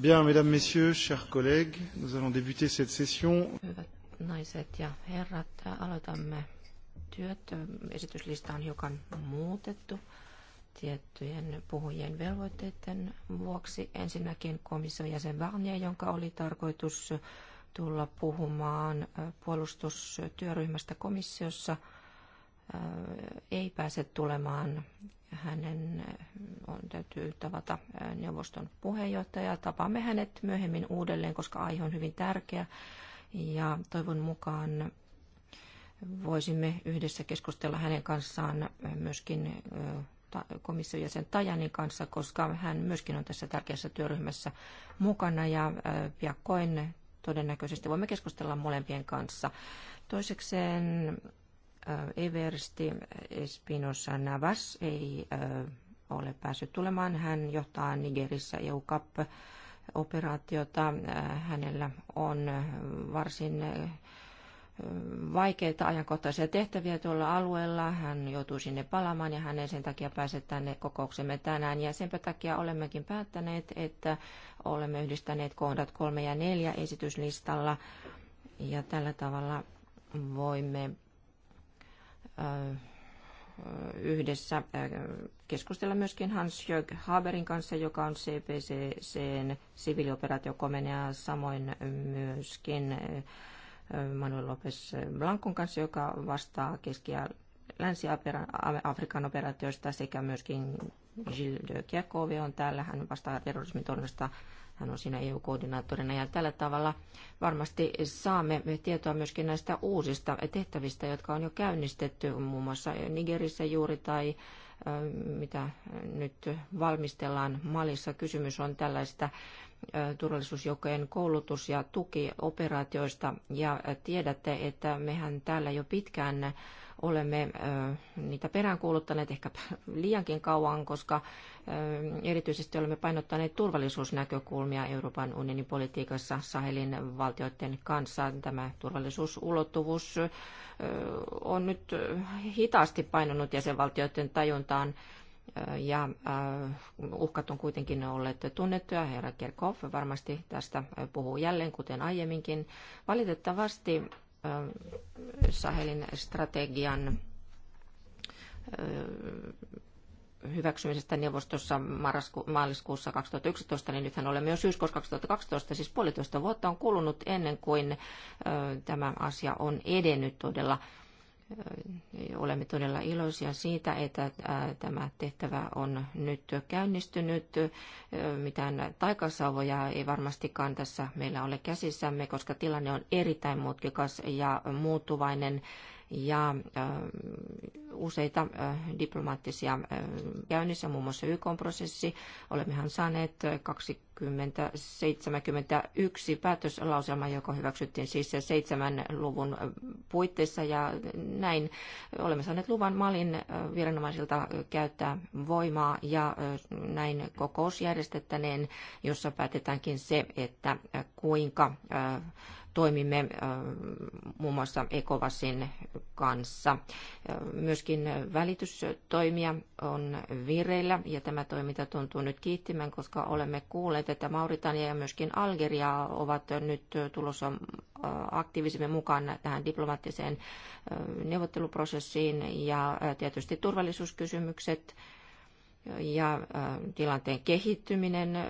Bien, mesdames, messieurs, chers collègues, nous allons débuter cette session. Hyvät naiset ja herrat, aloitamme työt. Esityslista on hiukan muutettu tiettyjen puhujien velvoitteiden vuoksi. Ensinnäkin komission jäsen Barnier, jonka oli tarkoitus tulla puhumaan puolustustyöryhmästä komissiossa – ei pääse tulemaan. Hänen on täytyy tavata neuvoston puheenjohtaja. Tapaamme hänet myöhemmin uudelleen, koska aihe on hyvin tärkeä. Ja toivon mukaan voisimme yhdessä keskustella hänen kanssaan myöskin komission jäsen Tajanin kanssa, koska hän myöskin on tässä tärkeässä työryhmässä mukana ja piakkoin todennäköisesti voimme keskustella molempien kanssa. Toisekseen Eversti Espinosa Navas ei ole päässyt tulemaan. Hän johtaa Nigerissä EUCAP-operaatiota. Hänellä on varsin vaikeita ajankohtaisia tehtäviä tuolla alueella. Hän joutuu sinne palaamaan ja hän ei sen takia pääse tänne kokouksemme tänään. Ja sen takia olemmekin päättäneet, että olemme yhdistäneet kohdat kolme ja neljä esityslistalla. Ja tällä tavalla voimme yhdessä keskustella myöskin Hans Jörg Haberin kanssa, joka on CPCCn siviilioperaatiokomenea, samoin myöskin Manuel Lopez Blancon kanssa, joka vastaa Keski- ja Länsi-Afrikan operaatioista sekä myöskin Gilles de Kierkovi on täällä. Hän vastaa terrorismin torjunnasta hän on siinä EU-koordinaattorina ja tällä tavalla varmasti saamme tietoa myöskin näistä uusista tehtävistä, jotka on jo käynnistetty muun muassa Nigerissä juuri tai ähm, mitä nyt valmistellaan Malissa. Kysymys on tällaista äh, turvallisuusjoukkojen koulutus- ja tukioperaatioista. Ja tiedätte, että mehän täällä jo pitkään Olemme niitä peräänkuuluttaneet ehkä liiankin kauan, koska erityisesti olemme painottaneet turvallisuusnäkökulmia Euroopan unionin politiikassa Sahelin valtioiden kanssa. Tämä turvallisuusulottuvuus on nyt hitaasti painunut jäsenvaltioiden tajuntaan ja uhkat on kuitenkin olleet tunnettuja. Herra Kerkhoff varmasti tästä puhuu jälleen, kuten aiemminkin. Valitettavasti Sahelin strategian hyväksymisestä neuvostossa marrasku, maaliskuussa 2011, niin nythän olemme jo syyskuussa 2012, siis puolitoista vuotta on kulunut ennen kuin ö, tämä asia on edennyt todella. Olemme todella iloisia siitä, että tämä tehtävä on nyt käynnistynyt. Mitään taikasauvoja ei varmastikaan tässä meillä ole käsissämme, koska tilanne on erittäin mutkikas ja muuttuvainen ja äh, useita äh, diplomaattisia äh, käynnissä, muun muassa YK-prosessi. Olemmehan saaneet 2071 päätöslauselma, joka hyväksyttiin siis seitsemän luvun puitteissa ja näin olemme saaneet luvan Malin viranomaisilta käyttää voimaa ja näin kokous järjestettäneen, jossa päätetäänkin se, että kuinka toimimme muun muassa ekovasin kanssa. Myöskin välitystoimia on vireillä ja tämä toiminta tuntuu nyt kiittimän, koska olemme kuulleet, että Mauritania ja myöskin Algeria ovat nyt tulossa aktiivisemmin mukaan tähän diplomaattiseen neuvotteluprosessiin ja tietysti turvallisuuskysymykset ja äh, tilanteen kehittyminen, äh,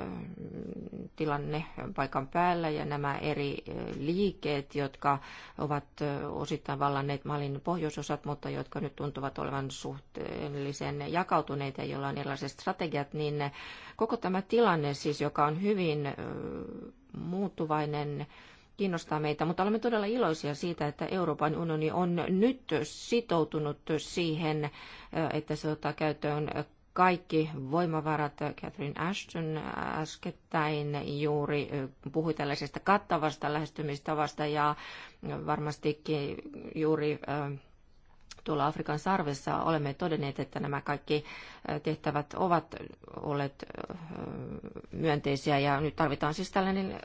tilanne paikan päällä ja nämä eri äh, liikkeet, jotka ovat osittain vallanneet Malin pohjoisosat, mutta jotka nyt tuntuvat olevan suhteellisen jakautuneita, joilla on erilaiset strategiat, niin koko tämä tilanne siis, joka on hyvin muuttuvainen, kiinnostaa meitä, mutta olemme todella iloisia siitä, että Euroopan unioni on nyt sitoutunut siihen, että se ottaa käyttöön kaikki voimavarat. Catherine Ashton äskettäin juuri puhui tällaisesta kattavasta lähestymistavasta ja varmastikin juuri tuolla Afrikan sarvessa olemme todenneet, että nämä kaikki tehtävät ovat olleet myönteisiä ja nyt tarvitaan siis tällainen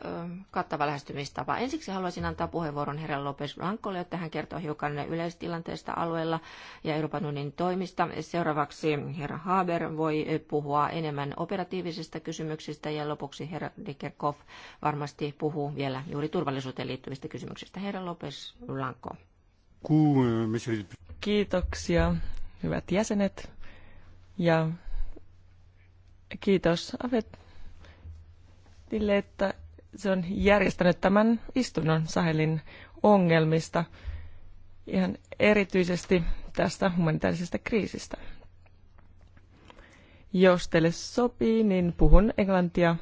kattava lähestymistapa. Ensiksi haluaisin antaa puheenvuoron herra Lopes Blancolle, että hän kertoo hiukan yleistilanteesta alueella ja Euroopan unionin toimista. Seuraavaksi herra Haber voi puhua enemmän operatiivisista kysymyksistä ja lopuksi herra Dikerkov varmasti puhuu vielä juuri turvallisuuteen liittyvistä kysymyksistä. Herra Lopes Blanco. Euh, Kiitoksia, hyvät jäsenet. Ja kiitos Avetille, että se on järjestänyt tämän istunnon Sahelin ongelmista, ihan erityisesti tästä humanitaarisesta kriisistä. Jos teille sopii, niin puhun englantia,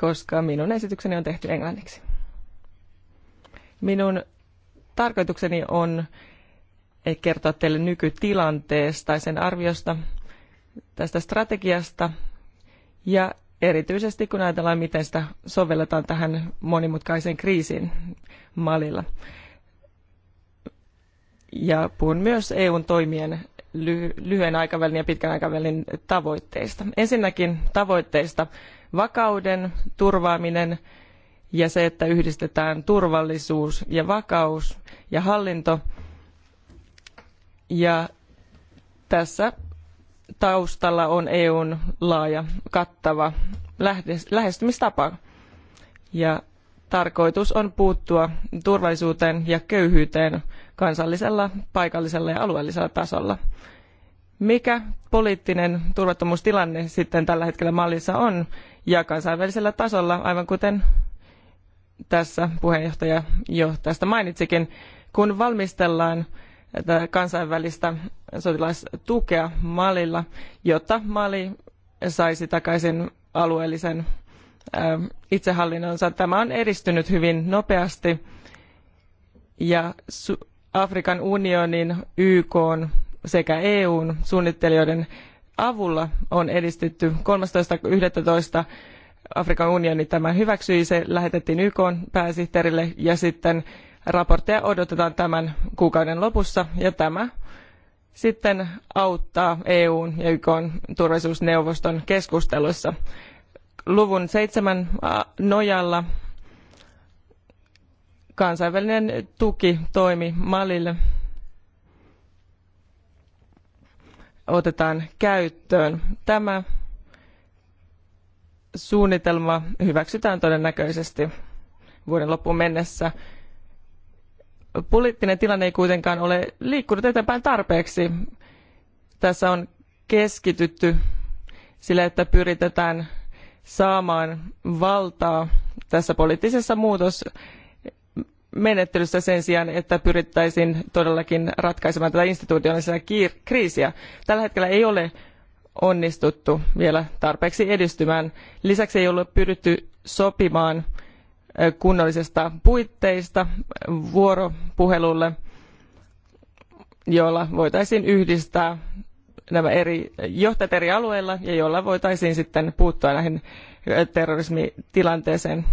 koska minun esitykseni on tehty englanniksi. Minun tarkoitukseni on eh, kertoa teille nykytilanteesta ja sen arviosta tästä strategiasta ja erityisesti kun ajatellaan, miten sitä sovelletaan tähän monimutkaiseen kriisiin Malilla. Ja puhun myös EUn toimien lyhyen aikavälin ja pitkän aikavälin tavoitteista. Ensinnäkin tavoitteista vakauden turvaaminen ja se, että yhdistetään turvallisuus ja vakaus ja hallinto. Ja tässä taustalla on EUn laaja kattava lähestymistapa. Ja tarkoitus on puuttua turvallisuuteen ja köyhyyteen kansallisella, paikallisella ja alueellisella tasolla. Mikä poliittinen turvattomuustilanne sitten tällä hetkellä mallissa on ja kansainvälisellä tasolla, aivan kuten tässä puheenjohtaja jo tästä mainitsikin, kun valmistellaan kansainvälistä sotilastukea Malilla, jotta Mali saisi takaisin alueellisen itsehallinnonsa. Tämä on edistynyt hyvin nopeasti ja Afrikan unionin, YK sekä EUn suunnittelijoiden avulla on edistytty 13.11 Afrikan unioni tämän hyväksyi, se lähetettiin YK pääsihteerille ja sitten raportteja odotetaan tämän kuukauden lopussa ja tämä sitten auttaa EUn ja YKn turvallisuusneuvoston keskustelussa. Luvun seitsemän nojalla kansainvälinen tuki toimi Malille otetaan käyttöön. Tämä suunnitelma hyväksytään todennäköisesti vuoden loppuun mennessä. Poliittinen tilanne ei kuitenkaan ole liikkunut eteenpäin tarpeeksi. Tässä on keskitytty sille, että pyritetään saamaan valtaa tässä poliittisessa muutosmenettelyssä sen sijaan, että pyrittäisiin todellakin ratkaisemaan tätä institutionaalista kriisiä. Tällä hetkellä ei ole onnistuttu vielä tarpeeksi edistymään. Lisäksi ei ole pyritty sopimaan kunnollisista puitteista vuoropuhelulle, jolla voitaisiin yhdistää nämä eri johtajat eri alueilla ja jolla voitaisiin sitten puuttua näihin terrorismitilanteeseen.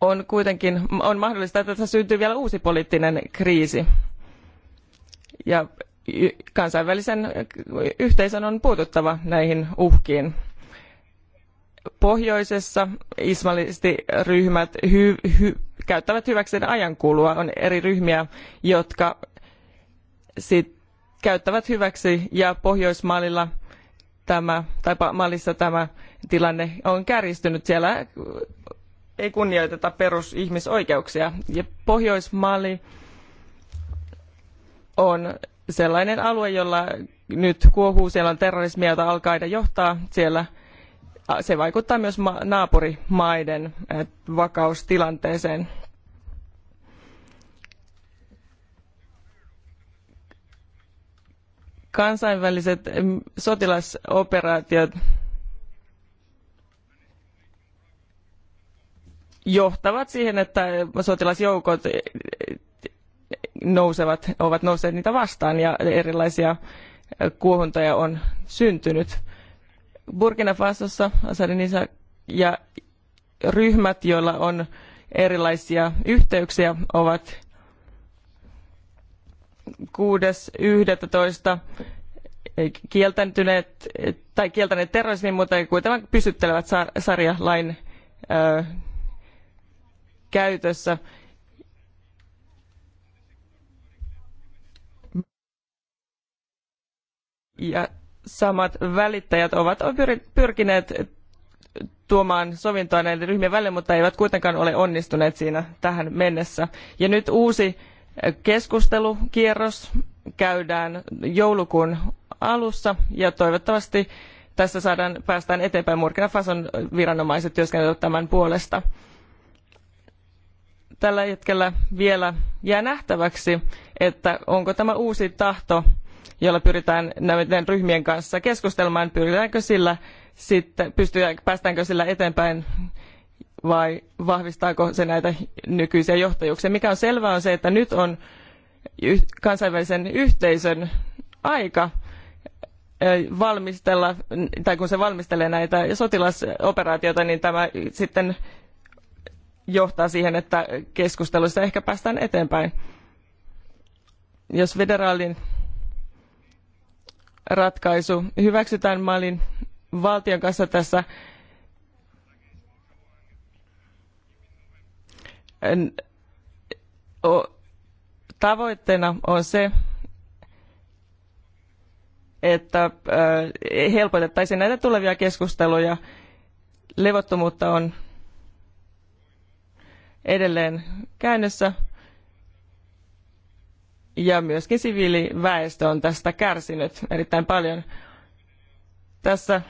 On kuitenkin on mahdollista, että tässä syntyy vielä uusi poliittinen kriisi. Ja kansainvälisen eh, yhteisön on puututtava näihin uhkiin. Pohjoisessa islamistiryhmät hy, hy, käyttävät hyväkseen ajankulua. On eri ryhmiä, jotka sit käyttävät hyväksi ja Pohjoismaalilla tämä, tai Malissa tämä tilanne on kärjistynyt. Siellä ei kunnioiteta perusihmisoikeuksia. Ja Pohjoismaali on sellainen alue, jolla nyt kuohuu, siellä on terrorismia, jota Al-Qaida johtaa siellä. Se vaikuttaa myös naapurimaiden vakaustilanteeseen. Kansainväliset sotilasoperaatiot johtavat siihen, että sotilasjoukot nousevat, ovat nousseet niitä vastaan ja erilaisia kuohuntoja on syntynyt. Burkina Fasossa Assadin ja ryhmät, joilla on erilaisia yhteyksiä, ovat 6.11. kieltäytyneet tai kieltäneet terrorismin, mutta kuitenkin pysyttelevät sarjalain käytössä. ja samat välittäjät ovat pyrkineet tuomaan sovintoa näiden ryhmien välille, mutta eivät kuitenkaan ole onnistuneet siinä tähän mennessä. Ja nyt uusi keskustelukierros käydään joulukuun alussa ja toivottavasti tässä saadaan, päästään eteenpäin. Burkina Fason viranomaiset työskentelevät tämän puolesta. Tällä hetkellä vielä jää nähtäväksi, että onko tämä uusi tahto jolla pyritään näiden ryhmien kanssa keskustelemaan, pyritäänkö sillä sitten, pystyä, päästäänkö sillä eteenpäin vai vahvistaako se näitä nykyisiä johtajuuksia. Mikä on selvää on se, että nyt on kansainvälisen yhteisön aika valmistella, tai kun se valmistelee näitä sotilasoperaatioita, niin tämä sitten johtaa siihen, että keskusteluissa ehkä päästään eteenpäin. Jos federaalin ratkaisu hyväksytään Malin valtion kanssa tässä tavoitteena on se, että helpotettaisiin näitä tulevia keskusteluja. Levottomuutta on edelleen käynnissä ja myöskin siviiliväestö on tästä kärsinyt erittäin paljon. Tässä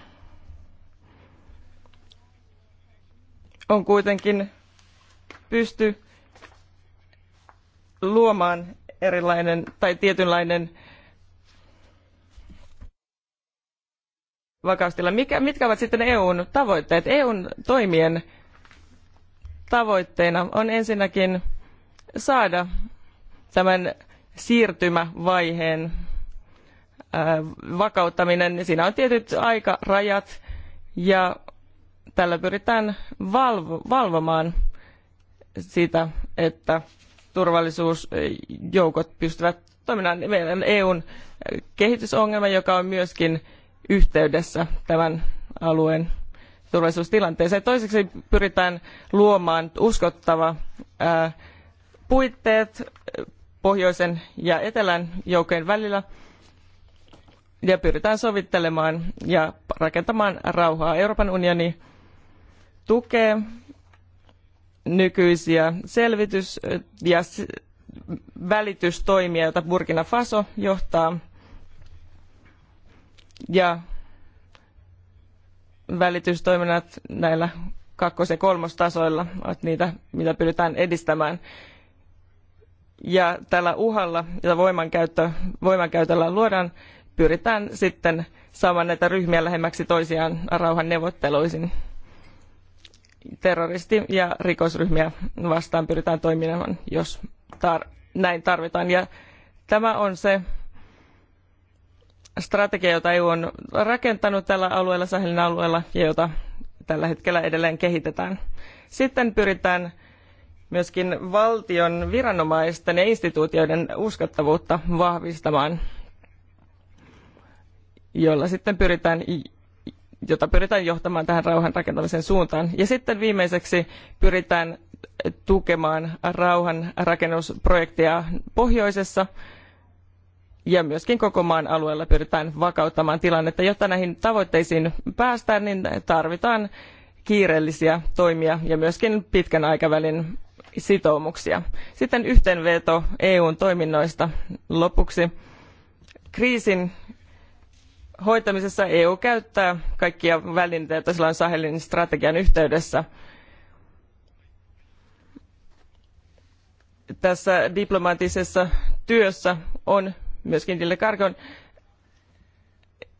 on kuitenkin pysty luomaan erilainen tai tietynlainen vakaustila. Mikä, mitkä ovat sitten EUn tavoitteet? EUn toimien tavoitteena on ensinnäkin saada tämän siirtymävaiheen vakauttaminen, siinä on tietyt aikarajat ja tällä pyritään valvo, valvomaan sitä, että turvallisuusjoukot pystyvät toimimaan. Meillä on EUn kehitysongelma, joka on myöskin yhteydessä tämän alueen turvallisuustilanteeseen. Toiseksi pyritään luomaan uskottava ää, puitteet pohjoisen ja etelän joukkojen välillä ja pyritään sovittelemaan ja rakentamaan rauhaa. Euroopan unioni tukee nykyisiä selvitys- ja välitystoimia, joita Burkina Faso johtaa. Ja välitystoiminnat näillä kakkos- ja kolmostasoilla ovat niitä, mitä pyritään edistämään ja tällä uhalla ja voimankäyttö, voimankäytöllä luodaan, pyritään sitten saamaan näitä ryhmiä lähemmäksi toisiaan rauhan neuvotteluisin. Terroristi- ja rikosryhmiä vastaan pyritään toimimaan, jos tar näin tarvitaan. Ja tämä on se strategia, jota EU on rakentanut tällä alueella, Sahelin alueella, ja jota tällä hetkellä edelleen kehitetään. Sitten pyritään myöskin valtion viranomaisten ja instituutioiden uskottavuutta vahvistamaan, jolla sitten pyritään jota pyritään johtamaan tähän rauhan rakentamisen suuntaan. Ja sitten viimeiseksi pyritään tukemaan rauhan rakennusprojektia pohjoisessa ja myöskin koko maan alueella pyritään vakauttamaan tilannetta. Jotta näihin tavoitteisiin päästään, niin tarvitaan kiireellisiä toimia ja myöskin pitkän aikavälin sitoumuksia. Sitten yhteenveto EUn toiminnoista lopuksi. Kriisin hoitamisessa EU käyttää kaikkia välineitä, joita sillä on Sahelin strategian yhteydessä. Tässä diplomaattisessa työssä on myöskin Dille Karkon,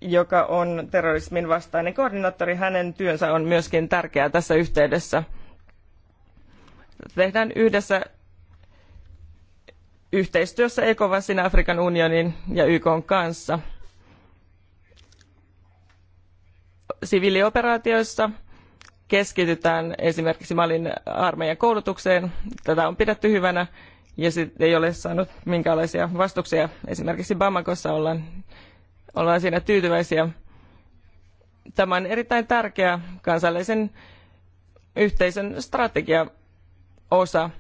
joka on terrorismin vastainen koordinaattori. Hänen työnsä on myöskin tärkeää tässä yhteydessä tehdään yhdessä yhteistyössä ECOWASin, Afrikan unionin ja YK kanssa. Siviilioperaatioissa keskitytään esimerkiksi Malin armeijan koulutukseen. Tätä on pidetty hyvänä ja sit ei ole saanut minkäänlaisia vastuksia. Esimerkiksi Bamakossa ollaan, ollaan siinä tyytyväisiä. Tämä on erittäin tärkeä kansallisen yhteisön strategia osa.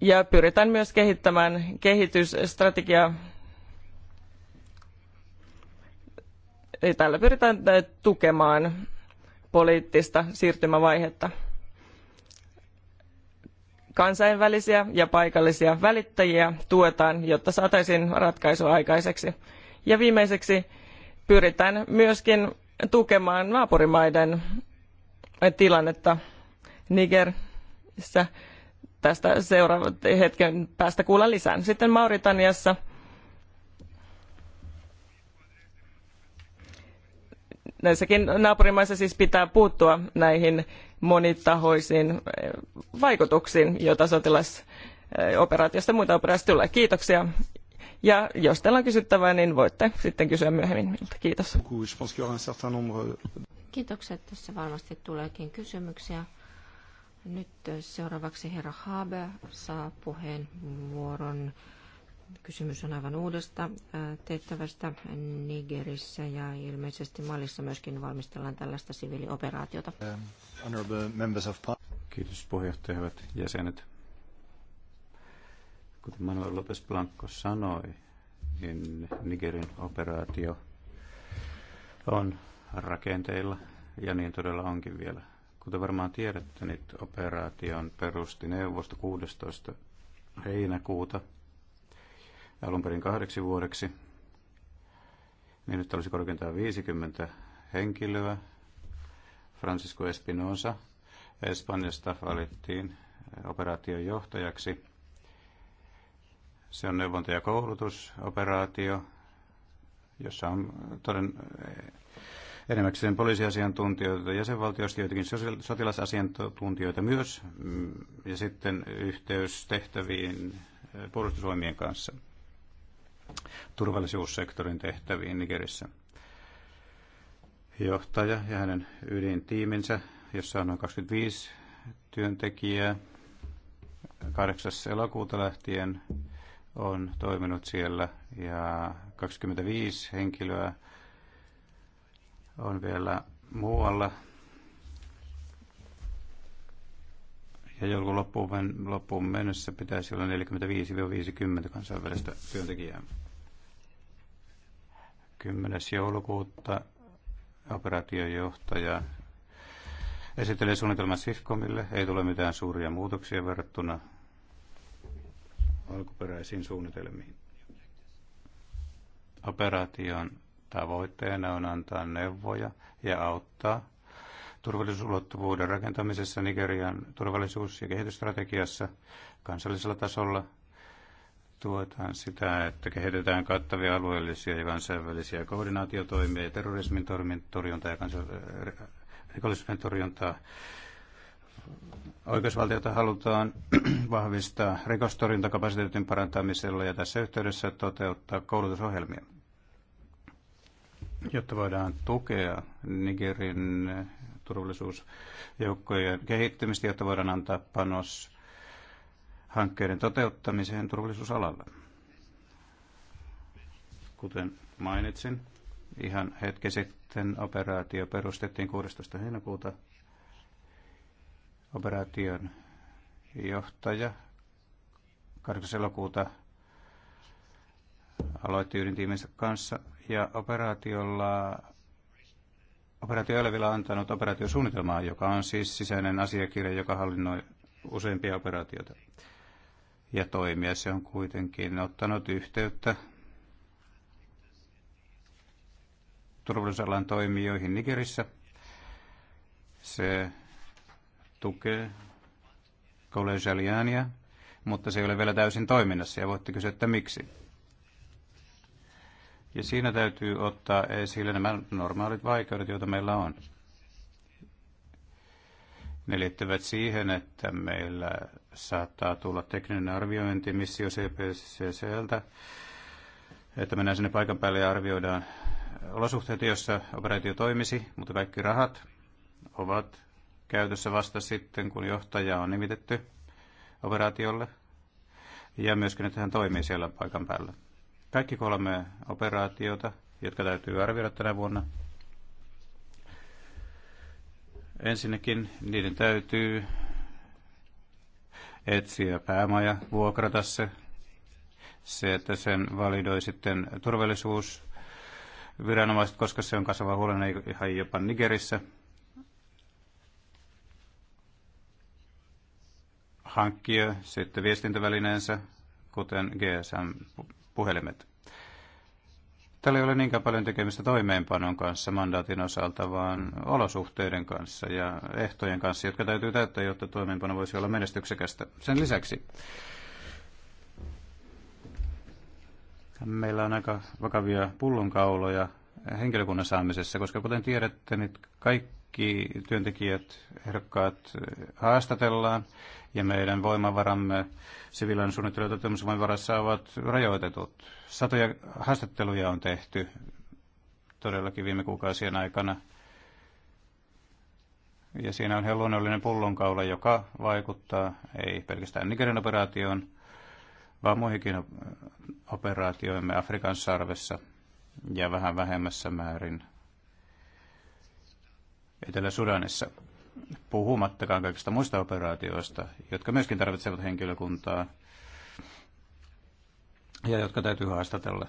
Ja pyritään myös kehittämään kehitysstrategiaa. Eli tällä pyritään eh, tukemaan poliittista siirtymävaihetta. Kansainvälisiä ja paikallisia välittäjiä tuetaan, jotta saataisiin ratkaisu aikaiseksi. Ja viimeiseksi pyritään myöskin tukemaan naapurimaiden tilannetta. Niger, Tästä seuraavan hetken päästä kuulla lisää. Sitten Mauritaniassa näissäkin naapurimaissa siis pitää puuttua näihin monitahoisiin eh, vaikutuksiin, joita sotilasoperaatiosta eh, muita operaatioista tulee. Kiitoksia. Ja jos teillä on kysyttävää, niin voitte sitten kysyä myöhemmin minulta. Kiitos. Kiitokset. Tässä varmasti tuleekin kysymyksiä. Nyt seuraavaksi herra Habe saa puheenvuoron. Kysymys on aivan uudesta tehtävästä Nigerissä ja ilmeisesti Malissa myöskin valmistellaan tällaista siviilioperaatiota. Um, Kiitos puheenjohtaja, hyvät jäsenet. Kuten Manuel López Blanco sanoi, niin Nigerin operaatio on rakenteilla ja niin todella onkin vielä Kuten varmaan tiedätte, niin operaation perusti neuvosto 16. heinäkuuta alun perin kahdeksi vuodeksi. Niin nyt olisi korkeintaan 50 henkilöä. Francisco Espinosa Espanjasta valittiin eh, operaation johtajaksi. Se on neuvonta- ja koulutusoperaatio, jossa on toden, enemmäkseen poliisiasiantuntijoita jäsenvaltioista, joitakin sotilasasiantuntijoita myös, mm, ja sitten yhteys tehtäviin äh, puolustusvoimien kanssa, turvallisuussektorin tehtäviin Nigerissä. Johtaja ja hänen ydintiiminsä, jossa on noin 25 työntekijää, 8. elokuuta lähtien on toiminut siellä ja 25 henkilöä on vielä muualla. Ja joulukuun loppuun, loppuun mennessä pitäisi olla 45-50 kansainvälistä työntekijää. 10. joulukuuta operaatiojohtaja esittelee suunnitelman SIFCOMille. Ei tule mitään suuria muutoksia verrattuna alkuperäisiin suunnitelmiin. Operaation Tavoitteena on antaa neuvoja ja auttaa turvallisuusulottuvuuden rakentamisessa Nigerian turvallisuus- ja kehitysstrategiassa kansallisella tasolla tuetaan sitä, että kehitetään kattavia alueellisia ja kansainvälisiä koordinaatiotoimia ja terrorismin torjuntaa ja rikollisuuden torjuntaa. Oikeusvaltiota halutaan vahvistaa rikostorjuntakapasiteetin parantamisella ja tässä yhteydessä toteuttaa koulutusohjelmia jotta voidaan tukea Nigerin turvallisuusjoukkojen kehittymistä, jotta voidaan antaa panos hankkeiden toteuttamiseen turvallisuusalalla. Kuten mainitsin, ihan hetki sitten operaatio perustettiin 16. heinäkuuta. Operaation johtaja 8. elokuuta aloitti ydintiimensä kanssa ja operaatiolla Operaatio ei ole vielä antanut operaatiosuunnitelmaa, joka on siis sisäinen asiakirja, joka hallinnoi useimpia operaatioita ja toimia. Se on kuitenkin ottanut yhteyttä turvallisuusalan toimijoihin Nigerissä. Se tukee Collegialiania, mutta se ei ole vielä täysin toiminnassa ja voitte kysyä, että miksi. Ja siinä täytyy ottaa esille nämä normaalit vaikeudet, joita meillä on. Ne liittyvät siihen, että meillä saattaa tulla tekninen arviointi missio CPCCltä, että mennään sinne paikan päälle ja arvioidaan olosuhteita, joissa operaatio toimisi, mutta kaikki rahat ovat käytössä vasta sitten, kun johtaja on nimitetty operaatiolle ja myöskin, että hän toimii siellä paikan päällä. Kaikki kolme operaatiota, jotka täytyy arvioida tänä vuonna. Ensinnäkin niiden täytyy etsiä päämaja, vuokrata se, se, että sen validoi sitten viranomaiset, koska se on kasvava huolen ihan jopa Nigerissä. Hankkia sitten viestintävälineensä, kuten GSM puhelimet. Tällä ei ole niinkään paljon tekemistä toimeenpanon kanssa mandaatin osalta, vaan olosuhteiden kanssa ja ehtojen kanssa, jotka täytyy täyttää, jotta toimeenpano voisi olla menestyksekästä. Sen lisäksi meillä on aika vakavia pullonkauloja henkilökunnan saamisessa, koska kuten tiedätte, niin kaikki työntekijät, ehdokkaat haastatellaan ja meidän voimavaramme sivilan suunnittelu- ja toteutumisvoimavarassa ovat rajoitetut. Satoja haastatteluja on tehty todellakin viime kuukausien aikana. Ja siinä on ihan luonnollinen pullonkaula, joka vaikuttaa ei pelkästään Nigerin operaatioon, vaan muihinkin operaatioimme Afrikan sarvessa ja vähän vähemmässä määrin Etelä-Sudanissa puhumattakaan kaikista muista operaatioista, jotka myöskin tarvitsevat henkilökuntaa ja jotka täytyy haastatella.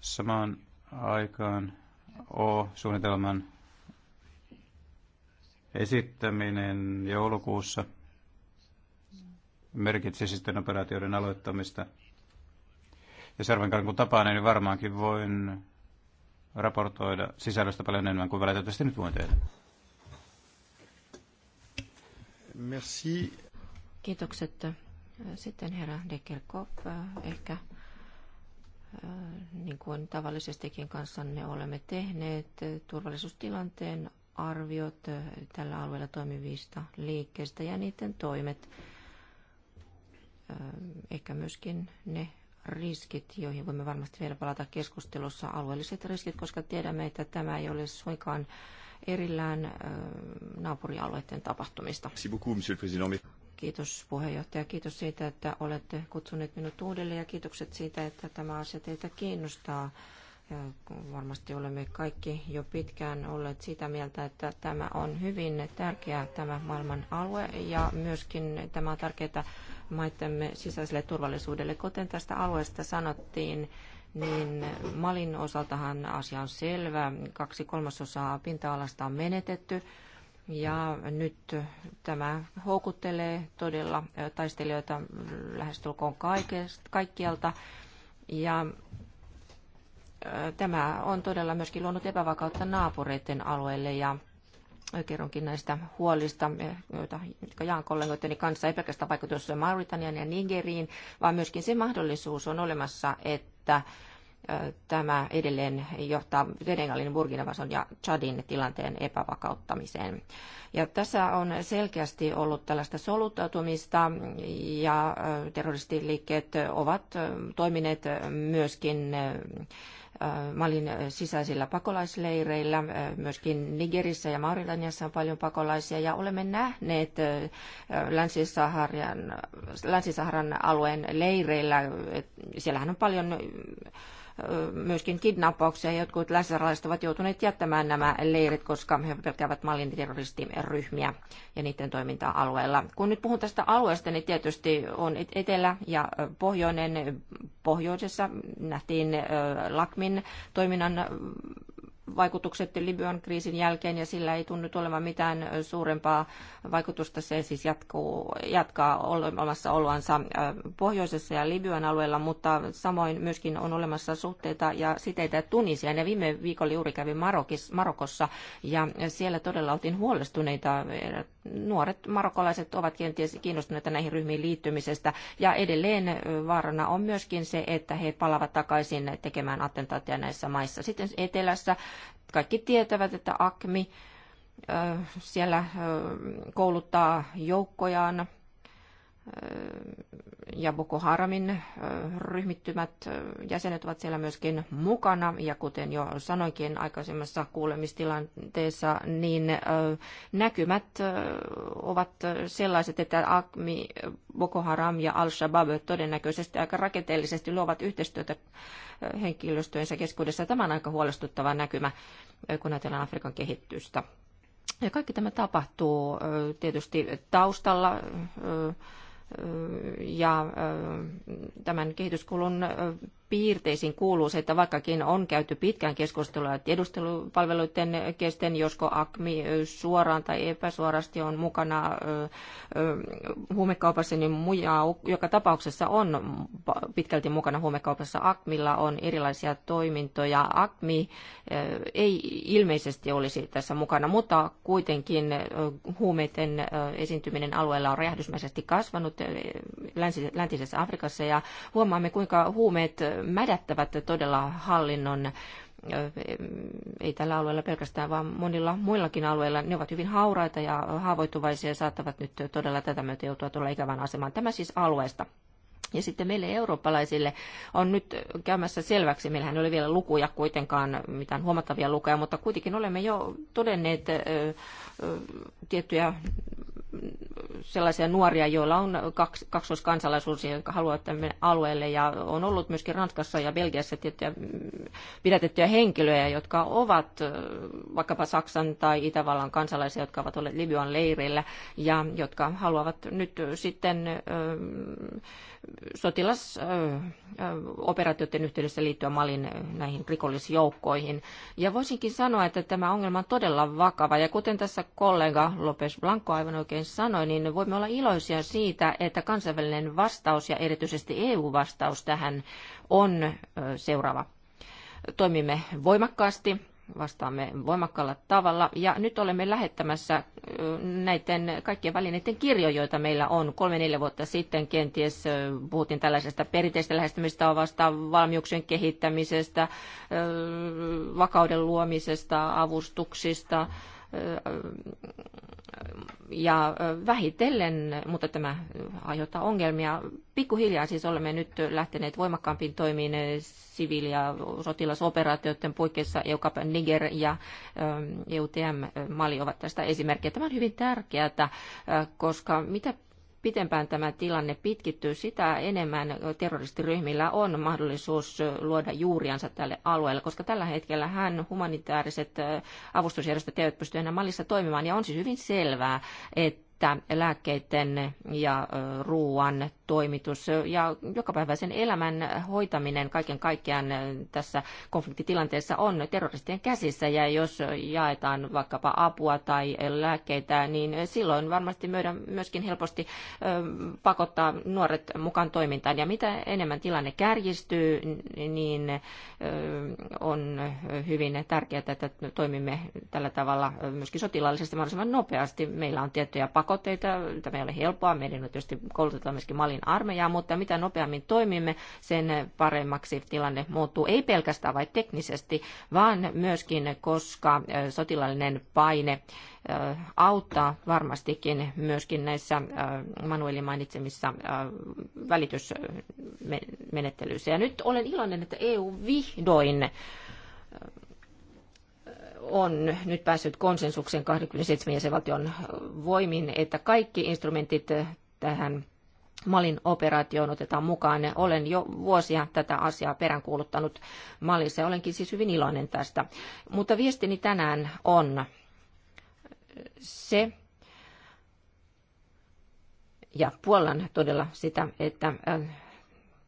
Samaan aikaan O-suunnitelman esittäminen joulukuussa merkitsi sitten operaatioiden aloittamista. Ja Sarvenkaan kun tapaan, niin varmaankin voin raportoida sisällöstä paljon enemmän kuin välitettävästi nyt voin tehdä. Merci. Kiitokset. Sitten herra Dekerkop, ehkä äh, niin kuin tavallisestikin kanssanne olemme tehneet, turvallisuustilanteen arviot äh, tällä alueella toimivista liikkeistä ja niiden toimet. Äh, ehkä myöskin ne riskit, joihin voimme varmasti vielä palata keskustelussa, alueelliset riskit, koska tiedämme, että tämä ei ole suinkaan erillään naapurialueiden tapahtumista. Kiitos puheenjohtaja, kiitos siitä, että olette kutsuneet minut uudelleen ja kiitokset siitä, että tämä asia teitä kiinnostaa. Varmasti olemme kaikki jo pitkään olleet sitä mieltä, että tämä on hyvin tärkeä tämä maailman alue ja myöskin tämä on tärkeää maittemme sisäiselle turvallisuudelle. Kuten tästä alueesta sanottiin, niin Malin osaltahan asia on selvä. Kaksi kolmasosaa pinta-alasta on menetetty. Ja nyt tämä houkuttelee todella taistelijoita lähestulkoon kaikkialta. Ja tämä on todella myöskin luonut epävakautta naapureiden alueelle ja kerronkin näistä huolista, joita, jotka jaan kollegoitteni kanssa, ei pelkästään vaikutus Mauritanian ja Nigeriin, vaan myöskin se mahdollisuus on olemassa, että tämä edelleen johtaa Senegalin, Burkina ja Chadin tilanteen epävakauttamiseen. Ja tässä on selkeästi ollut tällaista soluttautumista ja terroristiliikkeet ovat toimineet myöskin Malin sisäisillä pakolaisleireillä. Myöskin Nigerissä ja Mauritaniassa on paljon pakolaisia ja olemme nähneet Länsi-Saharan, Länsi-Saharan alueen leireillä, siellähän on paljon myöskin kidnappauksia. Jotkut länsisairaalaiset ovat joutuneet jättämään nämä leirit, koska he pelkäävät Malin terroristiryhmiä ja niiden toimintaa alueella. Kun nyt puhun tästä alueesta, niin tietysti on etelä ja pohjoinen. Pohjoisessa nähtiin Lakmin toiminnan vaikutukset Libyan kriisin jälkeen ja sillä ei tunnu olevan mitään suurempaa vaikutusta. Se siis jatkuu, jatkaa olemassa oloansa pohjoisessa ja Libyan alueella, mutta samoin myöskin on olemassa suhteita ja siteitä Tunisia. Ja viime viikolla juuri kävin Marokis, Marokossa ja siellä todella oltiin huolestuneita nuoret marokkolaiset ovat kenties kiinnostuneita näihin ryhmiin liittymisestä. Ja edelleen vaarana on myöskin se, että he palavat takaisin tekemään attentaatia näissä maissa. Sitten etelässä kaikki tietävät, että AKMI siellä kouluttaa joukkojaan ja Boko Haramin ryhmittymät jäsenet ovat siellä myöskin mukana. Ja kuten jo sanoinkin aikaisemmassa kuulemistilanteessa, niin näkymät ovat sellaiset, että Akmi, Boko Haram ja Al-Shabaab todennäköisesti aika rakenteellisesti luovat yhteistyötä henkilöstöönsä keskuudessa. Tämä on aika huolestuttava näkymä, kun ajatellaan Afrikan kehitystä. Ja kaikki tämä tapahtuu tietysti taustalla ja tämän kehityskulun piirteisiin kuuluu se, että vaikkakin on käyty pitkään keskustelua tiedustelupalveluiden kesken, josko AKMI suoraan tai epäsuorasti on mukana huumekaupassa, niin muja, joka tapauksessa on pitkälti mukana huumekaupassa. AKMilla on erilaisia toimintoja. AKMI ei ilmeisesti olisi tässä mukana, mutta kuitenkin huumeiden esiintyminen alueella on räjähdysmäisesti kasvanut läntisessä Afrikassa ja huomaamme, kuinka huumeet mädättävät todella hallinnon ei tällä alueella pelkästään, vaan monilla muillakin alueilla. Ne ovat hyvin hauraita ja haavoittuvaisia ja saattavat nyt todella tätä myötä joutua tuolla ikävään asemaan. Tämä siis alueesta. Ja sitten meille eurooppalaisille on nyt käymässä selväksi, meillähän ei ole vielä lukuja kuitenkaan, mitään huomattavia lukuja, mutta kuitenkin olemme jo todenneet ö, ö, tiettyjä sellaisia nuoria, joilla on kaks, kaksoiskansalaisuus, jotka haluavat tänne alueelle. Ja on ollut myöskin Ranskassa ja Belgiassa tiettyjä pidätettyjä henkilöjä, jotka ovat vaikkapa Saksan tai Itävallan kansalaisia, jotka ovat olleet Libyan leirillä ja jotka haluavat nyt sitten sotilasoperaatioiden yhteydessä liittyä Malin näihin rikollisjoukkoihin. Ja voisinkin sanoa, että tämä ongelma on todella vakava. Ja kuten tässä kollega Lopes Blanco aivan oikein sanoi, niin voimme olla iloisia siitä, että kansainvälinen vastaus ja erityisesti EU-vastaus tähän on seuraava. Toimimme voimakkaasti vastaamme voimakkaalla tavalla. Ja nyt olemme lähettämässä näiden kaikkien välineiden kirjoja, joita meillä on. Kolme-neljä vuotta sitten kenties puhuttiin tällaisesta perinteistä lähestymistä ovasta valmiuksien kehittämisestä, vakauden luomisesta, avustuksista, ja vähitellen, mutta tämä aiheuttaa ongelmia. Pikkuhiljaa siis olemme nyt lähteneet voimakkaampiin toimiin siviili- ja sotilasoperaatioiden puikkeissa. EUCAP Niger ja EUTM Mali ovat tästä esimerkkejä. Tämä on hyvin tärkeää, koska mitä pitempään tämä tilanne pitkittyy, sitä enemmän terroristiryhmillä on mahdollisuus luoda juuriansa tälle alueelle, koska tällä hetkellä hän humanitaariset avustusjärjestöt eivät pysty enää mallissa toimimaan, ja on siis hyvin selvää, että että lääkkeiden ja ruoan toimitus ja jokapäiväisen elämän hoitaminen kaiken kaikkiaan tässä konfliktitilanteessa on terroristien käsissä ja jos jaetaan vaikkapa apua tai lääkkeitä, niin silloin varmasti myöskin helposti pakottaa nuoret mukaan toimintaan. Ja mitä enemmän tilanne kärjistyy, niin on hyvin tärkeää, että toimimme tällä tavalla myöskin sotilaallisesti mahdollisimman nopeasti. Meillä on tiettyjä pakotteita, tämä ei ole helppoa. Meidän on tietysti koulutetaan myöskin Malin unionin armeijaa, mutta mitä nopeammin toimimme, sen paremmaksi tilanne muuttuu. Ei pelkästään vain teknisesti, vaan myöskin, koska sotilaallinen paine auttaa varmastikin myöskin näissä Manuelin mainitsemissa välitysmenettelyissä. Ja nyt olen iloinen, että EU vihdoin on nyt päässyt konsensuksen 27 jäsenvaltion voimin, että kaikki instrumentit tähän Malin operaatioon otetaan mukaan. Olen jo vuosia tätä asiaa peräänkuuluttanut Malissa ja olenkin siis hyvin iloinen tästä. Mutta viestini tänään on se, ja puolan todella sitä, että äh,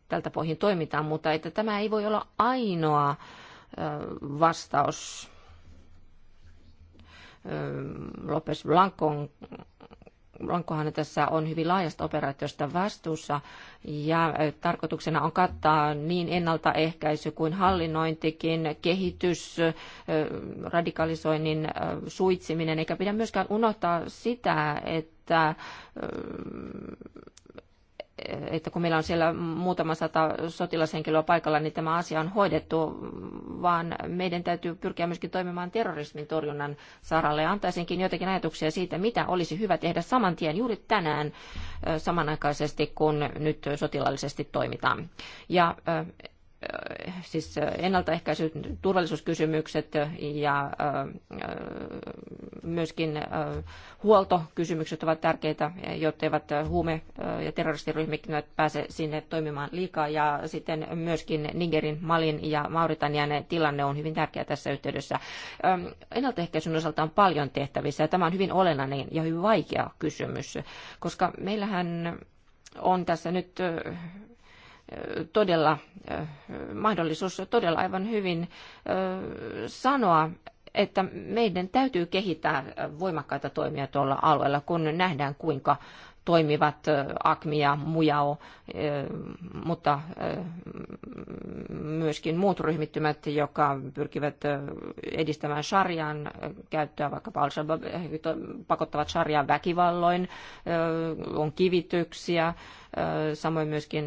tältä pohjin toimitaan, mutta että tämä ei voi olla ainoa äh, vastaus äh, Lopes Blancon Rankohan tässä on hyvin laajasta operaatiosta vastuussa ja tarkoituksena on kattaa niin ennaltaehkäisy kuin hallinnointikin, kehitys, radikalisoinnin suitsiminen, eikä pidä myöskään unohtaa sitä, että että kun meillä on siellä muutama sata sotilashenkilöä paikalla, niin tämä asia on hoidettu, vaan meidän täytyy pyrkiä myöskin toimimaan terrorismin torjunnan saralle. Ja antaisinkin joitakin ajatuksia siitä, mitä olisi hyvä tehdä saman tien juuri tänään samanaikaisesti, kun nyt sotilaallisesti toimitaan. Ja Äh, siis äh, ennaltaehkäisy, turvallisuuskysymykset ja äh, myöskin huoltokysymykset ovat tärkeitä, jotta eivät huume- ja terroristiryhmät pääse sinne toimimaan liikaa. Ja sitten myöskin Nigerin, Malin ja Mauritanian tilanne on hyvin tärkeä tässä yhteydessä. Ähm, ennaltaehkäisyn osalta on paljon tehtävissä ja tämä on hyvin olennainen ja hyvin vaikea kysymys, koska meillähän on tässä nyt todella mahdollisuus todella aivan hyvin sanoa, että meidän täytyy kehittää voimakkaita toimia tuolla alueella, kun nähdään kuinka toimivat Akmi ja Mujao, mutta myöskin muut ryhmittymät, jotka pyrkivät edistämään sarjan käyttöä, vaikka al pakottavat sarjaa väkivalloin, on kivityksiä, samoin myöskin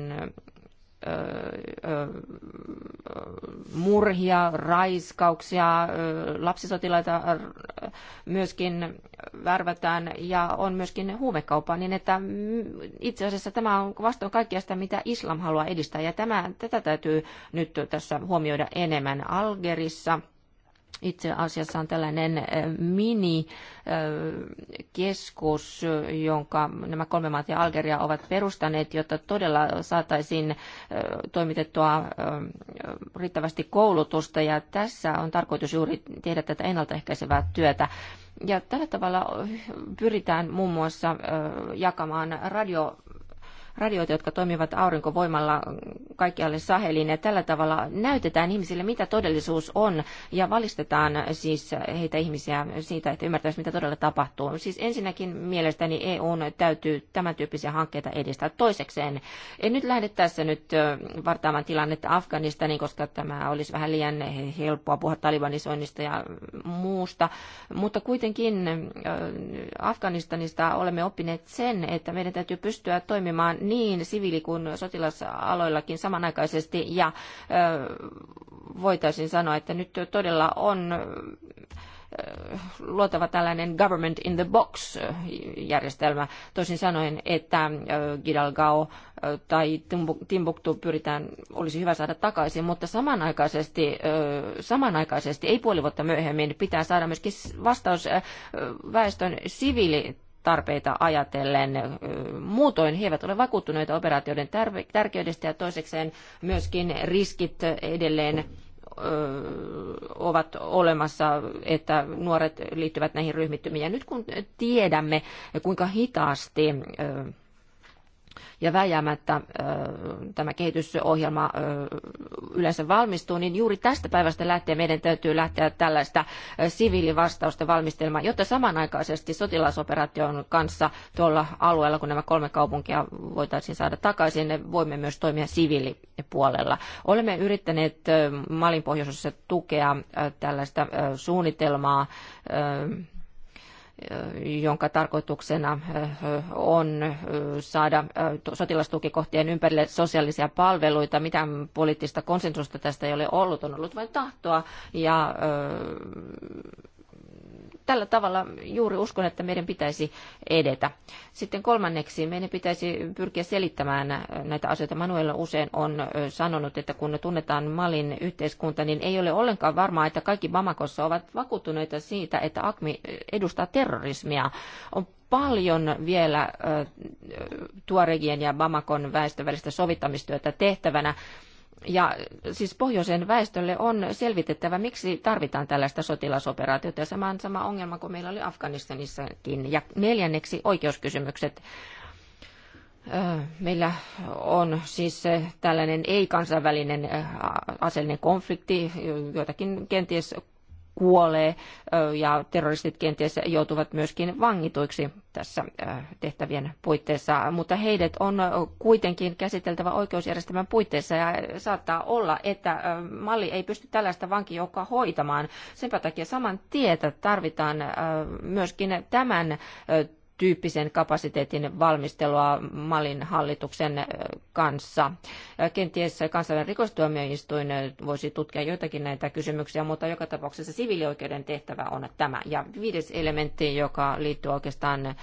murhia, raiskauksia, lapsisotilaita myöskin värvätään ja on myöskin huumekauppaa, niin että itse asiassa tämä on vastoin kaikkea sitä, mitä islam haluaa edistää ja tämä, tätä täytyy nyt tässä huomioida enemmän Algerissa – itse asiassa on tällainen mini-keskus, jonka nämä kolme maata ja Algeria ovat perustaneet, jotta todella saataisiin toimitettua riittävästi koulutusta. Ja tässä on tarkoitus juuri tehdä tätä ennaltaehkäisevää työtä. Ja tällä tavalla pyritään muun muassa jakamaan radio radioita, jotka toimivat aurinkovoimalla kaikkialle Saheliin. Ja tällä tavalla näytetään ihmisille, mitä todellisuus on ja valistetaan siis heitä ihmisiä siitä, että ymmärtäisi, mitä todella tapahtuu. Siis ensinnäkin mielestäni EU täytyy tämän tyyppisiä hankkeita edistää. Toisekseen, en nyt lähde tässä nyt vartaamaan tilannetta Afganistaniin, koska tämä olisi vähän liian helppoa puhua talibanisoinnista ja muusta, mutta kuitenkin Afganistanista olemme oppineet sen, että meidän täytyy pystyä toimimaan niin siviili- kuin sotilasaloillakin samanaikaisesti ja voitaisiin sanoa, että nyt todella on luotava tällainen government in the box järjestelmä. Toisin sanoen, että Gidalgao tai Timbuktu pyritään, olisi hyvä saada takaisin, mutta samanaikaisesti, samanaikaisesti ei puoli vuotta myöhemmin, pitää saada myöskin vastaus väestön siviili tarpeita ajatellen. Muutoin he eivät ole vakuuttuneita operaatioiden tärkeydestä ja toisekseen myöskin riskit edelleen ovat olemassa, että nuoret liittyvät näihin ryhmittymiin. Ja nyt kun tiedämme, kuinka hitaasti ja väjäämättä tämä kehitysohjelma yleensä valmistuu, niin juuri tästä päivästä lähtien meidän täytyy lähteä tällaista siviilivastausta valmistelemaan, jotta samanaikaisesti sotilasoperaation kanssa tuolla alueella, kun nämä kolme kaupunkia voitaisiin saada takaisin, ne voimme myös toimia siviilipuolella. Olemme yrittäneet Malin pohjoisessa tukea tällaista suunnitelmaa jonka tarkoituksena on saada sotilastukikohtien ympärille sosiaalisia palveluita. Mitään poliittista konsensusta tästä ei ole ollut, on ollut vain tahtoa ja tällä tavalla juuri uskon, että meidän pitäisi edetä. Sitten kolmanneksi meidän pitäisi pyrkiä selittämään näitä asioita. Manuel usein on sanonut, että kun tunnetaan Malin yhteiskunta, niin ei ole ollenkaan varmaa, että kaikki Bamakossa ovat vakuuttuneita siitä, että AKMI edustaa terrorismia. On paljon vielä tuoregien ja Bamakon väestön välistä sovittamistyötä tehtävänä ja siis pohjoisen väestölle on selvitettävä, miksi tarvitaan tällaista sotilasoperaatiota. Ja sama sama ongelma kuin meillä oli Afganistanissakin. Ja neljänneksi oikeuskysymykset. Meillä on siis tällainen ei-kansainvälinen aseellinen konflikti, joitakin kenties kuolee ja terroristit kenties joutuvat myöskin vangituiksi tässä tehtävien puitteissa, mutta heidät on kuitenkin käsiteltävä oikeusjärjestelmän puitteissa ja saattaa olla, että malli ei pysty tällaista vankijoukkoa hoitamaan. Senpä takia saman tietä tarvitaan myöskin tämän tyyppisen kapasiteetin valmistelua Malin hallituksen kanssa. Kenties kansainvälinen rikostuomioistuin voisi tutkia joitakin näitä kysymyksiä, mutta joka tapauksessa siviilioikeuden tehtävä on tämä. Ja viides elementti, joka liittyy oikeastaan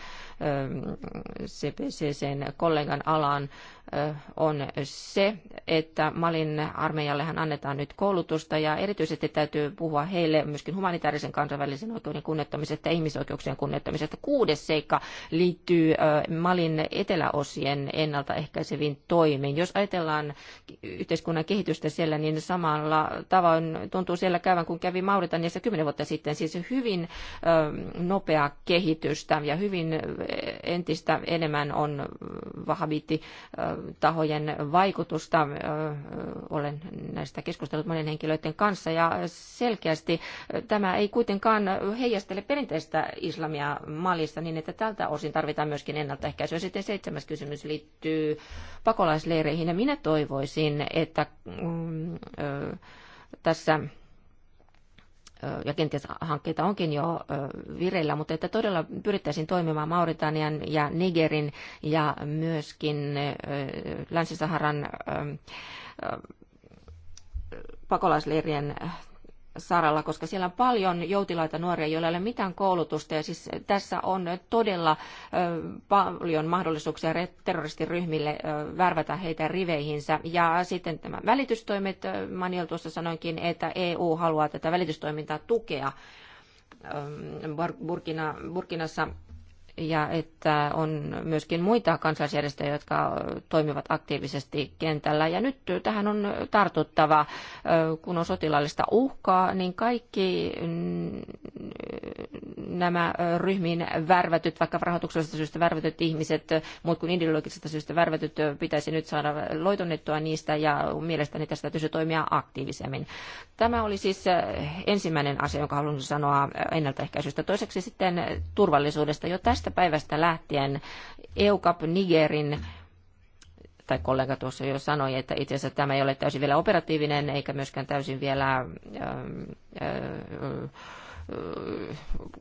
CPCCn kollegan alaan, on se, että Malin armeijallehan annetaan nyt koulutusta ja erityisesti täytyy puhua heille myöskin humanitaarisen kansainvälisen oikeuden kunnioittamisesta ja ihmisoikeuksien kunnioittamisesta. Kuudes seikka liittyy Malin eteläosien ennaltaehkäiseviin toimiin. Jos ajatellaan yhteiskunnan kehitystä siellä, niin samalla tavoin tuntuu siellä käyvän kuin kävi Mauritaniassa kymmenen vuotta sitten. Siis hyvin nopeaa kehitystä ja hyvin entistä enemmän on vahvitti tahojen vaikutusta. Olen näistä keskustellut monen henkilöiden kanssa ja selkeästi tämä ei kuitenkaan heijastele perinteistä islamia Malissa niin, että tältä osin tarvitaan myöskin ennaltaehkäisyä. Sitten seitsemäs kysymys liittyy pakolaisleireihin ja minä toivoisin, että mm, tässä ja kenties hankkeita onkin jo vireillä, mutta että todella pyrittäisiin toimimaan Mauritanian ja Nigerin ja myöskin Länsi-Saharan pakolaisleirien saralla, koska siellä on paljon joutilaita nuoria, joilla ei ole mitään koulutusta. Ja siis tässä on todella paljon mahdollisuuksia terroristiryhmille värvätä heitä riveihinsä. Ja sitten tämä välitystoimet, Manuel tuossa sanoinkin, että EU haluaa tätä välitystoimintaa tukea. Burkina, Burkinassa ja että on myöskin muita kansalaisjärjestöjä, jotka toimivat aktiivisesti kentällä. Ja nyt tähän on tartuttava, kun on sotilaallista uhkaa, niin kaikki mm, nämä ryhmiin värvätyt, vaikka rahoituksellisesta syystä värvätyt ihmiset, muut kuin ideologisesta syystä värvätyt pitäisi nyt saada loitonnettua niistä ja mielestäni tästä täytyisi toimia aktiivisemmin. Tämä oli siis ensimmäinen asia, jonka haluan sanoa ennaltaehkäisystä. Toiseksi sitten turvallisuudesta. Jo tästä tästä päivästä lähtien EUCAP Nigerin tai kollega tuossa jo sanoi, että itse asiassa tämä ei ole täysin vielä operatiivinen eikä myöskään täysin vielä äh, äh, äh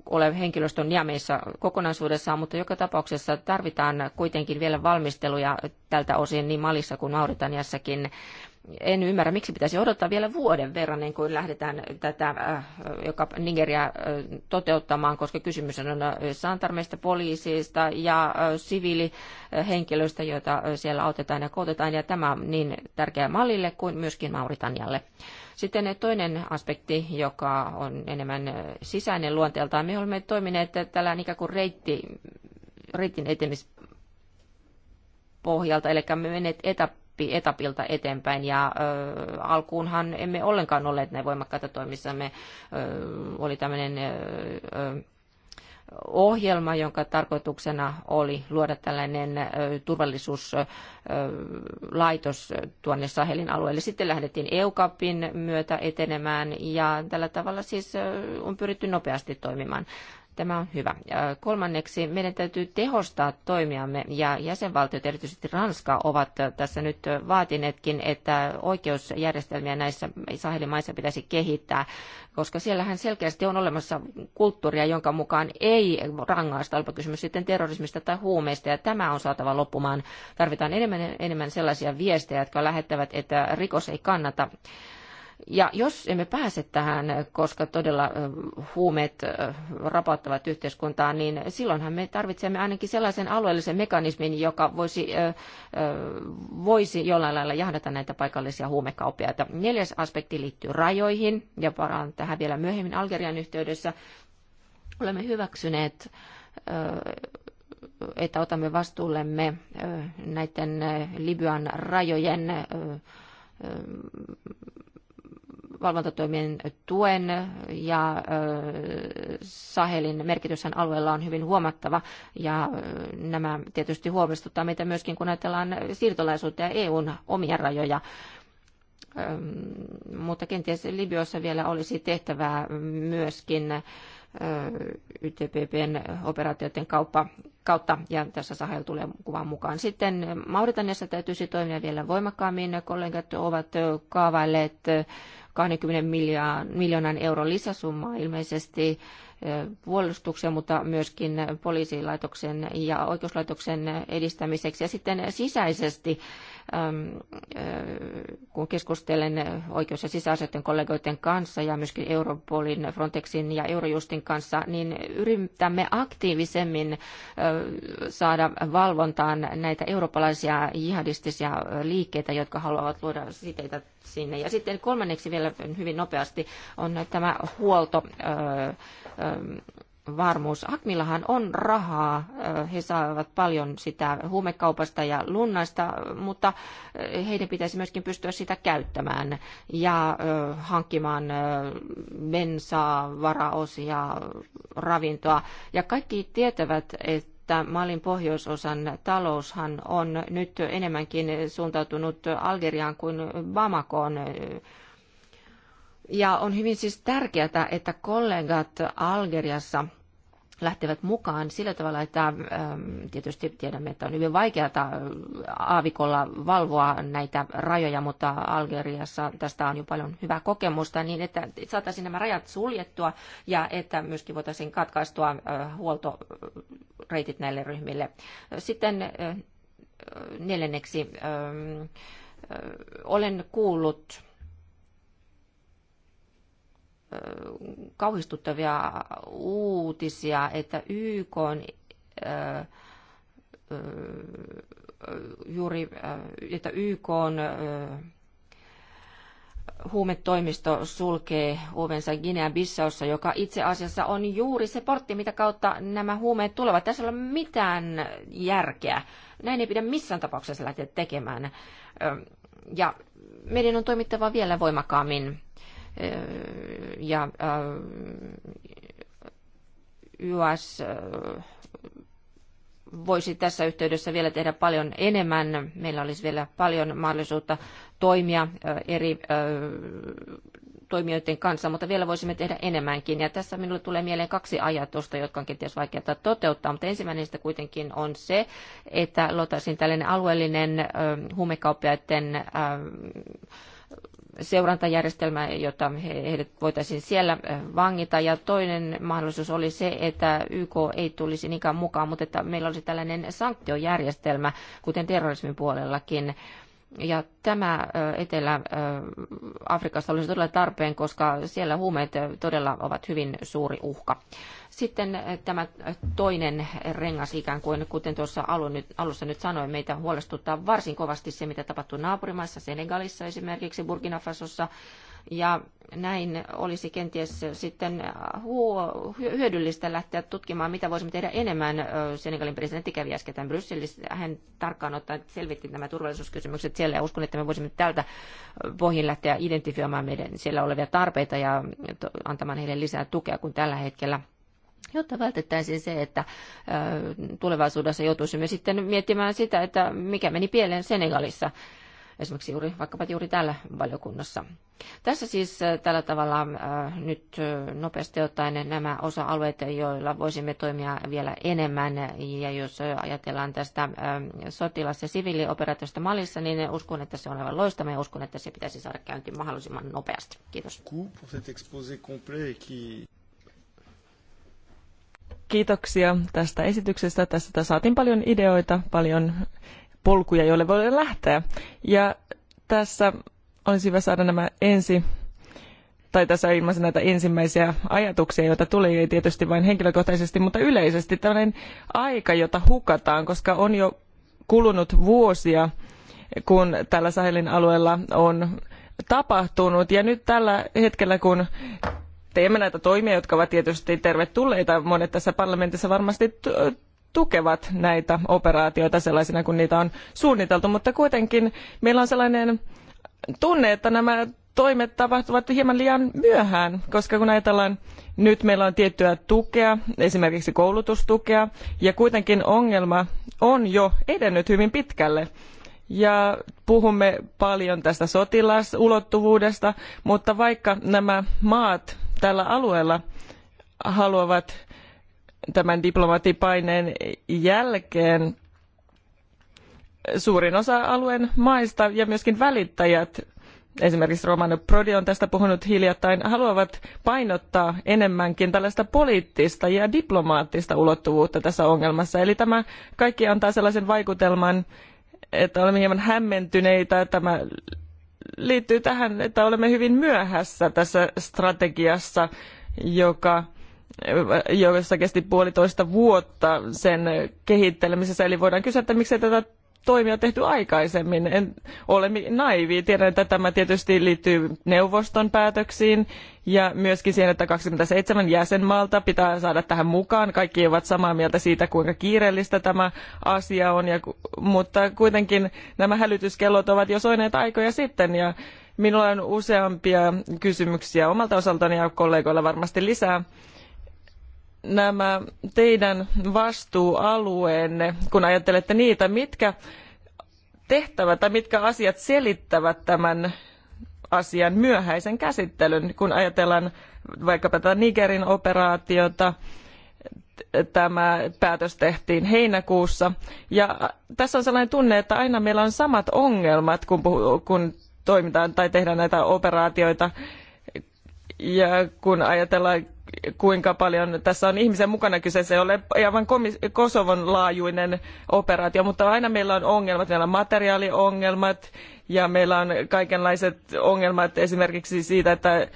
ole henkilöstön jämeissä kokonaisuudessaan, mutta joka tapauksessa tarvitaan kuitenkin vielä valmisteluja tältä osin niin Malissa kuin Mauritaniassakin en ymmärrä, miksi pitäisi odottaa vielä vuoden verran, niin kuin lähdetään tätä äh, joka Nigeria äh, toteuttamaan, koska kysymys on äh, santarmeista, poliisista ja siviilihenkilöistä, joita siellä autetaan ja koutetaan. ja tämä on niin tärkeä mallille kuin myöskin Mauritanialle. Sitten toinen aspekti, joka on enemmän sisäinen luonteeltaan, me olemme toimineet tällä ikään kuin reitti, reitin etenemispohjalta, eli me menet etä, etappi, etapilta eteenpäin ja äh, alkuunhan emme ollenkaan olleet näin voimakkaita toimissamme. Äh, oli tämmöinen äh, ohjelma, jonka tarkoituksena oli luoda tällainen turvallisuuslaitos tuonne Sahelin alueelle. Sitten lähdettiin EUCAPin myötä etenemään ja tällä tavalla siis on pyritty nopeasti toimimaan. Tämä on hyvä. Kolmanneksi, meidän täytyy tehostaa toimiamme ja jäsenvaltiot, erityisesti Ranska, ovat tässä nyt vaatineetkin, että oikeusjärjestelmiä näissä maissa pitäisi kehittää, koska siellähän selkeästi on olemassa kulttuuria, jonka mukaan ei rangaista, olipa kysymys sitten terrorismista tai huumeista, ja tämä on saatava loppumaan. Tarvitaan enemmän, enemmän sellaisia viestejä, jotka lähettävät, että rikos ei kannata ja jos emme pääse tähän, koska todella huumeet rapauttavat yhteiskuntaa, niin silloinhan me tarvitsemme ainakin sellaisen alueellisen mekanismin, joka voisi, voisi jollain lailla jahdata näitä paikallisia huumekauppiaita. Neljäs aspekti liittyy rajoihin, ja palaan tähän vielä myöhemmin Algerian yhteydessä. Olemme hyväksyneet että otamme vastuullemme näiden Libyan rajojen valvontatoimien tuen ja Sahelin merkityshän alueella on hyvin huomattava ja nämä tietysti huolestuttaa meitä myöskin, kun ajatellaan siirtolaisuutta ja EUn omia rajoja mutta kenties Libyassa vielä olisi tehtävää myöskin YTPPn operaatioiden kauppa, kautta, ja tässä Sahel tulee kuvan mukaan. Sitten Mauritaniassa täytyisi toimia vielä voimakkaammin. Kollegat ovat kaavailleet 20 miljoonan euron lisäsummaa ilmeisesti puolustuksen, mutta myöskin poliisilaitoksen ja oikeuslaitoksen edistämiseksi. Ja sitten sisäisesti Ähm, äh, kun keskustelen oikeus- ja sisäasioiden kollegoiden kanssa ja myöskin Europolin, Frontexin ja Eurojustin kanssa, niin yritämme aktiivisemmin äh, saada valvontaan näitä eurooppalaisia jihadistisia liikkeitä, jotka haluavat luoda siteitä sinne. Ja sitten kolmanneksi vielä hyvin nopeasti on tämä huolto äh, ähm, varmuus. Akmillahan on rahaa, he saavat paljon sitä huumekaupasta ja lunnaista, mutta heidän pitäisi myöskin pystyä sitä käyttämään ja hankkimaan bensaa, varaosia, ravintoa. Ja kaikki tietävät, että että Malin pohjoisosan taloushan on nyt enemmänkin suuntautunut Algeriaan kuin Bamakoon. Ja on hyvin siis tärkeää, että kollegat Algeriassa – lähtevät mukaan sillä tavalla, että ähm, tietysti tiedämme, että on hyvin vaikeaa äh, aavikolla valvoa näitä rajoja, mutta Algeriassa tästä on jo paljon hyvää kokemusta, niin että saataisiin nämä rajat suljettua ja että myöskin voitaisiin katkaistua äh, huoltoreitit näille ryhmille. Sitten äh, neljänneksi ähm, olen kuullut kauhistuttavia uutisia, että YK on juuri, että YK on huumetoimisto sulkee ovensa Guinea-Bissaussa, joka itse asiassa on juuri se portti, mitä kautta nämä huumeet tulevat. Tässä ei ole mitään järkeä. Näin ei pidä missään tapauksessa lähteä tekemään. Ja meidän on toimittava vielä voimakkaammin ja äh, YAS äh, voisi tässä yhteydessä vielä tehdä paljon enemmän. Meillä olisi vielä paljon mahdollisuutta toimia äh, eri toimijoiden kanssa, mutta vielä voisimme tehdä enemmänkin. Ja tässä minulle tulee mieleen kaksi ajatusta, jotka on kenties vaikeaa toteuttaa, mutta ensimmäinen niistä kuitenkin on se, että luotaisiin tällainen alueellinen huumekauppiaiden seurantajärjestelmä, jotta heidät voitaisiin siellä eh, vangita. Ja toinen mahdollisuus oli se, että YK ei tulisi niinkään mukaan, mutta että meillä olisi tällainen sanktiojärjestelmä, kuten terrorismin puolellakin ja tämä Etelä-Afrikassa olisi todella tarpeen, koska siellä huumeet todella ovat hyvin suuri uhka. Sitten tämä toinen rengas ikään kuin, kuten tuossa alussa nyt sanoin, meitä huolestuttaa varsin kovasti se, mitä tapahtuu naapurimaissa, Senegalissa esimerkiksi, Burkina Fasossa, ja näin olisi kenties sitten hyödyllistä lähteä tutkimaan, mitä voisimme tehdä enemmän. Senegalin presidentti kävi äsken Brysselissä. Hän tarkkaan ottaen selvitti nämä turvallisuuskysymykset siellä ja uskon, että me voisimme tältä pohjin lähteä identifioimaan meidän siellä olevia tarpeita ja antamaan heille lisää tukea, kun tällä hetkellä jotta vältettäisiin se, että tulevaisuudessa joutuisimme sitten miettimään sitä, että mikä meni pieleen Senegalissa esimerkiksi juuri, vaikkapa juuri täällä valiokunnassa. Tässä siis äh, tällä tavalla äh, nyt äh, nopeasti ottaen nämä osa-alueet, joilla voisimme toimia vielä enemmän. Ja jos ajatellaan tästä sotilas- ja siviilioperaatiosta mallissa, niin uskon, että se on aivan loistava ja uskon, että se pitäisi saada käyntiin mahdollisimman nopeasti. Kiitos. Kiitoksia tästä esityksestä. Tästä saatiin paljon ideoita, paljon polkuja, joille voi lähteä. Ja tässä olisi hyvä saada nämä ensi tai tässä ilmaisen näitä ensimmäisiä ajatuksia, joita tulee ei tietysti vain henkilökohtaisesti, mutta yleisesti tällainen aika, jota hukataan, koska on jo kulunut vuosia, kun tällä Sahelin alueella on tapahtunut. Ja nyt tällä hetkellä, kun teemme näitä toimia, jotka ovat tietysti tervetulleita, monet tässä parlamentissa varmasti tukevat näitä operaatioita sellaisina kuin niitä on suunniteltu, mutta kuitenkin meillä on sellainen tunne, että nämä toimet tapahtuvat hieman liian myöhään, koska kun ajatellaan, nyt meillä on tiettyä tukea, esimerkiksi koulutustukea, ja kuitenkin ongelma on jo edennyt hyvin pitkälle. Ja puhumme paljon tästä sotilasulottuvuudesta, mutta vaikka nämä maat tällä alueella haluavat tämän diplomaattipaineen jälkeen suurin osa alueen maista ja myöskin välittäjät, esimerkiksi Romano Prodi on tästä puhunut hiljattain, haluavat painottaa enemmänkin tällaista poliittista ja diplomaattista ulottuvuutta tässä ongelmassa. Eli tämä kaikki antaa sellaisen vaikutelman, että olemme hieman hämmentyneitä. Tämä liittyy tähän, että olemme hyvin myöhässä tässä strategiassa, joka josta kesti puolitoista vuotta sen kehittelemisessä. Eli voidaan kysyä, että miksei tätä toimia tehty aikaisemmin. En ole naivi. Tiedän, että tämä tietysti liittyy neuvoston päätöksiin ja myöskin siihen, että 27 jäsenmaalta pitää saada tähän mukaan. Kaikki ovat samaa mieltä siitä, kuinka kiireellistä tämä asia on, ja, mutta kuitenkin nämä hälytyskellot ovat jo soineet aikoja sitten ja Minulla on useampia kysymyksiä omalta osaltani ja kollegoilla varmasti lisää nämä teidän vastuualueenne, kun ajattelette niitä, mitkä tehtävät tai mitkä asiat selittävät tämän asian myöhäisen käsittelyn, kun ajatellaan vaikkapa tätä Nigerin operaatiota, tämä päätös tehtiin heinäkuussa. Ja tässä on sellainen tunne, että aina meillä on samat ongelmat, kun, puhu, kun toimitaan tai tehdään näitä operaatioita. Ja kun ajatellaan kuinka paljon tässä on ihmisiä mukana kyseessä, ei ole aivan Kosovon laajuinen operaatio, mutta aina meillä on ongelmat, meillä on materiaaliongelmat ja meillä on kaikenlaiset ongelmat esimerkiksi siitä, että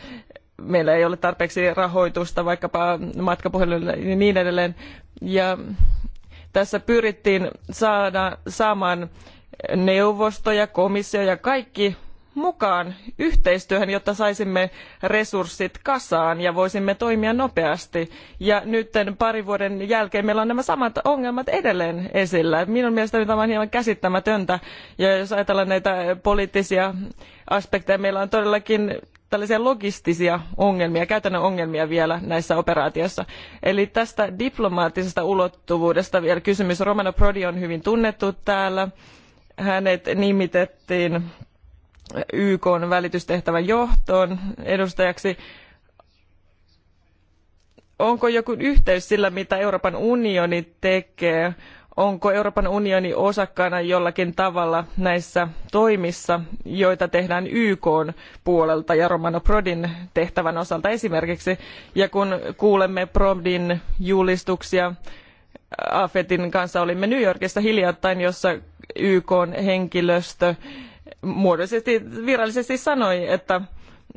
meillä ei ole tarpeeksi rahoitusta vaikkapa matkapuheluille ja niin edelleen. Ja tässä pyrittiin saada, saamaan neuvosto ja komissio ja kaikki mukaan yhteistyöhön, jotta saisimme resurssit kasaan ja voisimme toimia nopeasti. Ja nyt parin vuoden jälkeen meillä on nämä samat ongelmat edelleen esillä. Minun mielestäni tämä on hieman käsittämätöntä. Ja jos ajatellaan näitä poliittisia aspekteja, meillä on todellakin tällaisia logistisia ongelmia, käytännön ongelmia vielä näissä operaatioissa. Eli tästä diplomaattisesta ulottuvuudesta vielä kysymys. Romano Prodi on hyvin tunnettu täällä. Hänet nimitettiin YK on välitystehtävän johtoon edustajaksi. Onko joku yhteys sillä, mitä Euroopan unioni tekee? Onko Euroopan unioni osakkaana jollakin tavalla näissä toimissa, joita tehdään YK puolelta ja Romano Prodin tehtävän osalta esimerkiksi? Ja kun kuulemme Prodin julistuksia, AFETin kanssa olimme New Yorkissa hiljattain, jossa YK henkilöstö muodollisesti virallisesti sanoi, että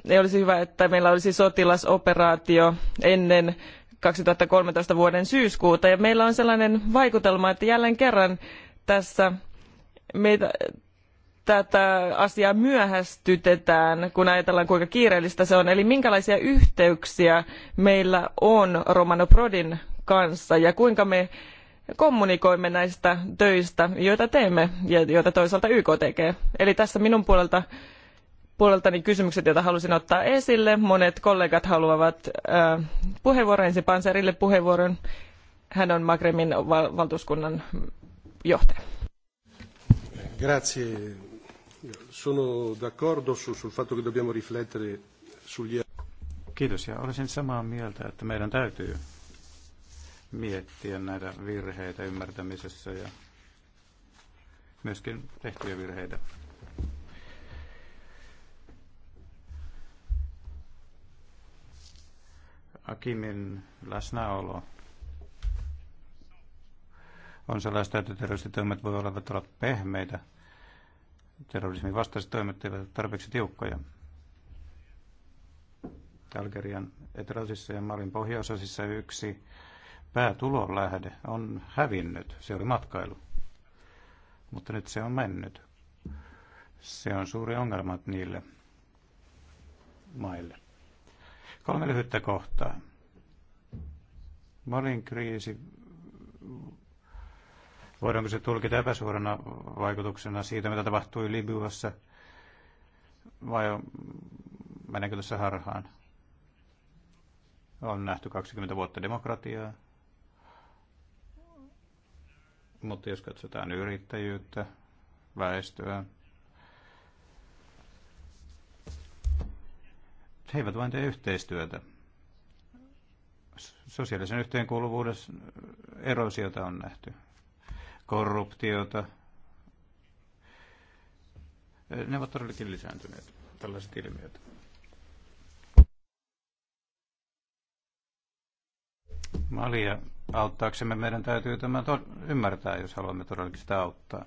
ei olisi hyvä, että meillä olisi sotilasoperaatio ennen 2013 vuoden syyskuuta. Ja meillä on sellainen vaikutelma, että jälleen kerran tässä meitä, tätä asiaa myöhästytetään, kun ajatellaan kuinka kiireellistä se on. Eli minkälaisia yhteyksiä meillä on Romano Prodin kanssa ja kuinka me kommunikoimme näistä töistä, joita teemme ja joita toisaalta YK tekee. Eli tässä minun puolelta, puoleltani kysymykset, joita halusin ottaa esille. Monet kollegat haluavat äh, puheenvuoron. Ensin Panserille puheenvuoron. Hän on Magremin val- valtuuskunnan johtaja. Grazie. Sono d'accordo su, sul fatto che dobbiamo riflettere sugli... Kiitos ja olisin samaa mieltä, että meidän täytyy miettiä näitä virheitä ymmärtämisessä ja myöskin tehtyjä virheitä. Akimin läsnäolo on sellaista, että terroristitoimet voivat olla pehmeitä. Terrorismin vastaiset toimet eivät ole tarpeeksi tiukkoja. Algerian eteläisissä ja Malin pohjoisosissa yksi päätulonlähde on hävinnyt. Se oli matkailu. Mutta nyt se on mennyt. Se on suuri ongelma niille maille. Kolme lyhyttä kohtaa. Malin kriisi, voidaanko se tulkita epäsuorana vaikutuksena siitä, mitä tapahtui Libyassa, vai meneekö tässä harhaan? On nähty 20 vuotta demokratiaa, mutta jos katsotaan yrittäjyyttä, väestöä, he eivät vain tee yhteistyötä. Sosiaalisen yhteenkuuluvuudessa erosiota on nähty. Korruptiota. Ne ovat todellakin lisääntyneet, tällaiset ilmiöt. Malia auttaaksemme meidän täytyy tämä ymmärtää, jos haluamme todellakin sitä auttaa.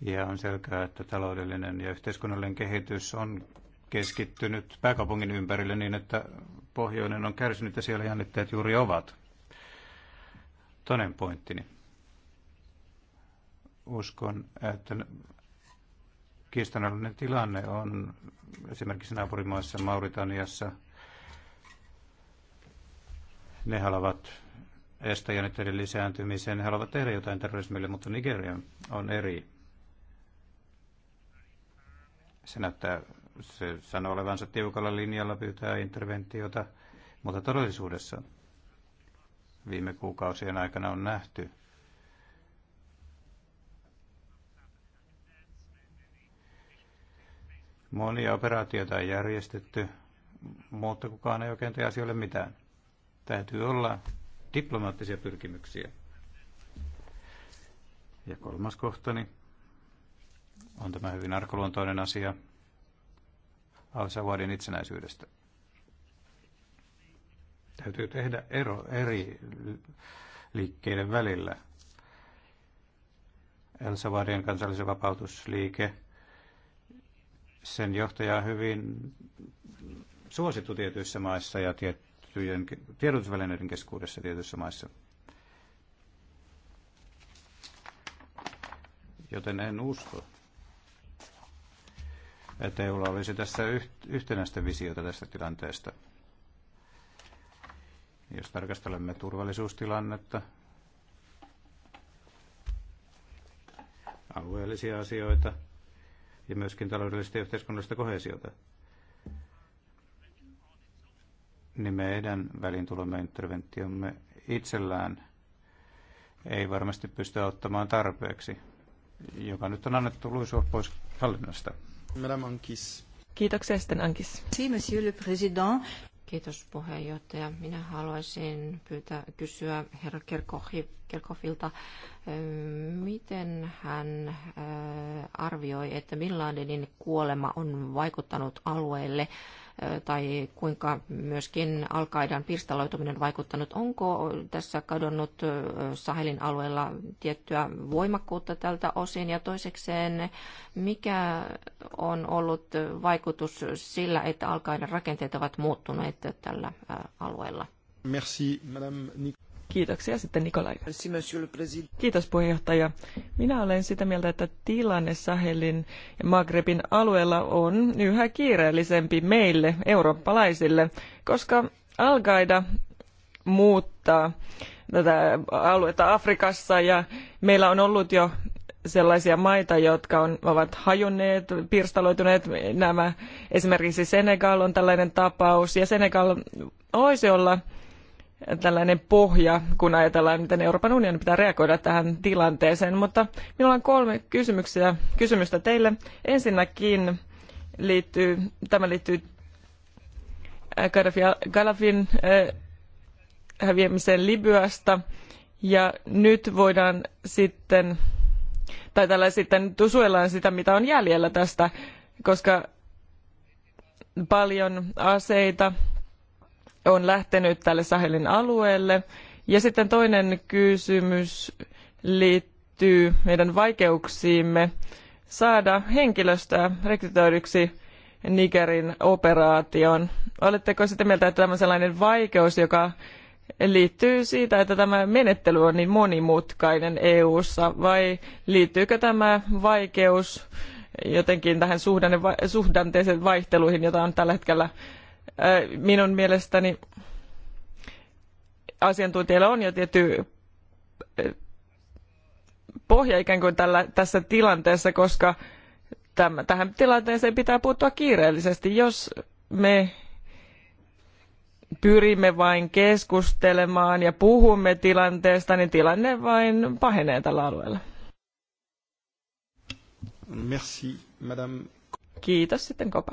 Ja on selkeää, että taloudellinen ja yhteiskunnallinen kehitys on keskittynyt pääkaupungin ympärille niin, että pohjoinen on kärsinyt ja siellä jännitteet juuri ovat. Toinen pointtini. Uskon, että kiistanallinen tilanne on esimerkiksi naapurimaissa Mauritaniassa – ne haluavat estää jännitteiden lisääntymisen, ne haluavat tehdä jotain terrorismille, mutta Nigeria on eri. Se näyttää, se sanoo olevansa tiukalla linjalla, pyytää interventiota, mutta todellisuudessa viime kuukausien aikana on nähty, Monia operaatioita on järjestetty, mutta kukaan ei oikein tee asioille mitään. Täytyy olla diplomaattisia pyrkimyksiä. Ja kolmas kohtani on tämä hyvin arkoluontoinen asia Al-Sawadin itsenäisyydestä. Täytyy tehdä ero eri liikkeiden välillä. El Savadien kansallisen vapautusliike, sen johtaja on hyvin suosittu tietyissä maissa ja tiet, tiettyjen tiedotusvälineiden keskuudessa tietyissä maissa. Joten en usko, että EUlla olisi tässä yhtenäistä visiota tästä tilanteesta. Jos tarkastelemme turvallisuustilannetta, alueellisia asioita ja myöskin taloudellista ja yhteiskunnallista kohesiota niin meidän välintulomme interventiomme itsellään ei varmasti pysty auttamaan tarpeeksi, joka nyt on annettu luisua pois hallinnasta. Madame Ankis. Kiitoksia sitten Ankis. Si, monsieur le président. Kiitos puheenjohtaja. Minä haluaisin pyytää kysyä herra Kerkofilta, eh, miten hän eh, arvioi, että millainen kuolema on vaikuttanut alueelle tai kuinka myöskin alkaidan pirstaloituminen vaikuttanut. Onko tässä kadonnut Sahelin alueella tiettyä voimakkuutta tältä osin ja toisekseen mikä on ollut vaikutus sillä, että alkaidan rakenteet ovat muuttuneet tällä alueella? Merci, Madame Kiitoksia sitten Nikolai. Kiitos puheenjohtaja. Minä olen sitä mieltä, että tilanne Sahelin ja Magrebin alueella on yhä kiireellisempi meille, eurooppalaisille, koska Al-Qaida muuttaa tätä aluetta Afrikassa ja meillä on ollut jo sellaisia maita, jotka on, ovat hajonneet, pirstaloituneet. Nämä, esimerkiksi Senegal on tällainen tapaus ja Senegal voisi olla tällainen pohja, kun ajatellaan, miten Euroopan unionin pitää reagoida tähän tilanteeseen. Mutta minulla on kolme kysymyksiä, kysymystä teille. Ensinnäkin liittyy, tämä liittyy äh, Galafin äh, häviämiseen Libyasta. Ja nyt voidaan sitten, tai tällä sitten suojellaan sitä, mitä on jäljellä tästä, koska paljon aseita on lähtenyt tälle Sahelin alueelle. Ja sitten toinen kysymys liittyy meidän vaikeuksiimme saada henkilöstöä rekrytoiduksi Nigerin operaation. Oletteko sitä mieltä, että tämä on sellainen vaikeus, joka liittyy siitä, että tämä menettely on niin monimutkainen EU-ssa, vai liittyykö tämä vaikeus jotenkin tähän suhdanteeseen vaihteluihin, jota on tällä hetkellä minun mielestäni asiantuntijoilla on jo tietty pohja ikään kuin tällä, tässä tilanteessa, koska täm, tähän tilanteeseen pitää puuttua kiireellisesti. Jos me pyrimme vain keskustelemaan ja puhumme tilanteesta, niin tilanne vain pahenee tällä alueella. Merci, madame. Kiitos sitten Kopa.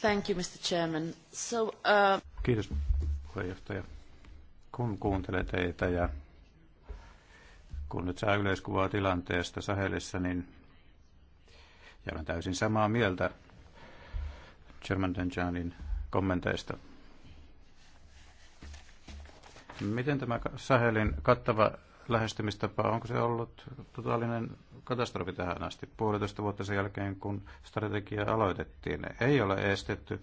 Thank you, Mr. Chairman. So, uh... Kiitos, puheenjohtaja. Kun kuuntelee teitä ja kun nyt saa yleiskuvaa tilanteesta Sahelissa, niin ja olen täysin samaa mieltä German Denjanin kommenteista. Miten tämä Sahelin kattava lähestymistapa, onko se ollut totaalinen katastrofi tähän asti? Puolitoista vuotta sen jälkeen, kun strategia aloitettiin, ei ole estetty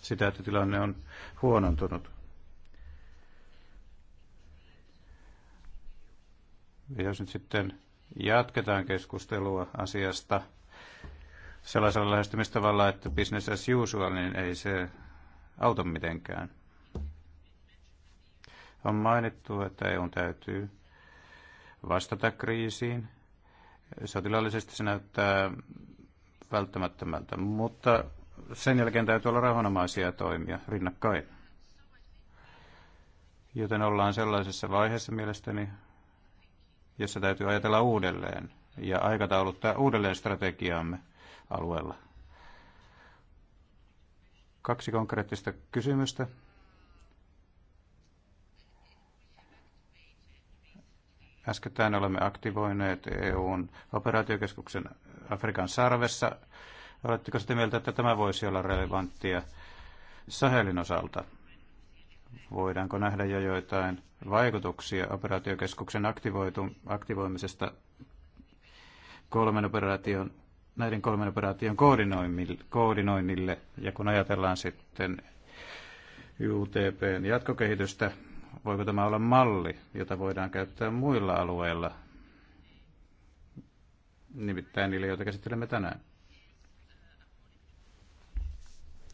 sitä, että tilanne on huonontunut. Ja jos nyt sitten jatketaan keskustelua asiasta sellaisella lähestymistavalla, että business as usual, niin ei se auta mitenkään. On mainittu, että EU täytyy vastata kriisiin. Sotilaallisesti se näyttää välttämättömältä, mutta sen jälkeen täytyy olla rauhanomaisia toimia rinnakkain. Joten ollaan sellaisessa vaiheessa mielestäni, jossa täytyy ajatella uudelleen ja aikatauluttaa uudelleen strategiaamme alueella. Kaksi konkreettista kysymystä. Äskettäin olemme aktivoineet EUn operaatiokeskuksen Afrikan sarvessa. Oletteko sitä mieltä, että tämä voisi olla relevanttia Sahelin osalta? Voidaanko nähdä jo joitain vaikutuksia operaatiokeskuksen aktivoimisesta kolmen operaation, näiden kolmen operaation koordinoinnille? Ja kun ajatellaan sitten UTPn jatkokehitystä, voiko tämä olla malli, jota voidaan käyttää muilla alueilla, nimittäin niille, joita käsittelemme tänään.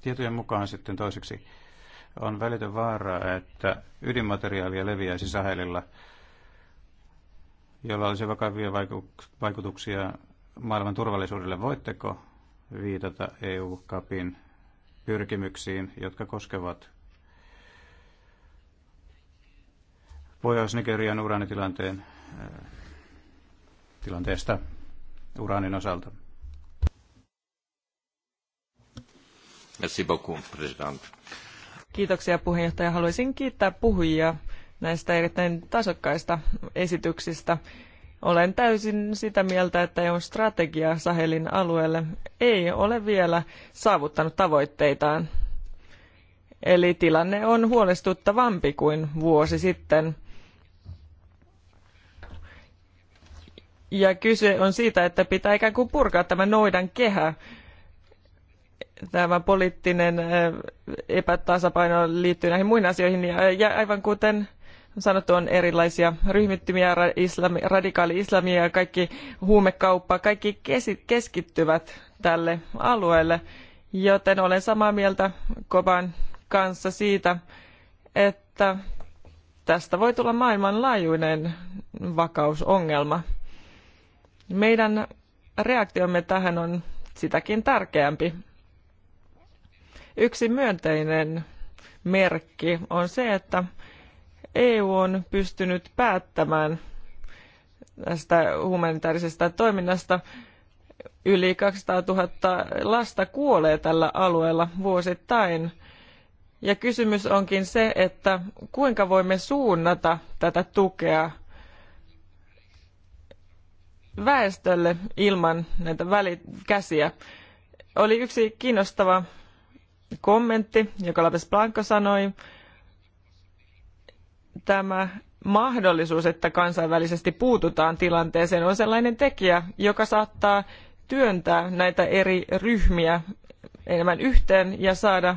Tietojen mukaan sitten toiseksi on välitön vaara, että ydinmateriaalia leviäisi Sahelilla, jolla olisi vakavia vaikutuksia maailman turvallisuudelle. Voitteko viitata EU-kapin pyrkimyksiin, jotka koskevat Pohjois-Nigerian uraanitilanteen äh, tilanteesta uraanin osalta. Merci beaucoup, president. Kiitoksia puheenjohtaja. Haluaisin kiittää puhujia näistä erittäin tasokkaista esityksistä. Olen täysin sitä mieltä, että EUn strategia Sahelin alueelle ei ole vielä saavuttanut tavoitteitaan. Eli tilanne on huolestuttavampi kuin vuosi sitten – Ja kyse on siitä, että pitää ikään kuin purkaa tämä noidan kehä, tämä poliittinen epätasapaino liittyy näihin muihin asioihin. Ja aivan kuten sanottu, on erilaisia ryhmittymiä, islami, radikaali islamia ja kaikki huumekauppa, kaikki keskittyvät tälle alueelle. Joten olen samaa mieltä Koban kanssa siitä, että tästä voi tulla maailmanlaajuinen vakausongelma. Meidän reaktiomme tähän on sitäkin tärkeämpi. Yksi myönteinen merkki on se, että EU on pystynyt päättämään tästä humanitaarisesta toiminnasta. Yli 200 000 lasta kuolee tällä alueella vuosittain. Ja kysymys onkin se, että kuinka voimme suunnata tätä tukea väestölle ilman näitä välikäsiä. Oli yksi kiinnostava kommentti, joka Lapes Blanco sanoi. Tämä mahdollisuus, että kansainvälisesti puututaan tilanteeseen, on sellainen tekijä, joka saattaa työntää näitä eri ryhmiä enemmän yhteen ja saada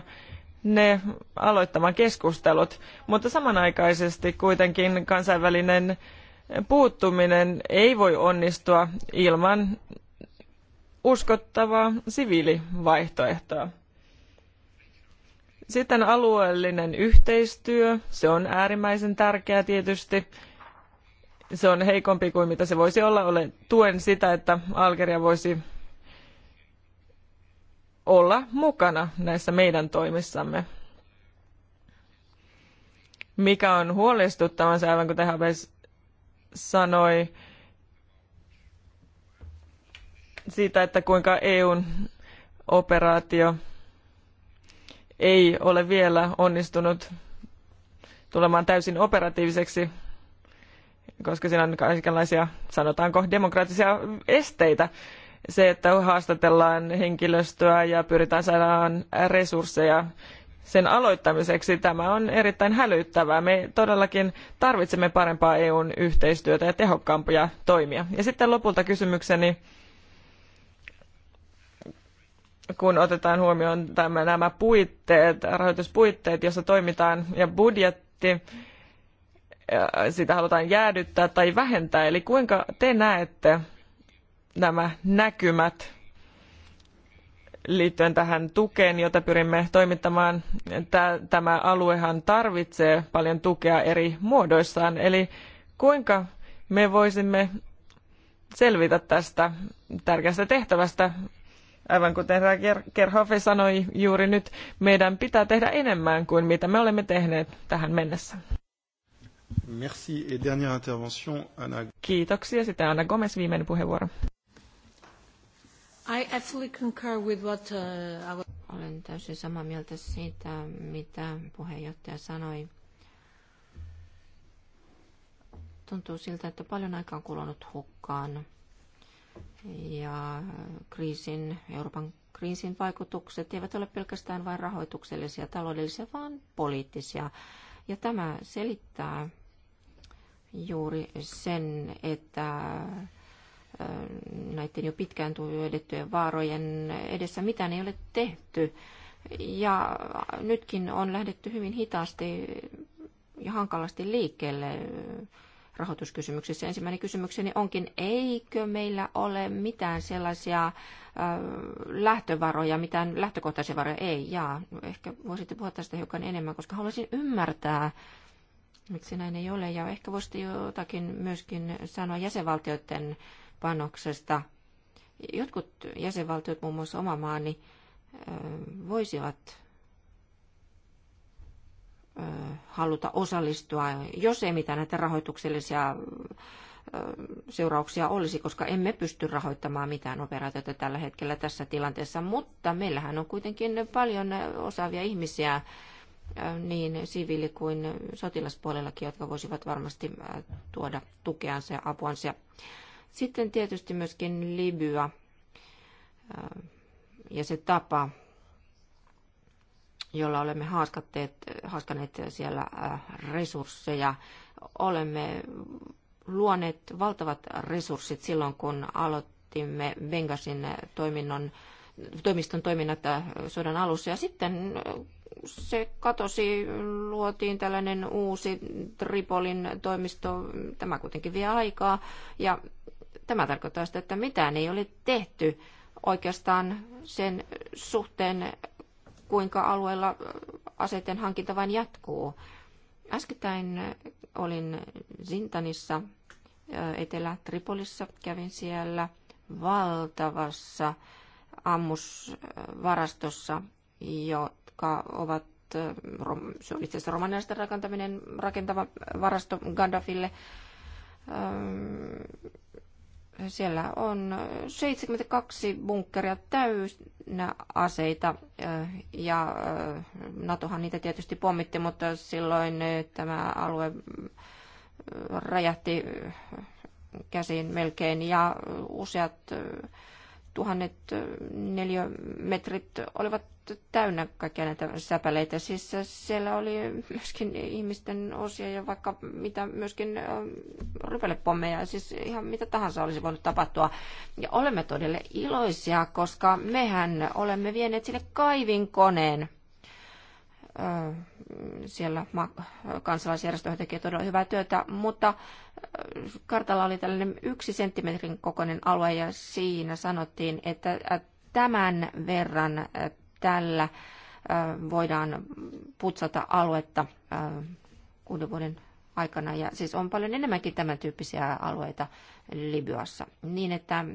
ne aloittamaan keskustelut. Mutta samanaikaisesti kuitenkin kansainvälinen puuttuminen ei voi onnistua ilman uskottavaa siviilivaihtoehtoa. Sitten alueellinen yhteistyö, se on äärimmäisen tärkeää tietysti. Se on heikompi kuin mitä se voisi olla. Olen tuen sitä, että Algeria voisi olla mukana näissä meidän toimissamme. Mikä on huolestuttavansa, aivan kuten sanoi siitä, että kuinka EUn operaatio ei ole vielä onnistunut tulemaan täysin operatiiviseksi, koska siinä on kaikenlaisia, sanotaanko, demokraattisia esteitä. Se, että haastatellaan henkilöstöä ja pyritään saadaan resursseja sen aloittamiseksi. Tämä on erittäin hälyttävää. Me todellakin tarvitsemme parempaa EUn yhteistyötä ja tehokkaampia toimia. Ja sitten lopulta kysymykseni, kun otetaan huomioon tämä, nämä puitteet, rahoituspuitteet, joissa toimitaan, ja budjetti, sitä halutaan jäädyttää tai vähentää. Eli kuinka te näette nämä näkymät liittyen tähän tukeen, jota pyrimme toimittamaan. Tämä aluehan tarvitsee paljon tukea eri muodoissaan, eli kuinka me voisimme selvitä tästä tärkeästä tehtävästä. Aivan kuten Kerhoffe sanoi juuri nyt, meidän pitää tehdä enemmän kuin mitä me olemme tehneet tähän mennessä. Merci. Et dernière intervention, Anna. Kiitoksia. Sitten Anna Gomez, viimeinen puheenvuoro. I absolutely concur with what, uh, our... Olen täysin samaa mieltä siitä, mitä puheenjohtaja sanoi. Tuntuu siltä, että paljon aikaa on kulunut hukkaan. Ja kriisin, Euroopan kriisin vaikutukset eivät ole pelkästään vain rahoituksellisia, taloudellisia, vaan poliittisia. Ja tämä selittää juuri sen, että näiden jo pitkään tuotettujen vaarojen edessä mitään ei ole tehty. Ja nytkin on lähdetty hyvin hitaasti ja hankalasti liikkeelle rahoituskysymyksissä. Ensimmäinen kysymykseni onkin, eikö meillä ole mitään sellaisia lähtövaroja, mitään lähtökohtaisia varoja? Ei, ja Ehkä voisitte puhua tästä hiukan enemmän, koska haluaisin ymmärtää, miksi näin ei ole. Ja ehkä voisitte jotakin myöskin sanoa jäsenvaltioiden panoksesta. Jotkut jäsenvaltiot, muun muassa oma maani, voisivat haluta osallistua, jos ei mitään näitä rahoituksellisia seurauksia olisi, koska emme pysty rahoittamaan mitään operaatiota tällä hetkellä tässä tilanteessa, mutta meillähän on kuitenkin paljon osaavia ihmisiä niin siviili- kuin sotilaspuolellakin, jotka voisivat varmasti tuoda tukeansa ja apuansa. Sitten tietysti myöskin Libya äh, ja se tapa, jolla olemme haaskatteet, haaskaneet siellä äh, resursseja. Olemme luoneet valtavat resurssit silloin, kun aloitimme Bengasin toiminnon, toimiston toiminnat äh, sodan alussa. Ja sitten se katosi, luotiin tällainen uusi Tripolin toimisto. Tämä kuitenkin vie aikaa. Ja Tämä tarkoittaa sitä, että mitään ei ole tehty oikeastaan sen suhteen, kuinka alueella aseiden hankinta vain jatkuu. Äskettäin olin Zintanissa, Etelä-Tripolissa, kävin siellä valtavassa ammusvarastossa, jotka ovat, se on itse asiassa romanialaisten rakentaminen, rakentava varasto Gandalfille siellä on 72 bunkkeria täynnä aseita ja NATOhan niitä tietysti pommitti, mutta silloin tämä alue räjähti käsiin melkein ja useat tuhannet neliömetrit olivat täynnä kaikkia näitä säpäleitä. Siis siellä oli myöskin ihmisten osia ja vaikka mitä myöskin ähm, rypelepommeja, siis ihan mitä tahansa olisi voinut tapahtua. Ja olemme todella iloisia, koska mehän olemme vieneet sille kaivinkoneen äh, siellä kansalaisjärjestö tekee todella hyvää työtä, mutta äh, kartalla oli tällainen yksi senttimetrin kokoinen alue ja siinä sanottiin, että äh, tämän verran tällä voidaan putsata aluetta kuuden vuoden aikana. Ja siis on paljon enemmänkin tämän tyyppisiä alueita Libyassa. Niin, että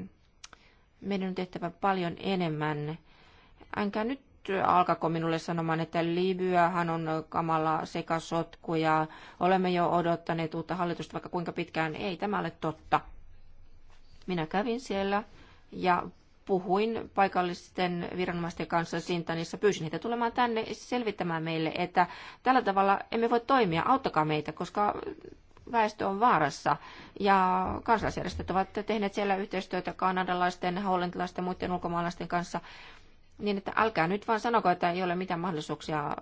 meidän on tehtävä paljon enemmän. Enkä nyt alkako minulle sanomaan, että Libyahan on kamala sekasotku ja olemme jo odottaneet uutta hallitusta vaikka kuinka pitkään. Ei tämä ole totta. Minä kävin siellä ja puhuin paikallisten viranomaisten kanssa Sintanissa, pyysin heitä tulemaan tänne selvittämään meille, että tällä tavalla emme voi toimia, auttakaa meitä, koska väestö on vaarassa. Ja kansalaisjärjestöt ovat tehneet siellä yhteistyötä kanadalaisten, hollantilaisten ja muiden ulkomaalaisten kanssa. Niin, että älkää nyt vaan sanoko, että ei ole mitään mahdollisuuksia äh,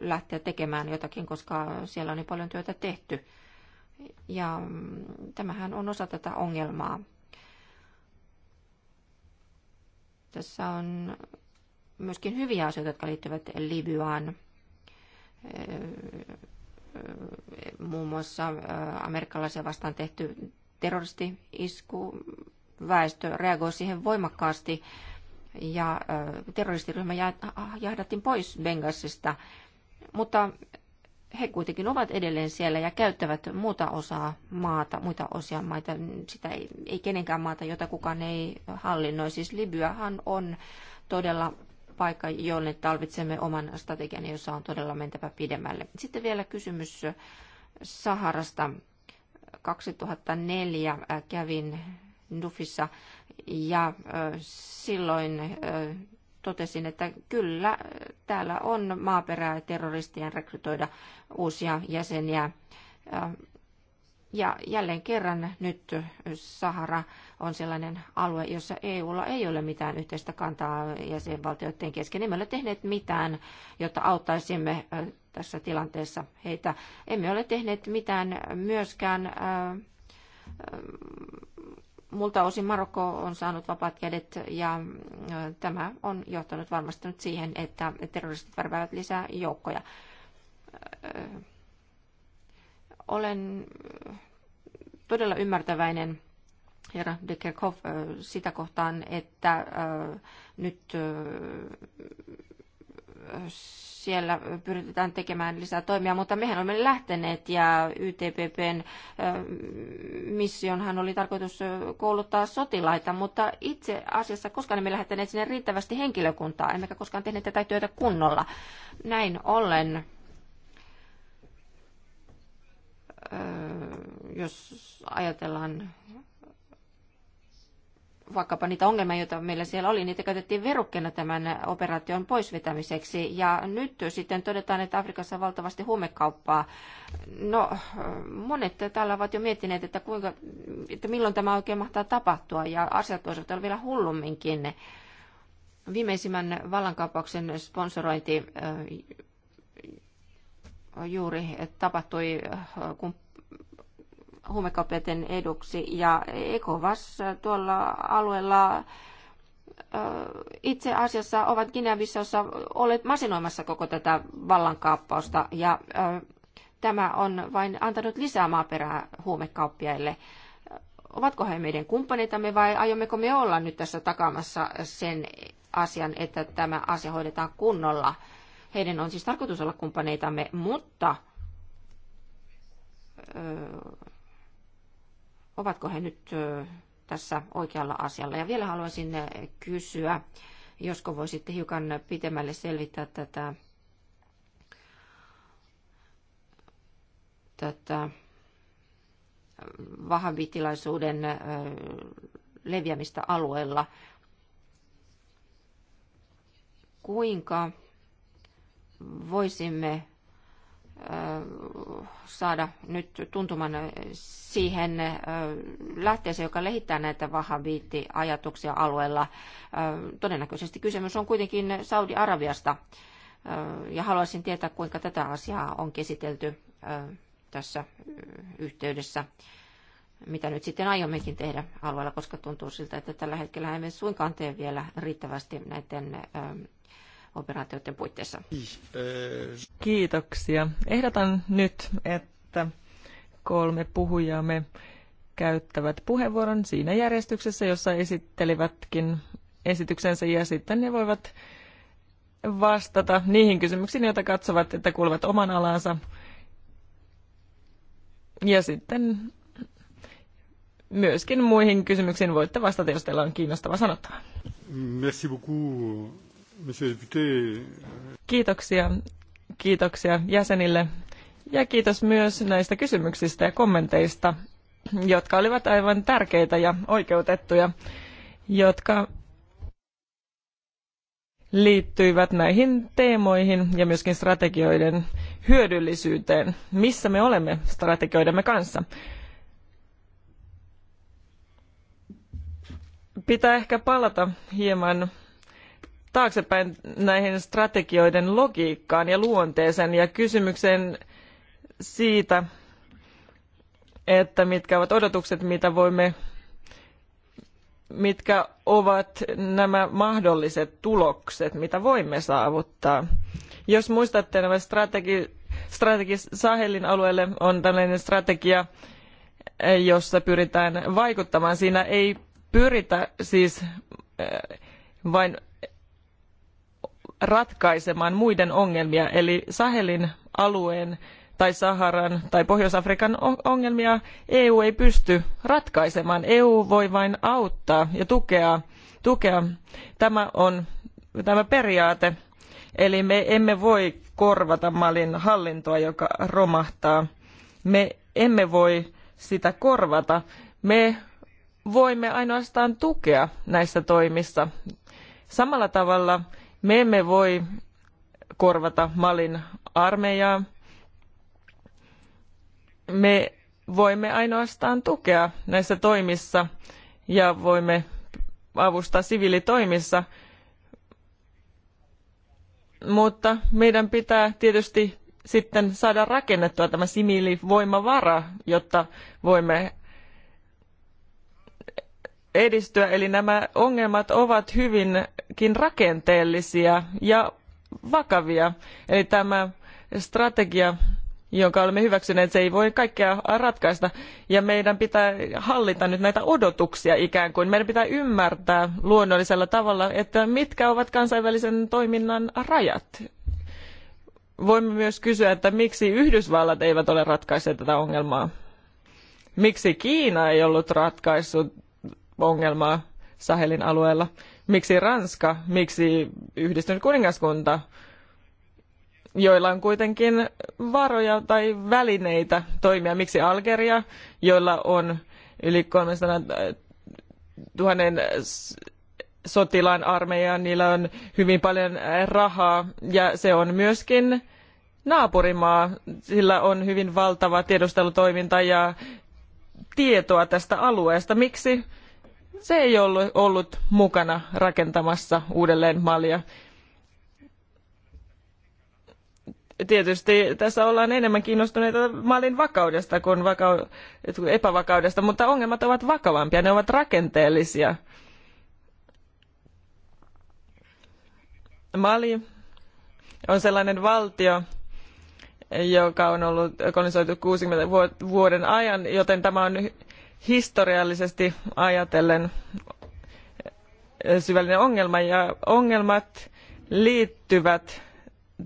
lähteä tekemään jotakin, koska siellä on niin paljon työtä tehty. Ja mm, tämähän on osa tätä ongelmaa. Tässä on myöskin hyviä asioita, jotka liittyvät Libyaan. Muun muassa amerikkalaisia vastaan tehty terroristi-isku. Väestö reagoi siihen voimakkaasti ja terroristiryhmä jahdattiin pois Bengasista. Mutta he kuitenkin ovat edelleen siellä ja käyttävät muuta osaa maata, muita osia maita. Sitä ei, ei kenenkään maata, jota kukaan ei hallinnoi. Siis Libyahan on todella paikka, jolle tarvitsemme oman strategian, jossa on todella mentävä pidemmälle. Sitten vielä kysymys Saharasta. 2004 kävin Dufissa ja silloin totesin, että kyllä äh, täällä on maaperää terroristien rekrytoida uusia jäseniä. Äh, ja jälleen kerran nyt Sahara on sellainen alue, jossa EUlla ei ole mitään yhteistä kantaa jäsenvaltioiden kesken. Emme ole tehneet mitään, jotta auttaisimme äh, tässä tilanteessa heitä. Emme ole tehneet mitään myöskään multa osin Marokko on saanut vapaat kädet ja tämä on johtanut varmasti nyt siihen, että terroristit värväävät lisää joukkoja. Olen todella ymmärtäväinen herra de Kerkhoff sitä kohtaan, että nyt siellä pyritään tekemään lisää toimia, mutta mehän olemme lähteneet ja YTPPn missionhan oli tarkoitus kouluttaa sotilaita, mutta itse asiassa koskaan emme lähteneet sinne riittävästi henkilökuntaa, emmekä koskaan tehneet tätä työtä kunnolla. Näin ollen jos ajatellaan vaikkapa niitä ongelmia, joita meillä siellä oli, niitä käytettiin verukkeena tämän operaation poisvetämiseksi. Ja nyt sitten todetaan, että Afrikassa on valtavasti huumekauppaa. No, monet täällä ovat jo miettineet, että, kuinka, että milloin tämä oikein mahtaa tapahtua, ja asiat voisivat olla vielä hullumminkin. Viimeisimmän vallankaupauksen sponsorointi juuri tapahtui, kun huumekaupeiden eduksi. Ja ECOVAS tuolla alueella itse asiassa ovat guinea olleet masinoimassa koko tätä vallankaappausta ja tämä on vain antanut lisää maaperää huumekauppiaille. Ovatko he meidän kumppaneitamme vai aiommeko me olla nyt tässä takaamassa sen asian, että tämä asia hoidetaan kunnolla? Heidän on siis tarkoitus olla kumppaneitamme, mutta ovatko he nyt tässä oikealla asialla. Ja vielä haluaisin kysyä, josko voisitte hiukan pitemmälle selvittää tätä, tätä vahvitilaisuuden leviämistä alueella. Kuinka voisimme Äh, saada nyt tuntuman siihen äh, lähteeseen, joka lehittää näitä vahabiitti-ajatuksia alueella. Äh, todennäköisesti kysymys on kuitenkin Saudi-Arabiasta, ja haluaisin tietää, kuinka tätä asiaa on käsitelty tässä yhteydessä, mitä nyt sitten aiommekin tehdä alueella, koska tuntuu siltä, että tällä hetkellä emme suinkaan tee vielä riittävästi näiden operaatioiden puitteissa. Kiitoksia. Ehdotan nyt, että kolme puhujaamme käyttävät puheenvuoron siinä järjestyksessä, jossa esittelivätkin esityksensä ja sitten ne voivat vastata niihin kysymyksiin, joita katsovat, että kuuluvat oman alansa. Ja sitten myöskin muihin kysymyksiin voitte vastata, jos teillä on kiinnostava sanottavaa. Merci beaucoup. Kiitoksia, kiitoksia jäsenille ja kiitos myös näistä kysymyksistä ja kommenteista, jotka olivat aivan tärkeitä ja oikeutettuja, jotka liittyivät näihin teemoihin ja myöskin strategioiden hyödyllisyyteen, missä me olemme strategioidemme kanssa. Pitää ehkä palata hieman taaksepäin näihin strategioiden logiikkaan ja luonteeseen ja kysymykseen siitä, että mitkä ovat odotukset, mitä voimme, mitkä ovat nämä mahdolliset tulokset, mitä voimme saavuttaa. Jos muistatte nämä strategi, strategi Sahelin alueelle on tällainen strategia, jossa pyritään vaikuttamaan. Siinä ei pyritä siis eh, vain ratkaisemaan muiden ongelmia eli sahelin alueen tai saharan tai pohjois afrikan ongelmia eu ei pysty ratkaisemaan eu voi vain auttaa ja tukea. tukea. tämä on tämä periaate eli me emme voi korvata malin hallintoa joka romahtaa me emme voi sitä korvata me voimme ainoastaan tukea näissä toimissa. samalla tavalla me emme voi korvata Malin armeijaa. Me voimme ainoastaan tukea näissä toimissa ja voimme avustaa siviilitoimissa. Mutta meidän pitää tietysti sitten saada rakennettua tämä siviilivoimavara, jotta voimme edistyä. Eli nämä ongelmat ovat hyvinkin rakenteellisia ja vakavia. Eli tämä strategia, jonka olemme hyväksyneet, se ei voi kaikkea ratkaista. Ja meidän pitää hallita nyt näitä odotuksia ikään kuin. Meidän pitää ymmärtää luonnollisella tavalla, että mitkä ovat kansainvälisen toiminnan rajat. Voimme myös kysyä, että miksi Yhdysvallat eivät ole ratkaisseet tätä ongelmaa. Miksi Kiina ei ollut ratkaissut ongelmaa Sahelin alueella. Miksi Ranska, miksi yhdistynyt kuningaskunta, joilla on kuitenkin varoja tai välineitä toimia, miksi Algeria, joilla on yli 300 000 sotilaan armeija, niillä on hyvin paljon rahaa ja se on myöskin naapurimaa, sillä on hyvin valtava tiedustelutoiminta ja tietoa tästä alueesta. Miksi se ei ollut, ollut mukana rakentamassa uudelleen malia. Tietysti tässä ollaan enemmän kiinnostuneita mallin vakaudesta kuin vakau- epävakaudesta, mutta ongelmat ovat vakavampia, ne ovat rakenteellisia. Mali on sellainen valtio, joka on ollut kolonisoitu 60 vuoden ajan, joten tämä on historiallisesti ajatellen eh, syvällinen ongelma ja ongelmat liittyvät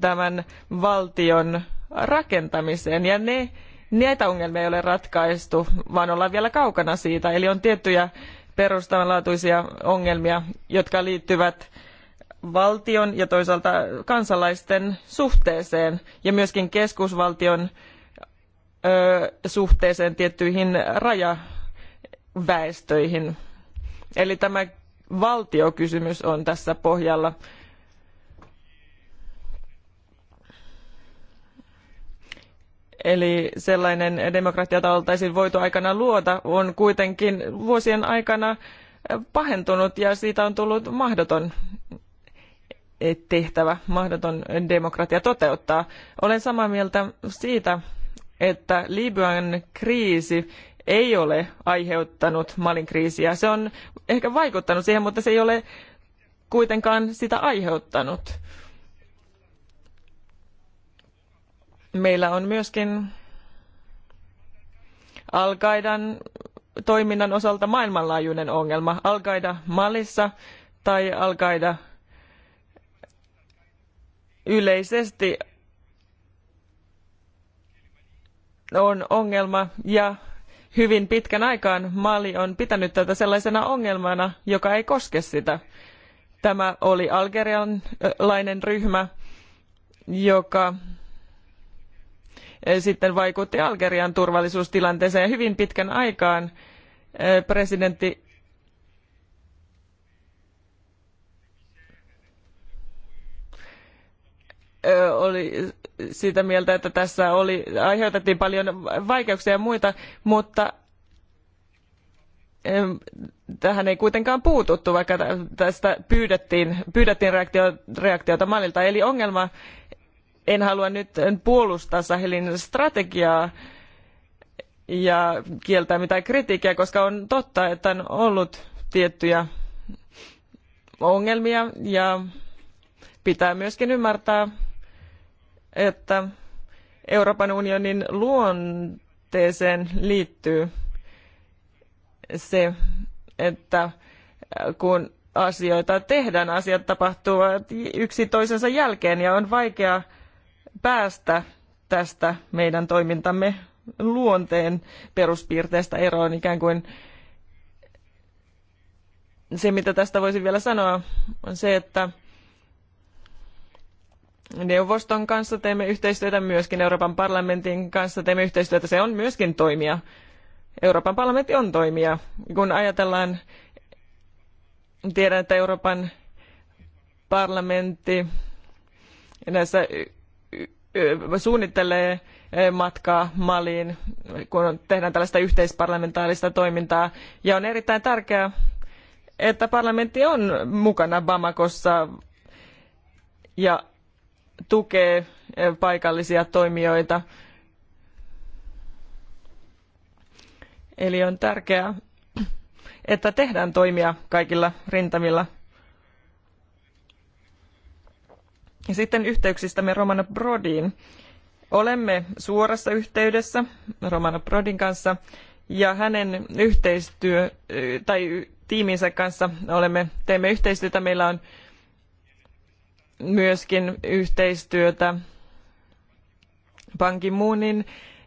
tämän valtion rakentamiseen ja ne, näitä ongelmia ei ole ratkaistu, vaan ollaan vielä kaukana siitä. Eli on tiettyjä perustavanlaatuisia ongelmia, jotka liittyvät valtion ja toisaalta kansalaisten suhteeseen ja myöskin keskusvaltion ö, suhteeseen tiettyihin raja väestöihin. Eli tämä valtiokysymys on tässä pohjalla. Eli sellainen demokratia, jota oltaisiin voitu aikana luoda, on kuitenkin vuosien aikana pahentunut ja siitä on tullut mahdoton tehtävä, mahdoton demokratia toteuttaa. Olen samaa mieltä siitä, että Libyan kriisi ei ole aiheuttanut Malin kriisiä. Se on ehkä vaikuttanut siihen, mutta se ei ole kuitenkaan sitä aiheuttanut. Meillä on myöskin Al-Qaidan toiminnan osalta maailmanlaajuinen ongelma. Al-Qaida Malissa tai Al-Qaida yleisesti on ongelma ja hyvin pitkän aikaan Mali on pitänyt tätä sellaisena ongelmana, joka ei koske sitä. Tämä oli algerialainen ryhmä, joka eh, sitten vaikutti Algerian turvallisuustilanteeseen ja hyvin pitkän aikaan eh, presidentti eh, oli sitä mieltä, että tässä oli, aiheutettiin paljon vaikeuksia ja muita, mutta tähän ei kuitenkaan puututtu, vaikka tästä pyydettiin, pyydettiin reaktio, reaktiota Malilta. Eli ongelma, en halua nyt puolustaa Sahelin strategiaa ja kieltää mitään kritiikkiä, koska on totta, että on ollut tiettyjä ongelmia ja pitää myöskin ymmärtää että Euroopan unionin luonteeseen liittyy se, että kun asioita tehdään, asiat tapahtuvat yksi toisensa jälkeen ja on vaikea päästä tästä meidän toimintamme luonteen peruspiirteestä eroon ikään kuin se, mitä tästä voisin vielä sanoa, on se, että neuvoston kanssa teemme yhteistyötä, myöskin Euroopan parlamentin kanssa teemme yhteistyötä. Se on myöskin toimija. Euroopan parlamentti on toimija. Kun ajatellaan, tiedän, että Euroopan parlamentti näissä suunnittelee e, matkaa Maliin, kun tehdään tällaista yhteisparlamentaarista toimintaa. Ja on erittäin tärkeää, että parlamentti on mukana Bamakossa ja tukee eh, paikallisia toimijoita. Eli on tärkeää, että tehdään toimia kaikilla rintamilla. Ja sitten yhteyksistämme Romana Brodiin. Olemme suorassa yhteydessä Romana Brodin kanssa ja hänen yhteistyö tai tiiminsä kanssa olemme, teemme yhteistyötä. Meillä on myöskin yhteistyötä Ban Ki-moonin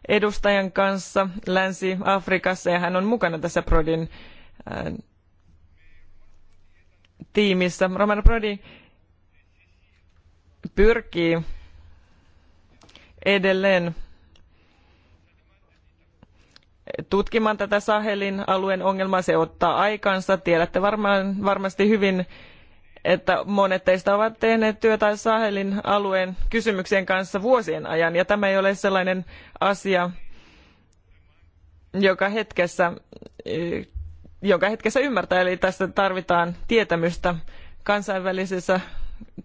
edustajan kanssa Länsi-Afrikassa ja hän on mukana tässä Prodin äh, tiimissä. Romano Prodi pyrkii edelleen tutkimaan tätä Sahelin alueen ongelmaa. Se ottaa aikansa. Tiedätte varmaan, varmasti hyvin että monet teistä ovat tehneet työtä Sahelin alueen kysymyksien kanssa vuosien ajan, ja tämä ei ole sellainen asia, joka hetkessä, joka hetkessä ymmärtää, eli tästä tarvitaan tietämystä kansainvälisessä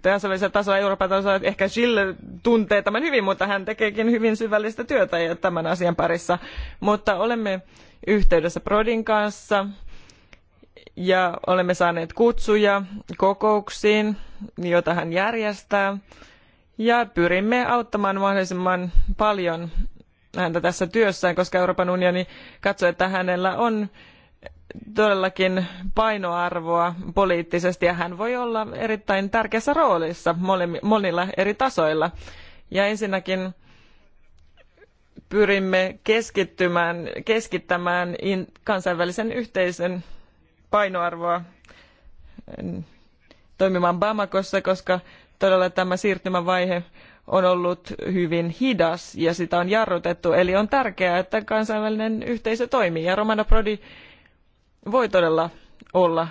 kansainvälisellä tasolla, Euroopan tasolla, ehkä Jill tuntee tämän hyvin, mutta hän tekeekin hyvin syvällistä työtä tämän asian parissa. Mutta olemme yhteydessä Prodin kanssa, ja olemme saaneet kutsuja kokouksiin, joita hän järjestää. Ja pyrimme auttamaan mahdollisimman paljon häntä tässä työssään, koska Euroopan unioni katsoo, että hänellä on todellakin painoarvoa poliittisesti ja hän voi olla erittäin tärkeässä roolissa monilla eri tasoilla. Ja ensinnäkin pyrimme keskittymään, keskittämään kansainvälisen yhteisön painoarvoa mm, toimimaan Bamakossa, koska todella tämä siirtymävaihe on ollut hyvin hidas ja sitä on jarrutettu. Eli on tärkeää, että kansainvälinen yhteisö toimii ja Romana Prodi voi todella olla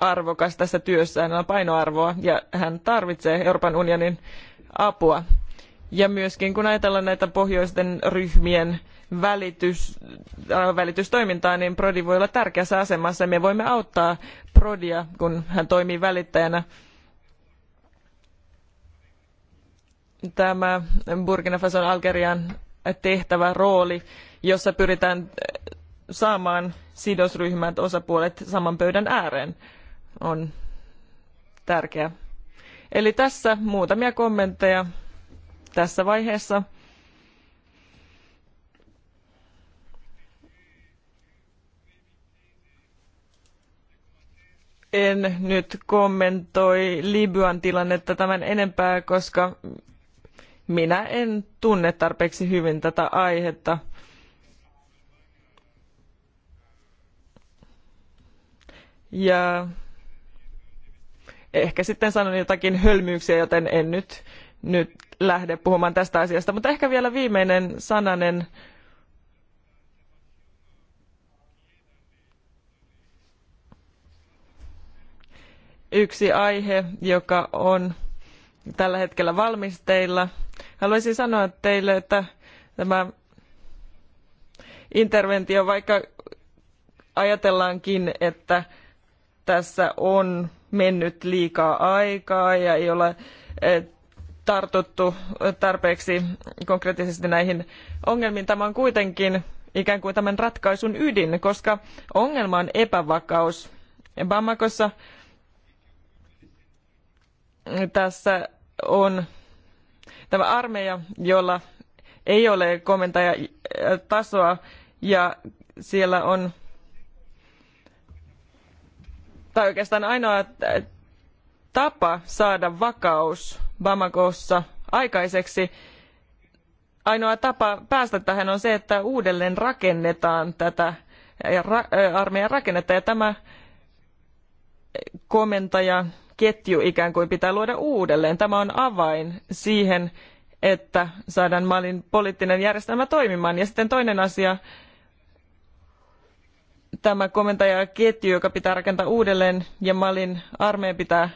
arvokas tässä työssään, on painoarvoa ja hän tarvitsee Euroopan unionin apua. Ja myöskin kun ajatellaan näitä pohjoisten ryhmien välitys, äh, välitystoimintaa, niin Prodi voi olla tärkeässä asemassa. Me voimme auttaa Prodia, kun hän toimii välittäjänä. Tämä Burkina Fason Algerian tehtävä rooli, jossa pyritään äh, saamaan sidosryhmät, osapuolet saman pöydän ääreen, on tärkeä. Eli tässä muutamia kommentteja tässä vaiheessa. en nyt kommentoi Libyan tilannetta tämän enempää, koska minä en tunne tarpeeksi hyvin tätä aihetta. Ja ehkä sitten sanon jotakin hölmyyksiä, joten en nyt, nyt lähde puhumaan tästä asiasta. Mutta ehkä vielä viimeinen sananen yksi aihe, joka on tällä hetkellä valmisteilla. Haluaisin sanoa teille, että tämä interventio, vaikka ajatellaankin, että tässä on mennyt liikaa aikaa ja ei ole eh, tartuttu tarpeeksi konkreettisesti näihin ongelmiin. Tämä on kuitenkin ikään kuin tämän ratkaisun ydin, koska ongelma on epävakaus. Bamakossa tässä on tämä armeija, jolla ei ole komentajatasoa äh, ja siellä on tai oikeastaan ainoa äh, tapa saada vakaus Bamakossa aikaiseksi, ainoa tapa päästä tähän on se, että uudelleen rakennetaan tätä äh, armeijan rakennetta ja tämä komentaja ketju ikään kuin pitää luoda uudelleen. Tämä on avain siihen, että saadaan Malin poliittinen järjestelmä toimimaan. Ja sitten toinen asia, tämä komentajaketju, joka pitää rakentaa uudelleen, ja Malin armeijan pitää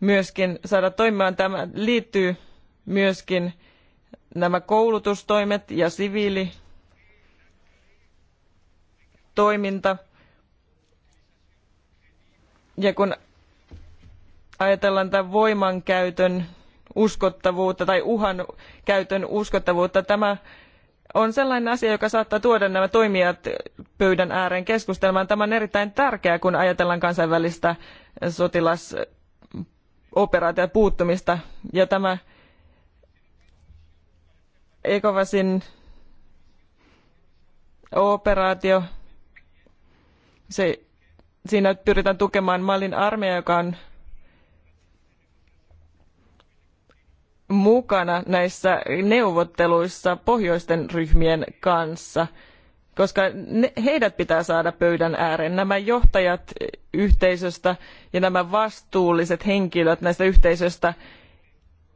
myöskin saada toimimaan. Tämä liittyy myöskin nämä koulutustoimet ja siviilitoiminta. Ja kun ajatellaan tämän voimankäytön uskottavuutta tai uhan käytön uskottavuutta, tämä on sellainen asia, joka saattaa tuoda nämä toimijat pöydän ääreen keskustelemaan. Tämä on erittäin tärkeää, kun ajatellaan kansainvälistä sotilasoperaatio puuttumista. Ja tämä ECOWASin operaatio, se, siinä pyritään tukemaan Malin armeija, joka on mukana näissä neuvotteluissa pohjoisten ryhmien kanssa, koska ne, heidät pitää saada pöydän ääreen. Nämä johtajat yhteisöstä ja nämä vastuulliset henkilöt näistä yhteisöstä,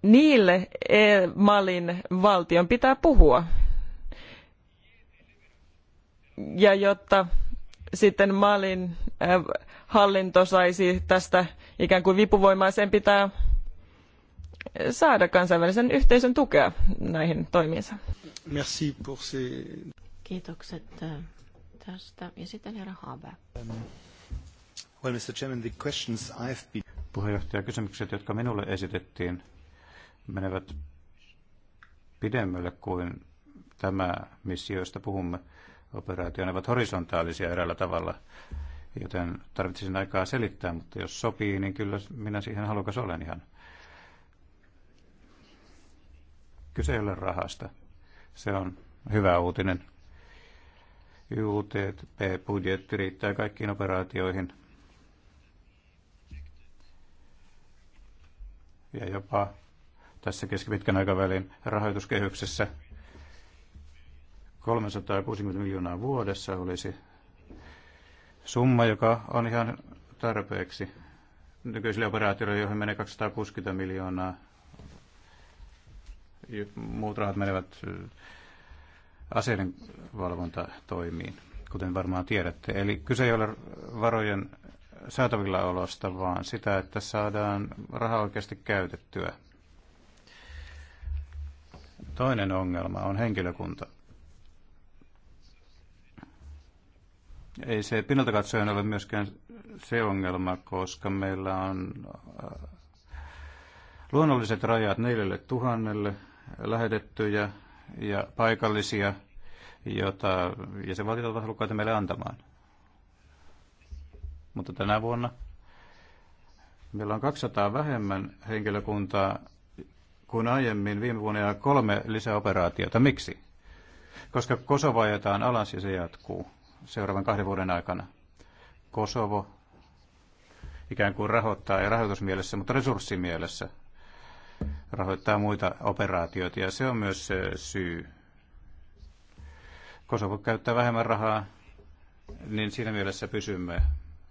niille e, Malin valtion pitää puhua. Ja jotta sitten Malin hallinto saisi tästä ikään kuin vipuvoimaa, sen pitää saada kansainvälisen yhteisön tukea näihin toimiinsa. Merci pour ces... Kiitokset äh, tästä. Ja sitten herra Haber. Well, Mr. Chairman, the questions I've been... Puheenjohtaja, kysymykset, jotka minulle esitettiin, menevät pidemmälle kuin tämä missio, josta puhumme operaatio, ne ovat horisontaalisia eräällä tavalla, joten tarvitsisin aikaa selittää, mutta jos sopii, niin kyllä minä siihen halukas olen ihan. Kyse ei ole rahasta. Se on hyvä uutinen. UTP-budjetti riittää kaikkiin operaatioihin. Ja jopa tässä keskipitkän aikavälin rahoituskehyksessä 360 miljoonaa vuodessa olisi summa, joka on ihan tarpeeksi nykyisille operaatioille, joihin menee 260 miljoonaa muut rahat menevät aseiden valvontatoimiin, kuten varmaan tiedätte. Eli kyse ei ole varojen saatavilla olosta, vaan sitä, että saadaan raha oikeasti käytettyä. Toinen ongelma on henkilökunta. Ei se pinnalta katsoen ole myöskään se ongelma, koska meillä on luonnolliset rajat neljälle tuhannelle lähetettyjä ja paikallisia, jota jäsenvaltiot ovat halukkaita meille antamaan. Mutta tänä vuonna meillä on 200 vähemmän henkilökuntaa kuin aiemmin viime vuonna ja kolme lisäoperaatiota. Miksi? Koska Kosovo ajetaan alas ja se jatkuu seuraavan kahden vuoden aikana. Kosovo ikään kuin rahoittaa, ei rahoitusmielessä, mutta resurssimielessä rahoittaa muita operaatioita ja se on myös syy. Kosovo käyttää vähemmän rahaa, niin siinä mielessä pysymme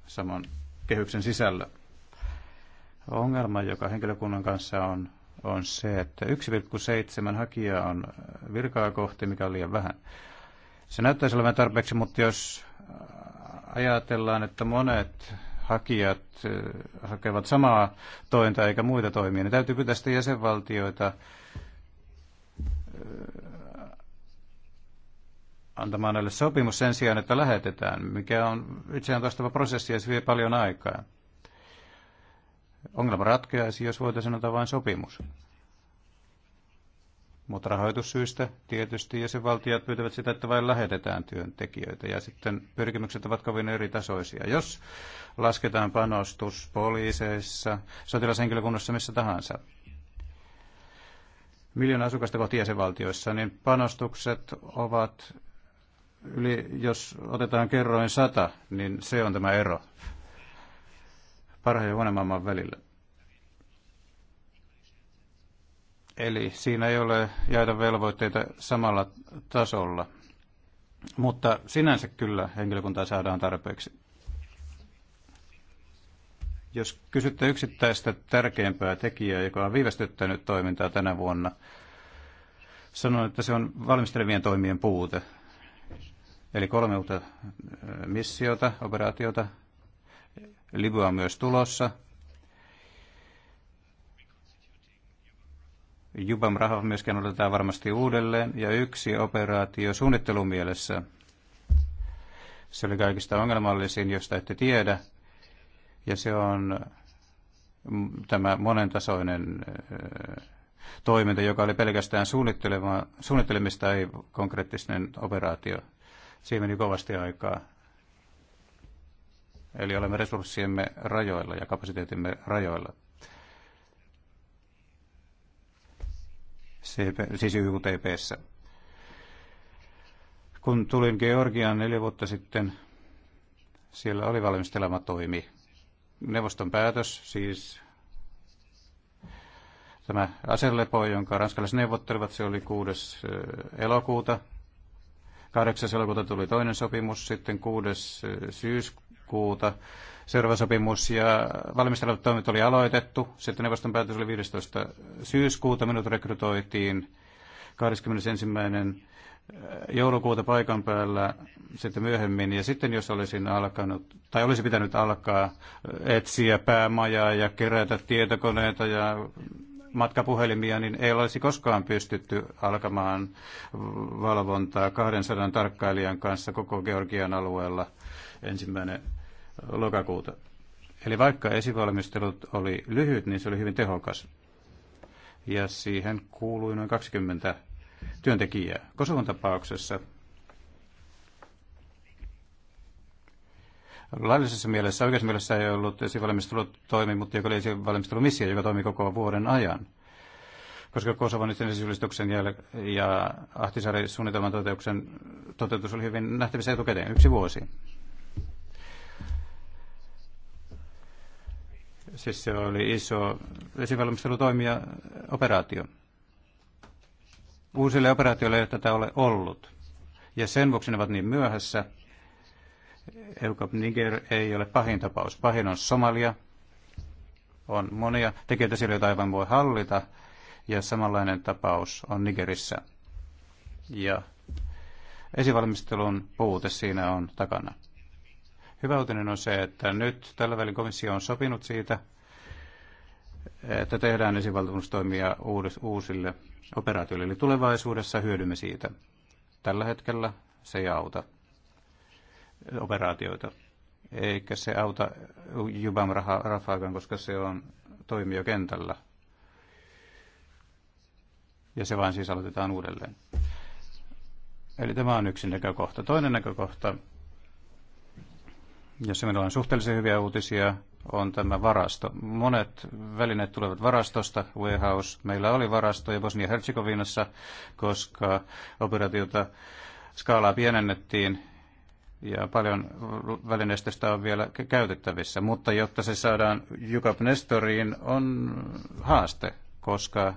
saman kehyksen sisällä. Ongelma, joka henkilökunnan kanssa on, on se, että 1,7 hakijaa on virkaa kohti, mikä on liian vähän. Se näyttäisi olevan tarpeeksi, mutta jos ajatellaan, että monet hakijat eh, hakevat samaa tointa eikä muita toimia, niin täytyy pyytää jäsenvaltioita eh, antamaan näille sopimus sen sijaan, että lähetetään, mikä on itseään toistava prosessi ja se vie paljon aikaa. Ongelma ratkeaisi, jos voitaisiin antaa vain sopimus. Mutta rahoitussyistä tietysti jäsenvaltiot pyytävät sitä, että vain lähetetään työntekijöitä ja sitten pyrkimykset ovat kovin eri tasoisia. Jos lasketaan panostus poliiseissa, sotilashenkilökunnassa, missä tahansa, miljoona asukasta kohti jäsenvaltioissa, niin panostukset ovat yli, jos otetaan kerroin sata, niin se on tämä ero parhaan ja huonomman välillä. Eli siinä ei ole jaeta velvoitteita samalla tasolla, mutta sinänsä kyllä henkilökuntaa saadaan tarpeeksi. Jos kysytte yksittäistä tärkeimpää tekijää, joka on viivästyttänyt toimintaa tänä vuonna, sanon, että se on valmistelevien toimien puute. Eli kolme uutta missiota, operaatiota. Libya on myös tulossa. Jubam raha myöskin otetaan varmasti uudelleen. Ja yksi operaatio suunnittelumielessä. Se oli kaikista ongelmallisin, josta ette tiedä. Ja se on tämä monentasoinen äh, toiminta, joka oli pelkästään suunnittelemista, ei konkreettinen operaatio. Siinä meni kovasti aikaa. Eli olemme resurssiemme rajoilla ja kapasiteetimme rajoilla. CP, siis YUTPssä. Kun tulin Georgiaan neljä vuotta sitten, siellä oli valmistelema toimi. Neuvoston päätös, siis tämä aselepo, jonka ranskalaiset neuvottelivat, se oli 6. Eh, elokuuta. 8. elokuuta tuli toinen sopimus, sitten 6. Eh, syyskuuta Seuraava sopimus ja valmistelut toimet oli aloitettu. Sitten neuvoston päätös oli 15. syyskuuta. Minut rekrytoitiin 21 äh, joulukuuta paikan päällä sitten myöhemmin. Ja sitten jos olisin alkanut, tai olisi pitänyt alkaa äh, etsiä päämajaa ja kerätä tietokoneita ja matkapuhelimia, niin ei olisi koskaan pystytty alkamaan valvontaa 200 tarkkailijan kanssa koko Georgian alueella ensimmäinen lokakuuta. Eli vaikka esivalmistelut oli lyhyt, niin se oli hyvin tehokas. Ja siihen kuului noin 20 työntekijää. Kosovon tapauksessa laillisessa mielessä, oikeassa mielessä ei ollut toimi, mutta joka oli esivalmistelumissio, joka toimi koko vuoden ajan. Koska Kosovon itsenäisyysjulistuksen jäl- ja Ahtisaari suunnitelman toteutuksen toteutus oli hyvin nähtävissä etukäteen, yksi vuosi. Siis se oli iso vesivalmistelutoimija operaatio. Uusille operaatioille ei tätä ole ollut. Ja sen vuoksi ne ovat niin myöhässä. Eukap Niger ei ole pahin tapaus. Pahin on Somalia. On monia tekijöitä siellä, joita aivan voi hallita. Ja samanlainen tapaus on Nigerissä. Ja esivalmistelun puute siinä on takana. Hyvä uutinen on se, että nyt tällä välin komissio on sopinut siitä, että tehdään esivaltuustoimia uusille operaatioille. Eli tulevaisuudessa hyödymme siitä. Tällä hetkellä se ei auta operaatioita. Eikä se auta Jubam Rafaakaan, koska se on toimija kentällä. Ja se vain siis aloitetaan uudelleen. Eli tämä on yksi näkökohta. Toinen näkökohta jossa minulla on suhteellisen hyviä uutisia, on tämä varasto. Monet välineet tulevat varastosta, warehouse. Meillä oli varasto jo Bosnia-Herzegovinassa, koska operaatiota skaalaa pienennettiin ja paljon välineistöstä on vielä käytettävissä. Mutta jotta se saadaan Jukap Nestoriin, on haaste, koska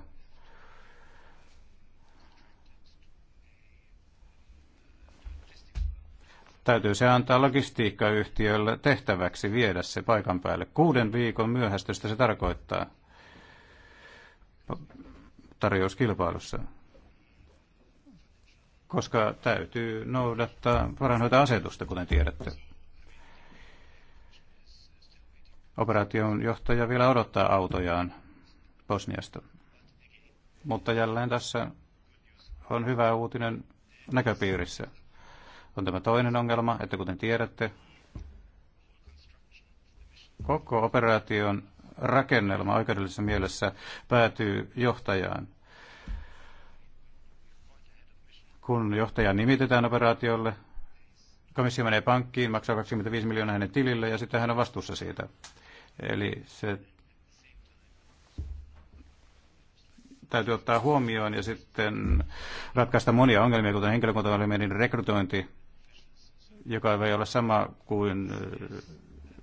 Täytyy se antaa logistiikkayhtiölle tehtäväksi viedä se paikan päälle. Kuuden viikon myöhästystä se tarkoittaa tarjouskilpailussa, koska täytyy noudattaa asetusta, kuten tiedätte. Operaation johtaja vielä odottaa autojaan Bosniasta. Mutta jälleen tässä on hyvä uutinen näköpiirissä on tämä toinen ongelma, että kuten tiedätte, koko operaation rakennelma oikeudellisessa mielessä päätyy johtajaan. Kun johtaja nimitetään operaatiolle, komissio menee pankkiin, maksaa 25 miljoonaa hänen tilille ja sitten hän on vastuussa siitä. Eli se täytyy ottaa huomioon ja sitten ratkaista monia ongelmia, kuten henkilökuntaongelmien rekrytointi, joka ei ole sama kuin äh,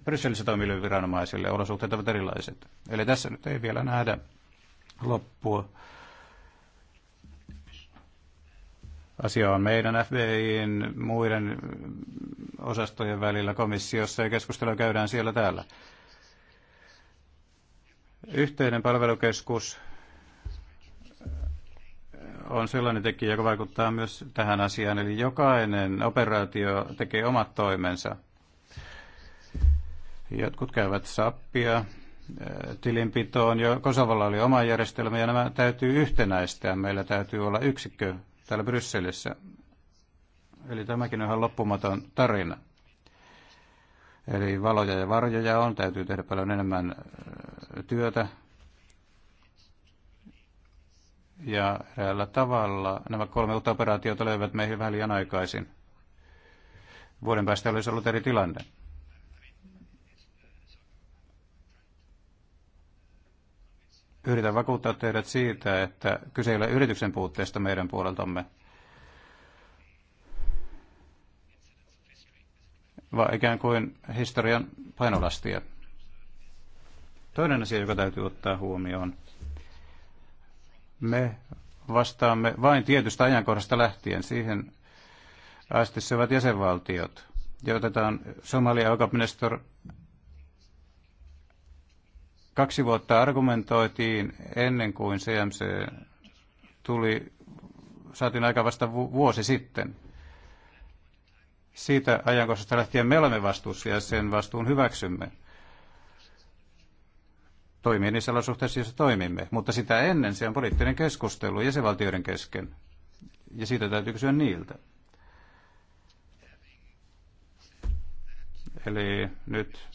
Brysselissä toimiville viranomaisille. Olosuhteet ovat erilaiset. Eli tässä nyt ei vielä nähdä loppua. Asia on meidän FBIin, muiden äh, osastojen välillä komissiossa ja keskustelua käydään siellä täällä. Yhteinen palvelukeskus on sellainen tekijä, joka vaikuttaa myös tähän asiaan. Eli jokainen operaatio tekee omat toimensa. Jotkut käyvät sappia eh, tilinpitoon. Jo Kosovalla oli oma järjestelmä ja nämä täytyy yhtenäistää. Meillä täytyy olla yksikkö täällä Brysselissä. Eli tämäkin on ihan loppumaton tarina. Eli valoja ja varjoja on, täytyy tehdä paljon enemmän eh, työtä ja eräällä tavalla nämä kolme uutta operaatiota löivät meihin vähän liian aikaisin. Vuoden päästä olisi ollut eri tilanne. Yritän vakuuttaa teidät siitä, että kyse ei ole yrityksen puutteesta meidän puoleltamme, vaan ikään kuin historian painolastia. Toinen asia, joka täytyy ottaa huomioon, me vastaamme vain tietystä ajankohdasta lähtien. Siihen asti se ovat jäsenvaltiot. Ja otetaan Somalia Okaminister kaksi vuotta argumentoitiin ennen kuin CMC tuli, saatiin aika vasta vuosi sitten. Siitä ajankohdasta lähtien me olemme vastuussa ja sen vastuun hyväksymme toimia niissä olosuhteissa, joissa toimimme. Mutta sitä ennen se on poliittinen keskustelu jäsenvaltioiden kesken. Ja siitä täytyy kysyä niiltä. Eli nyt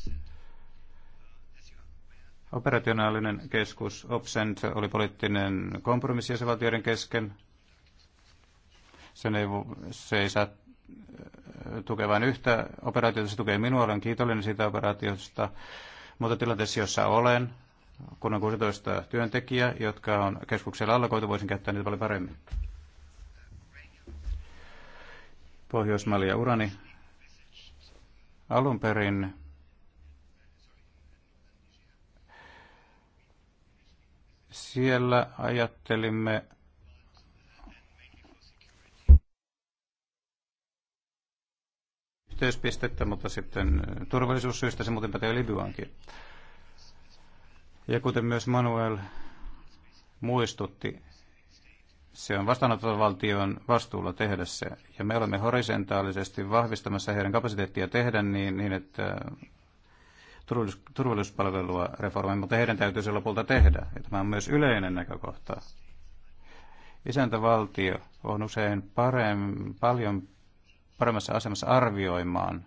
operationaalinen keskus OPSENT oli poliittinen kompromissi jäsenvaltioiden kesken. Sen ei, se ei saa äh, tukea vain yhtä operaatiota, se tukee minua, olen kiitollinen siitä operaatiosta. Mutta tilanteessa, jossa olen, kun on 16 työntekijää, jotka on keskuksella allokoitu, voisin käyttää niitä paljon paremmin. Pohjoismalli ja urani. Alun perin siellä ajattelimme yhteyspistettä, mutta sitten turvallisuussyistä se muuten pätee Libyankin. Ja kuten myös Manuel muistutti, se on vastaanottovaltion vastuulla tehdä se. Ja me olemme horisontaalisesti vahvistamassa heidän kapasiteettia tehdä niin, niin että turvallisuuspalvelua reformoimme, mutta heidän täytyy se lopulta tehdä. Ja tämä on myös yleinen näkökohta. Isäntävaltio on usein parem, paljon paremmassa asemassa arvioimaan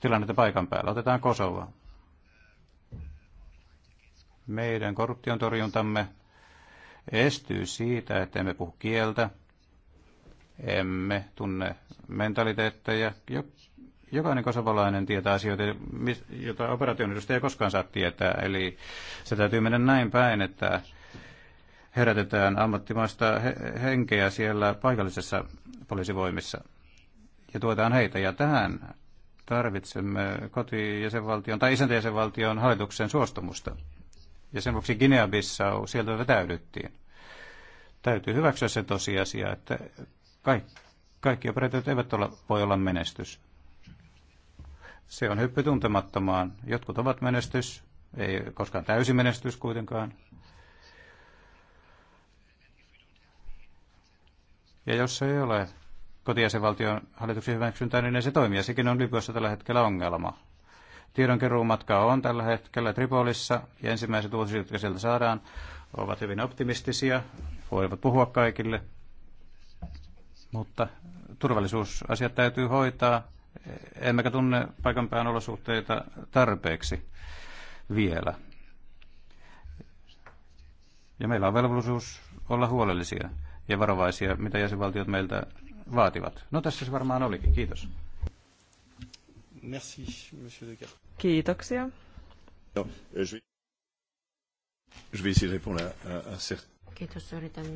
tilannetta paikan päällä. Otetaan Kosova meidän korruption torjuntamme estyy siitä, että emme puhu kieltä, emme tunne mentaliteetteja. Jokainen kosovalainen tietää asioita, joita operaation edustaja ei koskaan saa tietää. Eli se täytyy mennä näin päin, että herätetään ammattimaista henkeä siellä paikallisessa poliisivoimissa ja tuetaan heitä. Ja tähän tarvitsemme koti- jäsenvaltion tai isäntäjäsenvaltion hallituksen suostumusta. Ja sen vuoksi Guinea-Bissau sieltä vetäydyttiin. Täytyy hyväksyä se tosiasia, että kaikki, kaikki operaatiot eivät ole, voi olla menestys. Se on hyppy tuntemattomaan. Jotkut ovat menestys, ei koskaan täysi menestys kuitenkaan. Ja jos se ei ole kotiasevaltion hallituksen hyväksyntää, niin ei se toimii. Sekin on Libyassa tällä hetkellä ongelma. Tiedonkeruumatka on tällä hetkellä Tripolissa ja ensimmäiset uutiset, jotka sieltä saadaan, ovat hyvin optimistisia, voivat puhua kaikille, mutta turvallisuusasiat täytyy hoitaa, emmekä tunne paikan olosuhteita tarpeeksi vielä. Ja meillä on velvollisuus olla huolellisia ja varovaisia, mitä jäsenvaltiot meiltä vaativat. No tässä se varmaan olikin. Kiitos. Merci, monsieur de Kiitoksia. No, Kiitos, yritän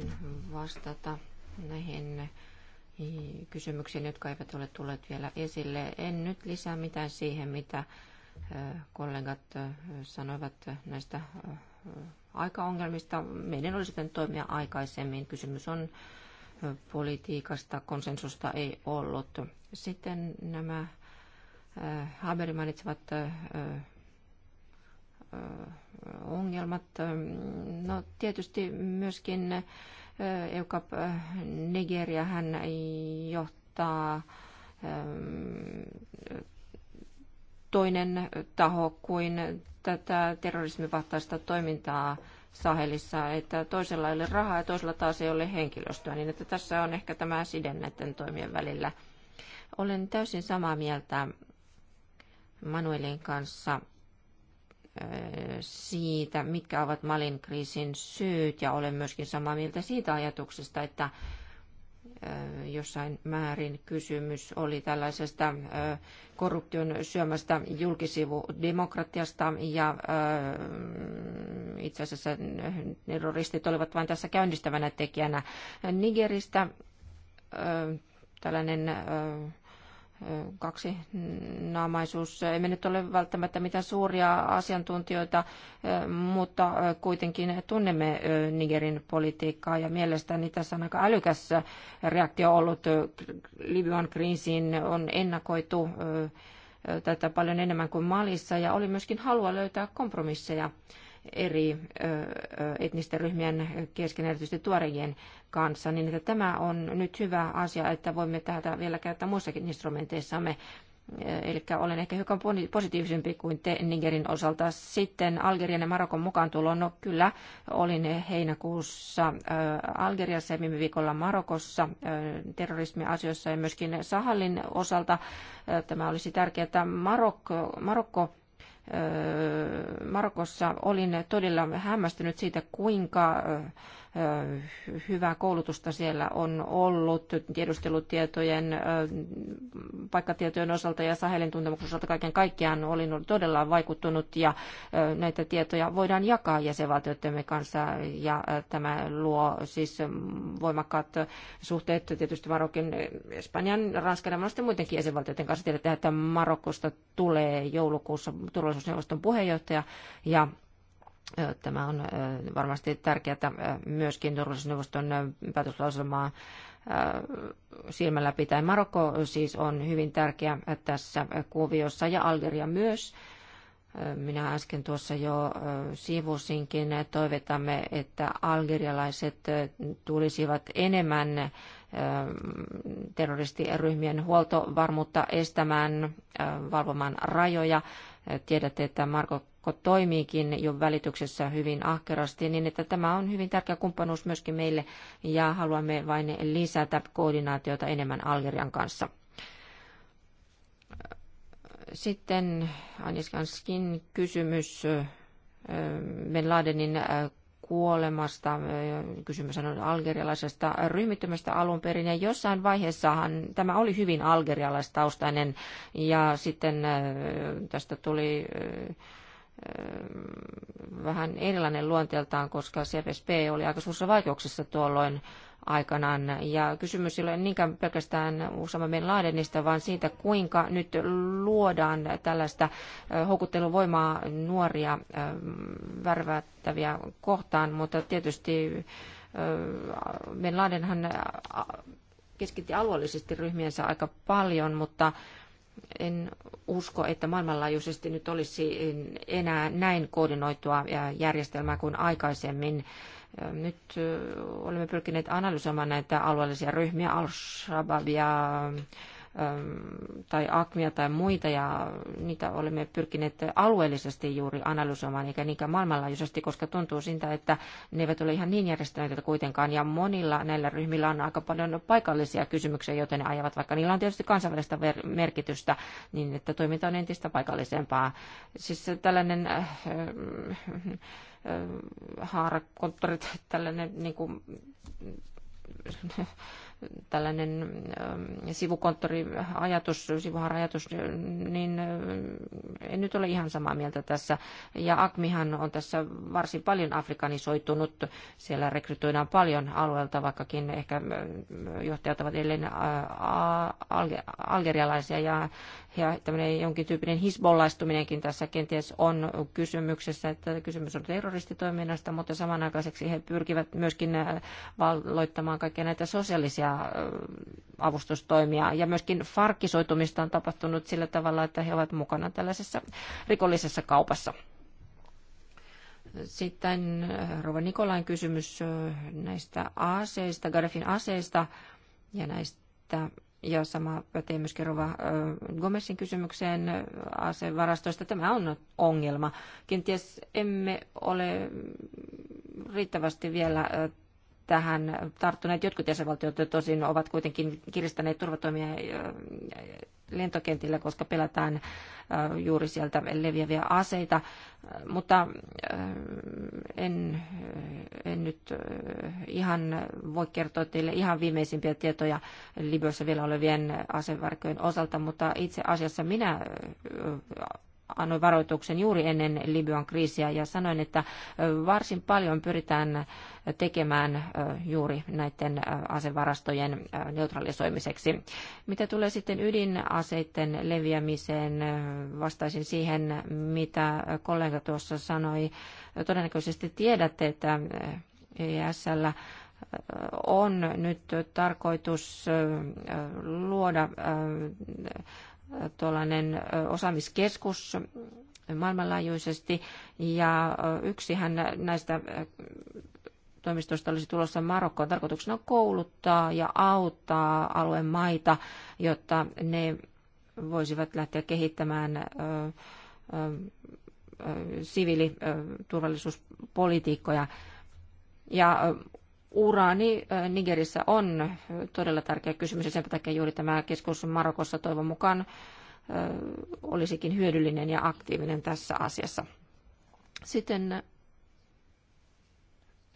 vastata näihin kysymyksiin, jotka eivät ole tulleet vielä esille. En nyt lisää mitään siihen, mitä kollegat sanoivat näistä aikaongelmista. Meidän olisi pitänyt toimia aikaisemmin. Kysymys on politiikasta, konsensusta ei ollut. Sitten nämä Äh, Haberi mainitsevat äh, äh, ongelmat. Ähm, no tietysti myöskin EUCAP Nigeria hän johtaa ähm, toinen taho kuin tätä terrorismivahtaista toimintaa Sahelissa, että toisella ei ole rahaa ja toisella taas ei ole henkilöstöä, niin että tässä on ehkä tämä side näiden toimien välillä. Olen täysin samaa mieltä Manuelin kanssa siitä, mitkä ovat Malin kriisin syyt, ja olen myöskin samaa mieltä siitä ajatuksesta, että jossain määrin kysymys oli tällaisesta korruption syömästä julkisivudemokratiasta ja itse asiassa terroristit olivat vain tässä käynnistävänä tekijänä Nigeristä. Tällainen kaksi naamaisuus. Emme nyt ole välttämättä mitään suuria asiantuntijoita, mutta kuitenkin tunnemme Nigerin politiikkaa ja mielestäni tässä on aika älykäs reaktio ollut Libyan kriisiin, on ennakoitu tätä paljon enemmän kuin Malissa ja oli myöskin halua löytää kompromisseja eri etnisten ryhmien kesken, erityisesti tuorejien kanssa, niin että tämä on nyt hyvä asia, että voimme tätä vielä käyttää muissakin instrumenteissamme. Eli olen ehkä hiukan positiivisempi kuin te Nigerin osalta. Sitten Algerian ja Marokon mukaan tulo. No kyllä, olin heinäkuussa Algeriassa ja viime viikolla Marokossa terrorismiasioissa ja myöskin Sahalin osalta. Tämä olisi tärkeää, että Marokko, Marokko Marokossa olin todella hämmästynyt siitä, kuinka hyvää koulutusta siellä on ollut tiedustelutietojen, paikkatietojen osalta ja Sahelin tuntemuksen osalta kaiken kaikkiaan olin ollut todella vaikuttunut ja näitä tietoja voidaan jakaa jäsenvaltioidemme kanssa ja tämä luo siis voimakkaat suhteet tietysti Marokin, Espanjan, Ranskan ja monesti muidenkin jäsenvaltioiden kanssa. Tiedetään, että Marokosta tulee joulukuussa turvallisuusneuvoston puheenjohtaja ja Tämä on varmasti tärkeää myöskin turvallisuusneuvoston päätöslauselmaa silmällä pitäen. Marokko siis on hyvin tärkeä tässä kuviossa ja Algeria myös. Minä äsken tuossa jo sivusinkin toivetamme, että algerialaiset tulisivat enemmän terroristiryhmien huoltovarmuutta estämään, valvomaan rajoja. Tiedätte, että Marko verkko toimiikin jo välityksessä hyvin ahkerasti, niin että tämä on hyvin tärkeä kumppanuus myöskin meille ja haluamme vain lisätä koordinaatiota enemmän Algerian kanssa. Sitten Anjaskanskin kysymys eh, Ben Ladenin eh, kuolemasta. Eh, kysymys on algerialaisesta ryhmittymästä alun perin ja jossain vaiheessahan tämä oli hyvin algerialaistaustainen ja sitten tästä tuli Öö, vähän erilainen luonteeltaan, koska CFSP oli aika suurissa vaikeuksissa tuolloin aikanaan. Ja kysymys ei ole niinkään pelkästään Usama Ben Ladenista, vaan siitä, kuinka nyt luodaan tällaista houkutteluvoimaa nuoria värvättäviä kohtaan, mutta tietysti Ben Ladenhan keskitti alueellisesti ryhmiensä aika paljon, mutta en usko, että maailmanlaajuisesti nyt olisi enää näin koordinoitua järjestelmää kuin aikaisemmin. Nyt olemme pyrkineet analysoimaan näitä alueellisia ryhmiä, al tai akmia tai muita, ja niitä olemme pyrkineet alueellisesti juuri analysoimaan, eikä niinkään maailmanlaajuisesti, koska tuntuu siltä, että ne eivät ole ihan niin järjestäneitä kuitenkaan, ja monilla näillä ryhmillä on aika paljon paikallisia kysymyksiä, joten ne ajavat, vaikka niillä on tietysti kansainvälistä merkitystä, niin että toiminta on entistä paikallisempaa. Siis tällainen äh, äh, äh haarakonttori, tällainen niin kuin, tällainen ähm, sivukonttoriajatus, sivuharajatus, niin äh, en nyt ole ihan samaa mieltä tässä. Ja Akmihan on tässä varsin paljon afrikanisoitunut. Siellä rekrytoidaan paljon alueelta, vaikkakin ehkä äh, johtajat ovat edelleen äh, algerialaisia ja ja tämmöinen jonkin tyyppinen hisbollaistuminenkin tässä kenties on kysymyksessä, että kysymys on terroristitoiminnasta, mutta samanaikaiseksi he pyrkivät myöskin äh, valloittamaan kaikkia näitä sosiaalisia äh, avustustoimia ja myöskin farkkisoitumista on tapahtunut sillä tavalla, että he ovat mukana tällaisessa rikollisessa kaupassa. Sitten äh, Rova Nikolain kysymys näistä aseista, Gaddafin aseista ja näistä ja sama pätee myöskin Rova Gomesin kysymykseen asevarastoista. Tämä on ongelma. Kenties emme ole riittävästi vielä tähän tarttuneet. Jotkut jäsenvaltiot tosin ovat kuitenkin kiristäneet turvatoimia lentokentillä, koska pelätään äh, juuri sieltä leviäviä aseita. Äh, mutta äh, en, en nyt ihan voi kertoa teille ihan viimeisimpiä tietoja Libyassa vielä olevien asevarkojen osalta, mutta itse asiassa minä annoin varoituksen juuri ennen Libyan kriisiä ja sanoin, että varsin paljon pyritään tekemään juuri näiden asevarastojen neutralisoimiseksi. Mitä tulee sitten ydinaseiden leviämiseen, vastaisin siihen, mitä kollega tuossa sanoi. Todennäköisesti tiedätte, että ESL on nyt tarkoitus luoda tuollainen osaamiskeskus maailmanlaajuisesti. Ja yksihän näistä toimistosta olisi tulossa Marokkoon. Tarkoituksena on kouluttaa ja auttaa alueen maita, jotta ne voisivat lähteä kehittämään siviiliturvallisuuspolitiikkoja. Ja Uraani Nigerissä on todella tärkeä kysymys ja sen takia juuri tämä keskus Marokossa toivon mukaan olisikin hyödyllinen ja aktiivinen tässä asiassa. Sitten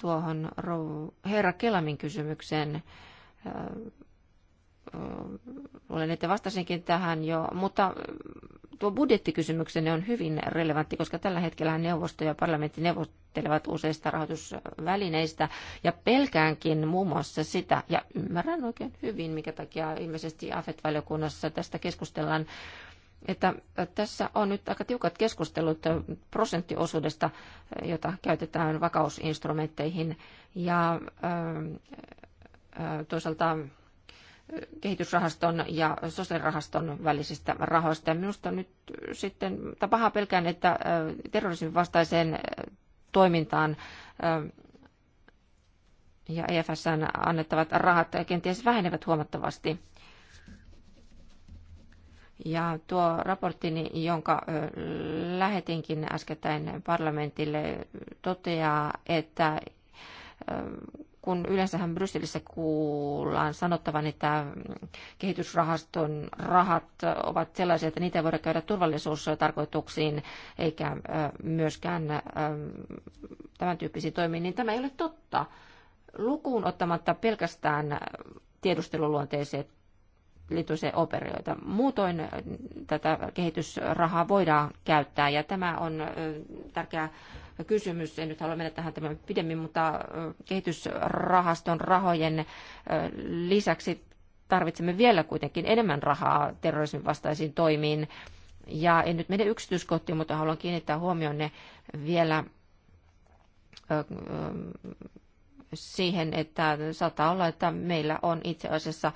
tuohon herra Kelamin kysymykseen olen että vastasinkin tähän jo, mutta tuo budjettikysymyksenne on hyvin relevantti, koska tällä hetkellä neuvosto ja parlamentti neuvottelevat useista rahoitusvälineistä ja pelkäänkin muun muassa sitä, ja ymmärrän oikein hyvin, mikä takia ilmeisesti AFET-valiokunnassa tästä keskustellaan, että tässä on nyt aika tiukat keskustelut prosenttiosuudesta, jota käytetään vakausinstrumentteihin ja toisaalta kehitysrahaston ja sosiaalirahaston välisistä rahoista. Ja minusta nyt sitten, tai pelkään, että terrorismin vastaiseen toimintaan ja EFSn annettavat rahat kenties vähenevät huomattavasti. Ja tuo raporttini, jonka lähetinkin äskettäin parlamentille, toteaa, että kun yleensähän Brysselissä kuullaan sanottavan, että kehitysrahaston rahat ovat sellaisia, että niitä ei voida käydä turvallisuustarkoituksiin eikä myöskään tämän tyyppisiin toimiin, niin tämä ei ole totta. Lukuun ottamatta pelkästään tiedusteluluonteiset liittyisiä operioita. Muutoin tätä kehitysrahaa voidaan käyttää ja tämä on tärkeä kysymys. En nyt halua mennä tähän tämän pidemmin, mutta kehitysrahaston rahojen lisäksi tarvitsemme vielä kuitenkin enemmän rahaa terrorismin vastaisiin toimiin. Ja en nyt mene yksityiskohtiin, mutta haluan kiinnittää ne vielä siihen, että saattaa olla, että meillä on itse asiassa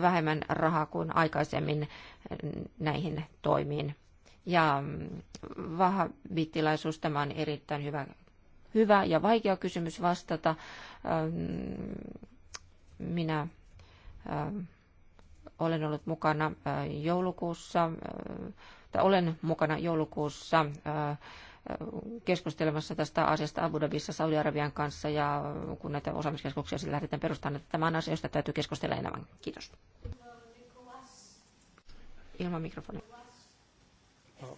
vähemmän rahaa kuin aikaisemmin näihin toimiin ja vahabittilaisuus, tämä on erittäin hyvä, hyvä ja vaikea kysymys vastata. Ähm, minä ähm, olen ollut mukana äh, joulukuussa, äh, tai olen mukana joulukuussa äh, keskustelemassa tästä asiasta Abu Dhabissa Saudi-Arabian kanssa ja kun näitä osaamiskeskuksia sillä lähdetään perustamaan, että tämä on asia, josta täytyy keskustella enemmän. Kiitos. Ilman mikrofonia. Uh,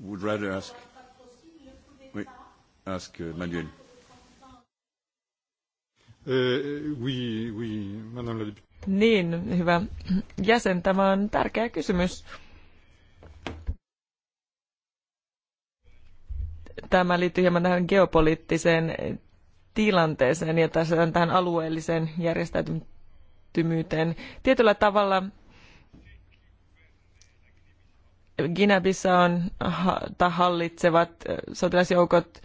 would rather ask. Oui, ask uh, Manuel. Uh, niin, hyvä jäsen. Tämä on tärkeä kysymys. Tämä liittyy hieman tähän geopoliittiseen tilanteeseen ja tähän alueelliseen järjestäytymyyteen. Tietyllä tavalla Ginäbissä ta hallitsevat sotilasjoukot,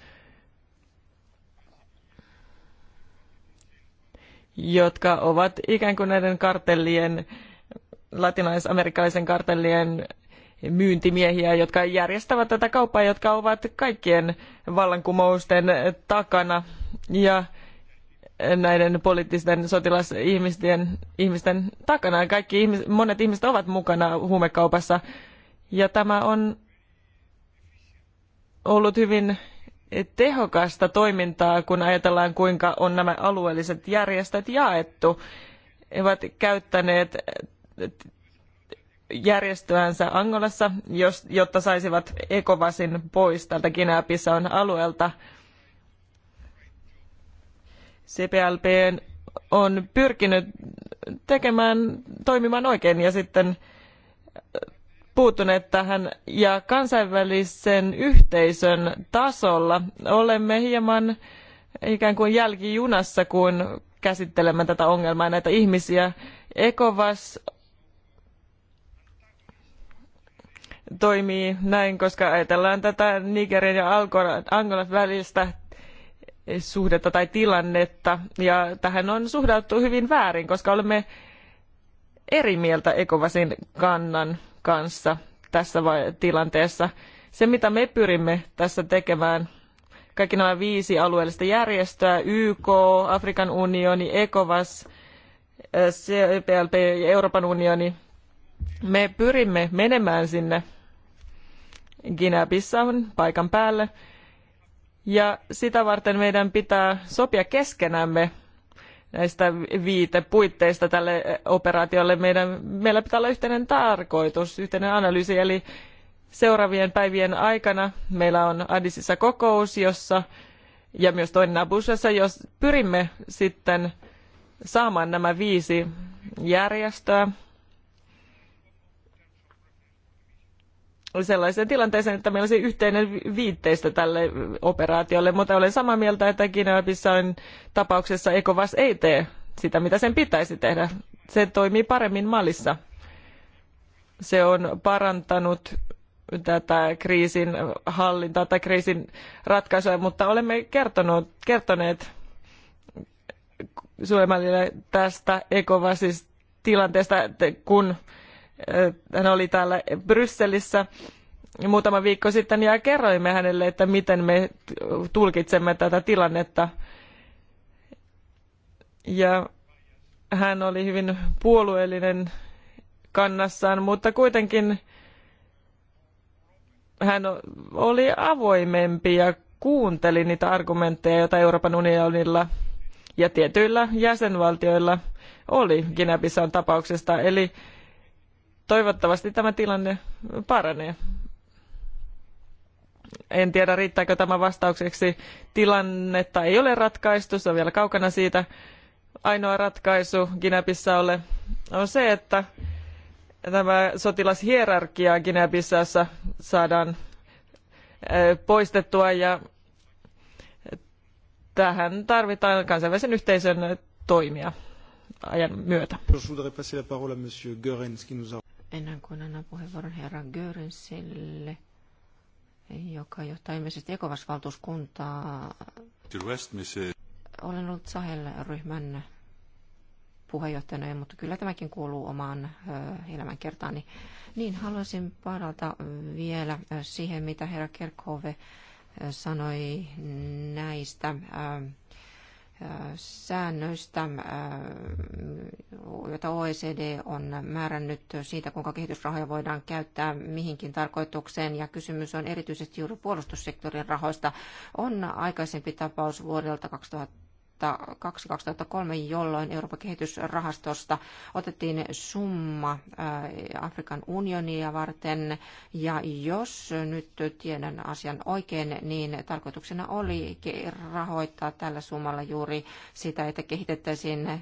jotka ovat ikään kuin näiden kartellien, latinalaisamerikkalaisen kartellien myyntimiehiä, jotka järjestävät tätä kauppaa, jotka ovat kaikkien vallankumousten takana ja näiden poliittisten sotilasihmisten ihmisten takana. Kaikki ihmis, monet ihmiset ovat mukana huumekaupassa ja tämä on ollut hyvin tehokasta toimintaa, kun ajatellaan kuinka on nämä alueelliset järjestöt jaettu. He ovat käyttäneet järjestöänsä Angolassa, jotta saisivat ECOWASin pois tältä Guinea-Bissaun alueelta. CPLP on pyrkinyt tekemään, toimimaan oikein ja sitten puuttuneet tähän ja kansainvälisen yhteisön tasolla olemme hieman ikään kuin jälkijunassa, kun käsittelemme tätä ongelmaa ja näitä ihmisiä. ECOWAS toimii näin, koska ajatellaan tätä Nigerin ja Angolan välistä suhdetta tai tilannetta. Ja tähän on suhdattu hyvin väärin, koska olemme eri mieltä ECOWASin kannan kanssa tässä tilanteessa. Se, mitä me pyrimme tässä tekemään, kaikki nämä viisi alueellista järjestöä, YK, Afrikan unioni, ECOWAS, CPLP ja Euroopan unioni, me pyrimme menemään sinne Guinea-Bissauhun paikan päälle. Ja sitä varten meidän pitää sopia keskenämme näistä viitepuitteista tälle operaatiolle. Meidän, meillä pitää olla yhteinen tarkoitus, yhteinen analyysi, eli seuraavien päivien aikana meillä on Addisissa kokous, jossa ja myös toinen Abusassa, jos pyrimme sitten saamaan nämä viisi järjestöä sellaiseen tilanteeseen, että meillä olisi yhteinen viitteistä tälle operaatiolle, mutta olen samaa mieltä, että Kiinalapissain tapauksessa ECOWAS ei tee sitä, mitä sen pitäisi tehdä. Se toimii paremmin Malissa. Se on parantanut tätä kriisin hallintaa tai kriisin ratkaisua, mutta olemme kertonut, kertoneet Suomelle tästä ECOWASista tilanteesta, kun hän oli täällä Brysselissä muutama viikko sitten ja kerroimme hänelle, että miten me tulkitsemme tätä tilannetta. Ja hän oli hyvin puolueellinen kannassaan, mutta kuitenkin hän oli avoimempi ja kuunteli niitä argumentteja, joita Euroopan unionilla ja tietyillä jäsenvaltioilla oli Ginäbissan tapauksesta. Eli Toivottavasti tämä tilanne paranee. En tiedä, riittääkö tämä vastaukseksi. Tilannetta ei ole ratkaistu, se on vielä kaukana siitä. Ainoa ratkaisu ole on se, että tämä sotilashierarkia Ginäbissässä saadaan poistettua ja tähän tarvitaan kansainvälisen yhteisön toimia ajan myötä ennen kuin annan puheenvuoron herra Görensille, joka johtaa ilmeisesti ekovasvaltuuskuntaa. Eh, Olen ollut Sahel-ryhmän puheenjohtajana, mutta kyllä tämäkin kuuluu omaan elämänkertaani. Niin, haluaisin palata vielä siihen, mitä herra Kerkhove sanoi näistä säännöistä, äh, joita OECD on määrännyt siitä, kuinka kehitysrahoja voidaan käyttää mihinkin tarkoitukseen. Ja kysymys on erityisesti juuri puolustussektorin rahoista. On aikaisempi tapaus vuodelta 2000 2002-2003, jolloin Euroopan kehitysrahastosta otettiin summa äh, Afrikan unionia varten. Ja jos nyt tiedän asian oikein, niin tarkoituksena oli rahoittaa tällä summalla juuri sitä, että kehitettäisiin äh,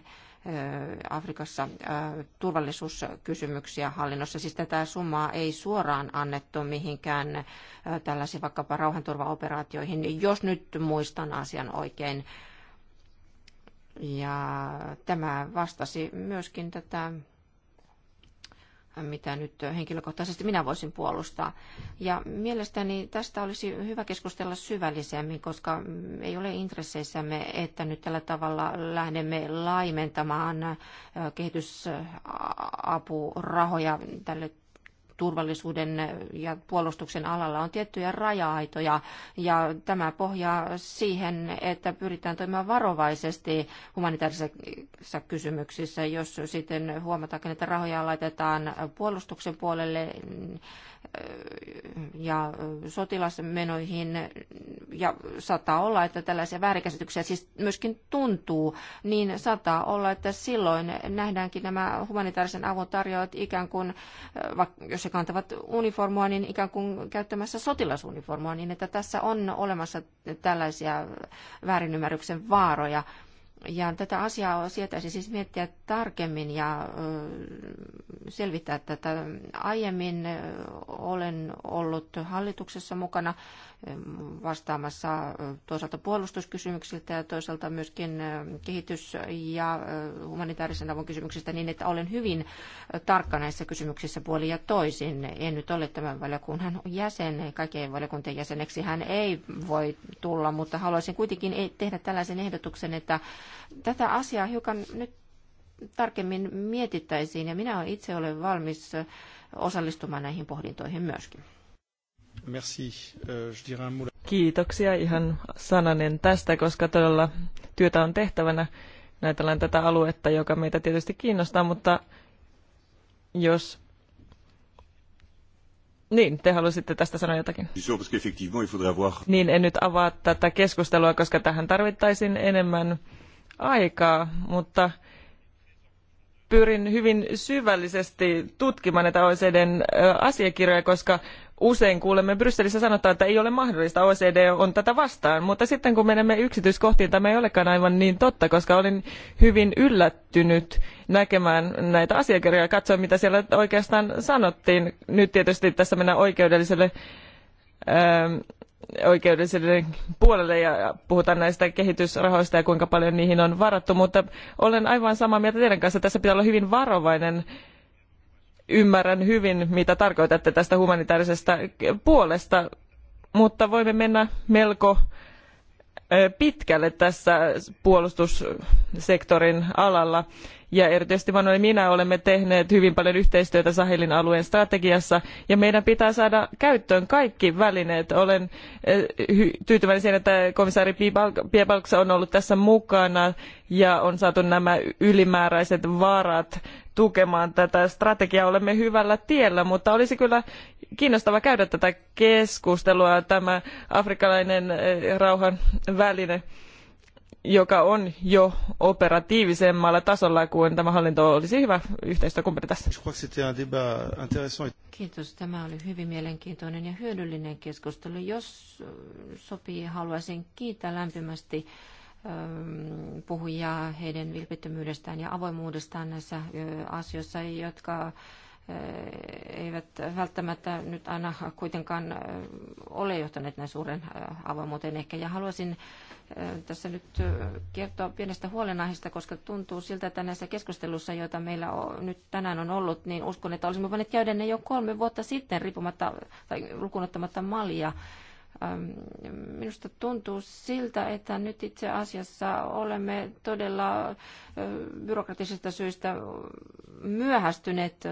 Afrikassa äh, turvallisuuskysymyksiä hallinnossa. Siis tätä summaa ei suoraan annettu mihinkään tällaisiin vaikkapa rauhanturvaoperaatioihin, jos nyt muistan asian oikein. Ja tämä vastasi myöskin tätä mitä nyt henkilökohtaisesti minä voisin puolustaa. Ja mielestäni tästä olisi hyvä keskustella syvällisemmin, koska ei ole intresseissämme, että nyt tällä tavalla lähdemme laimentamaan kehitysapurahoja tälle turvallisuuden ja puolustuksen alalla on tiettyjä raja-aitoja ja tämä pohjaa siihen, että pyritään toimimaan varovaisesti humanitaarisissa kysymyksissä. Jos sitten huomataan, että rahoja laitetaan puolustuksen puolelle, ja sotilasmenoihin. Ja saattaa olla, että tällaisia väärikäsityksiä siis myöskin tuntuu, niin saattaa olla, että silloin nähdäänkin nämä humanitaarisen avun tarjoajat ikään kuin, jos he kantavat uniformua, niin ikään kuin käyttämässä sotilasuniformua, niin että tässä on olemassa tällaisia väärinymmärryksen vaaroja. Ja tätä asiaa sietäisi siis miettiä tarkemmin ja selvittää tätä. Aiemmin olen ollut hallituksessa mukana vastaamassa toisaalta puolustuskysymyksiltä ja toisaalta myöskin kehitys- ja humanitaarisen avun kysymyksistä niin, että olen hyvin tarkka näissä kysymyksissä puoli ja toisin. En nyt ole tämän valiokunnan jäsen, kaikkien valiokuntien jäseneksi hän ei voi tulla, mutta haluaisin kuitenkin tehdä tällaisen ehdotuksen, että tätä asiaa hiukan nyt tarkemmin mietittäisiin ja minä olen itse olen valmis osallistumaan näihin pohdintoihin myöskin. Merci. Euh, Kiitoksia ihan sananen tästä, koska todella työtä on tehtävänä. Näytellään tätä aluetta, joka meitä tietysti kiinnostaa, mutta jos... Niin, te haluaisitte tästä sanoa jotakin. Niin, en nyt avaa tätä keskustelua, koska tähän tarvittaisiin enemmän aikaa, mutta pyrin hyvin syvällisesti tutkimaan näitä OECDn asiakirjoja, koska usein kuulemme Brysselissä sanotaan, että ei ole mahdollista, OECD on tätä vastaan, mutta sitten kun menemme yksityiskohtiin, tämä ei olekaan aivan niin totta, koska olin hyvin yllättynyt näkemään näitä asiakirjoja ja katsoin, mitä siellä oikeastaan sanottiin. Nyt tietysti tässä mennään oikeudelliselle ähm, oikeudellisen puolelle ja puhutaan näistä kehitysrahoista ja kuinka paljon niihin on varattu, mutta olen aivan samaa mieltä teidän kanssa. Tässä pitää olla hyvin varovainen. Ymmärrän hyvin, mitä tarkoitatte tästä humanitaarisesta puolesta, mutta voimme mennä melko pitkälle tässä puolustussektorin alalla ja erityisesti Manuel minä olemme tehneet hyvin paljon yhteistyötä Sahelin alueen strategiassa ja meidän pitää saada käyttöön kaikki välineet. Olen eh, tyytyväinen siihen, että komissaari Piebalgs on ollut tässä mukana ja on saatu nämä ylimääräiset varat tukemaan tätä strategiaa. Olemme hyvällä tiellä, mutta olisi kyllä kiinnostava käydä tätä keskustelua, tämä afrikkalainen eh, rauhan väline joka on jo operatiivisemmalla tasolla kuin tämä hallinto olisi hyvä yhteistyökumppani tässä. Kiitos. Tämä oli hyvin mielenkiintoinen ja hyödyllinen keskustelu. Jos sopii, haluaisin kiittää lämpimästi ähm, puhujaa heidän vilpittömyydestään ja avoimuudestaan näissä asioissa, jotka eivät välttämättä nyt aina kuitenkaan ole johtaneet näin suuren avoimuuteen ehkä. Ja haluaisin Äh, tässä nyt äh, kertoa pienestä huolenaiheesta, koska tuntuu siltä, että näissä keskustelussa, joita meillä on, nyt tänään on ollut, niin uskon, että olisimme voineet käydä ne jo kolme vuotta sitten, riippumatta tai lukunottamatta malia. Ähm, minusta tuntuu siltä, että nyt itse asiassa olemme todella äh, byrokratisista syistä myöhästyneet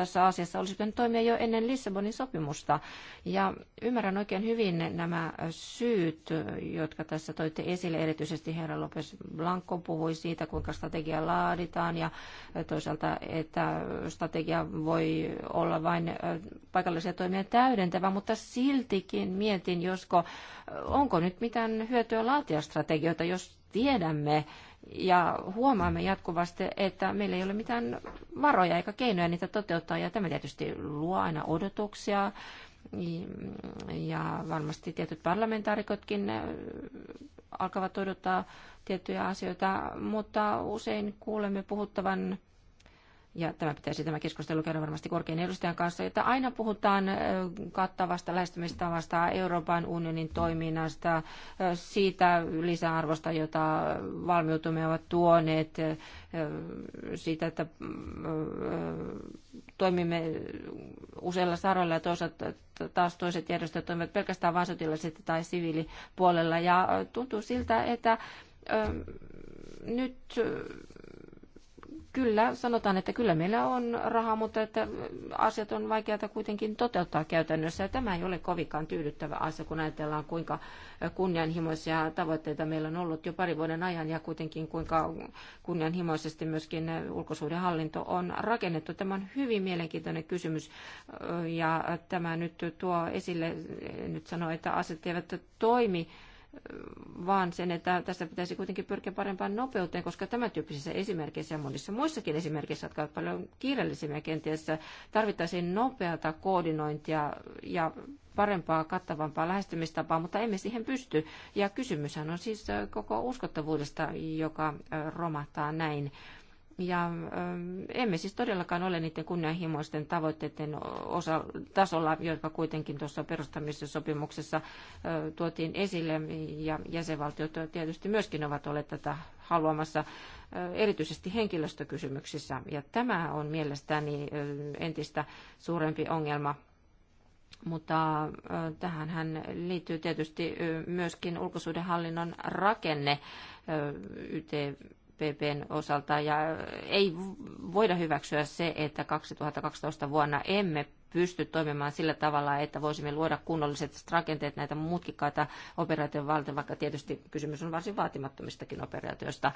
tässä asiassa olisi pitänyt toimia jo ennen Lissabonin sopimusta. Ja ymmärrän oikein hyvin nämä syyt, jotka tässä toitte esille. Erityisesti herra Lopes Blanco puhui siitä, kuinka strategia laaditaan ja toisaalta, että strategia voi olla vain paikallisia toimia täydentävä, mutta siltikin mietin, josko onko nyt mitään hyötyä laatia strategioita, jos tiedämme, ja huomaamme jatkuvasti, että meillä ei ole mitään varoja eikä keinoja niitä toteuttaa ja tämä tietysti luo aina odotuksia ja varmasti tietyt parlamentaarikotkin äh, alkavat odottaa tiettyjä asioita, mutta usein kuulemme puhuttavan ja tämä pitäisi tämä keskustelu käydä varmasti korkean edustajan kanssa, että aina puhutaan kattavasta lähestymistavasta, Euroopan unionin toiminnasta, siitä lisäarvosta, jota valmiutumme ovat tuoneet, siitä, että toimimme useilla saroilla ja toisaalta taas toiset järjestöt toimivat pelkästään vain tai siviilipuolella. Ja tuntuu siltä, että nyt kyllä sanotaan, että kyllä meillä on rahaa, mutta että asiat on vaikeata kuitenkin toteuttaa käytännössä. Ja tämä ei ole kovinkaan tyydyttävä asia, kun ajatellaan kuinka kunnianhimoisia tavoitteita meillä on ollut jo pari vuoden ajan ja kuitenkin kuinka kunnianhimoisesti myöskin ulkosuhdehallinto on rakennettu. Tämä on hyvin mielenkiintoinen kysymys ja tämä nyt tuo esille, nyt sanoo, että asiat eivät toimi vaan sen, että tässä pitäisi kuitenkin pyrkiä parempaan nopeuteen, koska tämä tyyppisissä esimerkeissä ja monissa muissakin esimerkeissä, jotka ovat paljon kiireellisemmin kenties, tarvittaisiin nopeata koordinointia ja parempaa, kattavampaa lähestymistapaa, mutta emme siihen pysty. Ja kysymyshän on siis koko uskottavuudesta, joka romahtaa näin. Ja ähm, emme siis todellakaan ole niiden kunnianhimoisten tavoitteiden osa, tasolla, jotka kuitenkin tuossa perustamissopimuksessa tuotiin esille. Ja jäsenvaltiot tietysti myöskin ovat olleet tätä haluamassa erityisesti henkilöstökysymyksissä. Ja tämä on mielestäni entistä suurempi ongelma mutta tähän liittyy tietysti myöskin ulkosuudenhallinnon rakenne EPPn osalta ja ei voida hyväksyä se, että 2012 vuonna emme pysty toimimaan sillä tavalla, että voisimme luoda kunnolliset rakenteet näitä mutkikkaita operaation valta, vaikka tietysti kysymys on varsin vaatimattomistakin operaatioista.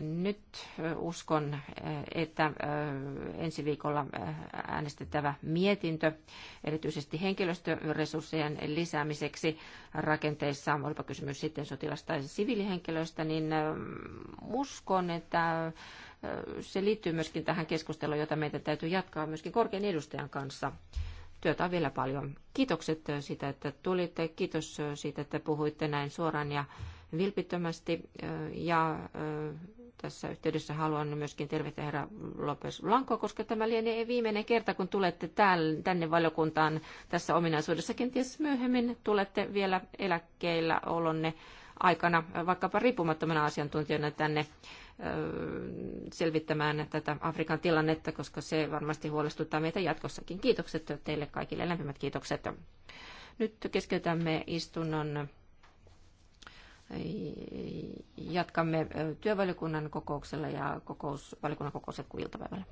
Nyt uskon, että ensi viikolla äänestettävä mietintö, erityisesti henkilöstöresurssien lisäämiseksi rakenteissa, olipa kysymys sitten sotilasta tai siviilihenkilöistä, niin uskon, että se liittyy myöskin tähän keskusteluun, jota meitä täytyy jatkaa myöskin korkean edustajan kanssa työtä on vielä paljon. Kiitokset siitä, että tulitte. Kiitos siitä, että puhuitte näin suoraan ja vilpittömästi ja tässä yhteydessä haluan myöskin tervetä herra Lopes Blanco, koska tämä lienee viimeinen kerta, kun tulette tänne valiokuntaan tässä ominaisuudessa. Kenties myöhemmin tulette vielä eläkkeillä olonne aikana vaikkapa riippumattomana asiantuntijana tänne selvittämään tätä Afrikan tilannetta, koska se varmasti huolestuttaa meitä jatkossakin. Kiitokset teille kaikille, lämpimät kiitokset. Nyt keskeytämme istunnon Jatkamme työvaliokunnan kokouksella ja kokous, valiokunnan kokous kuin iltapäivällä.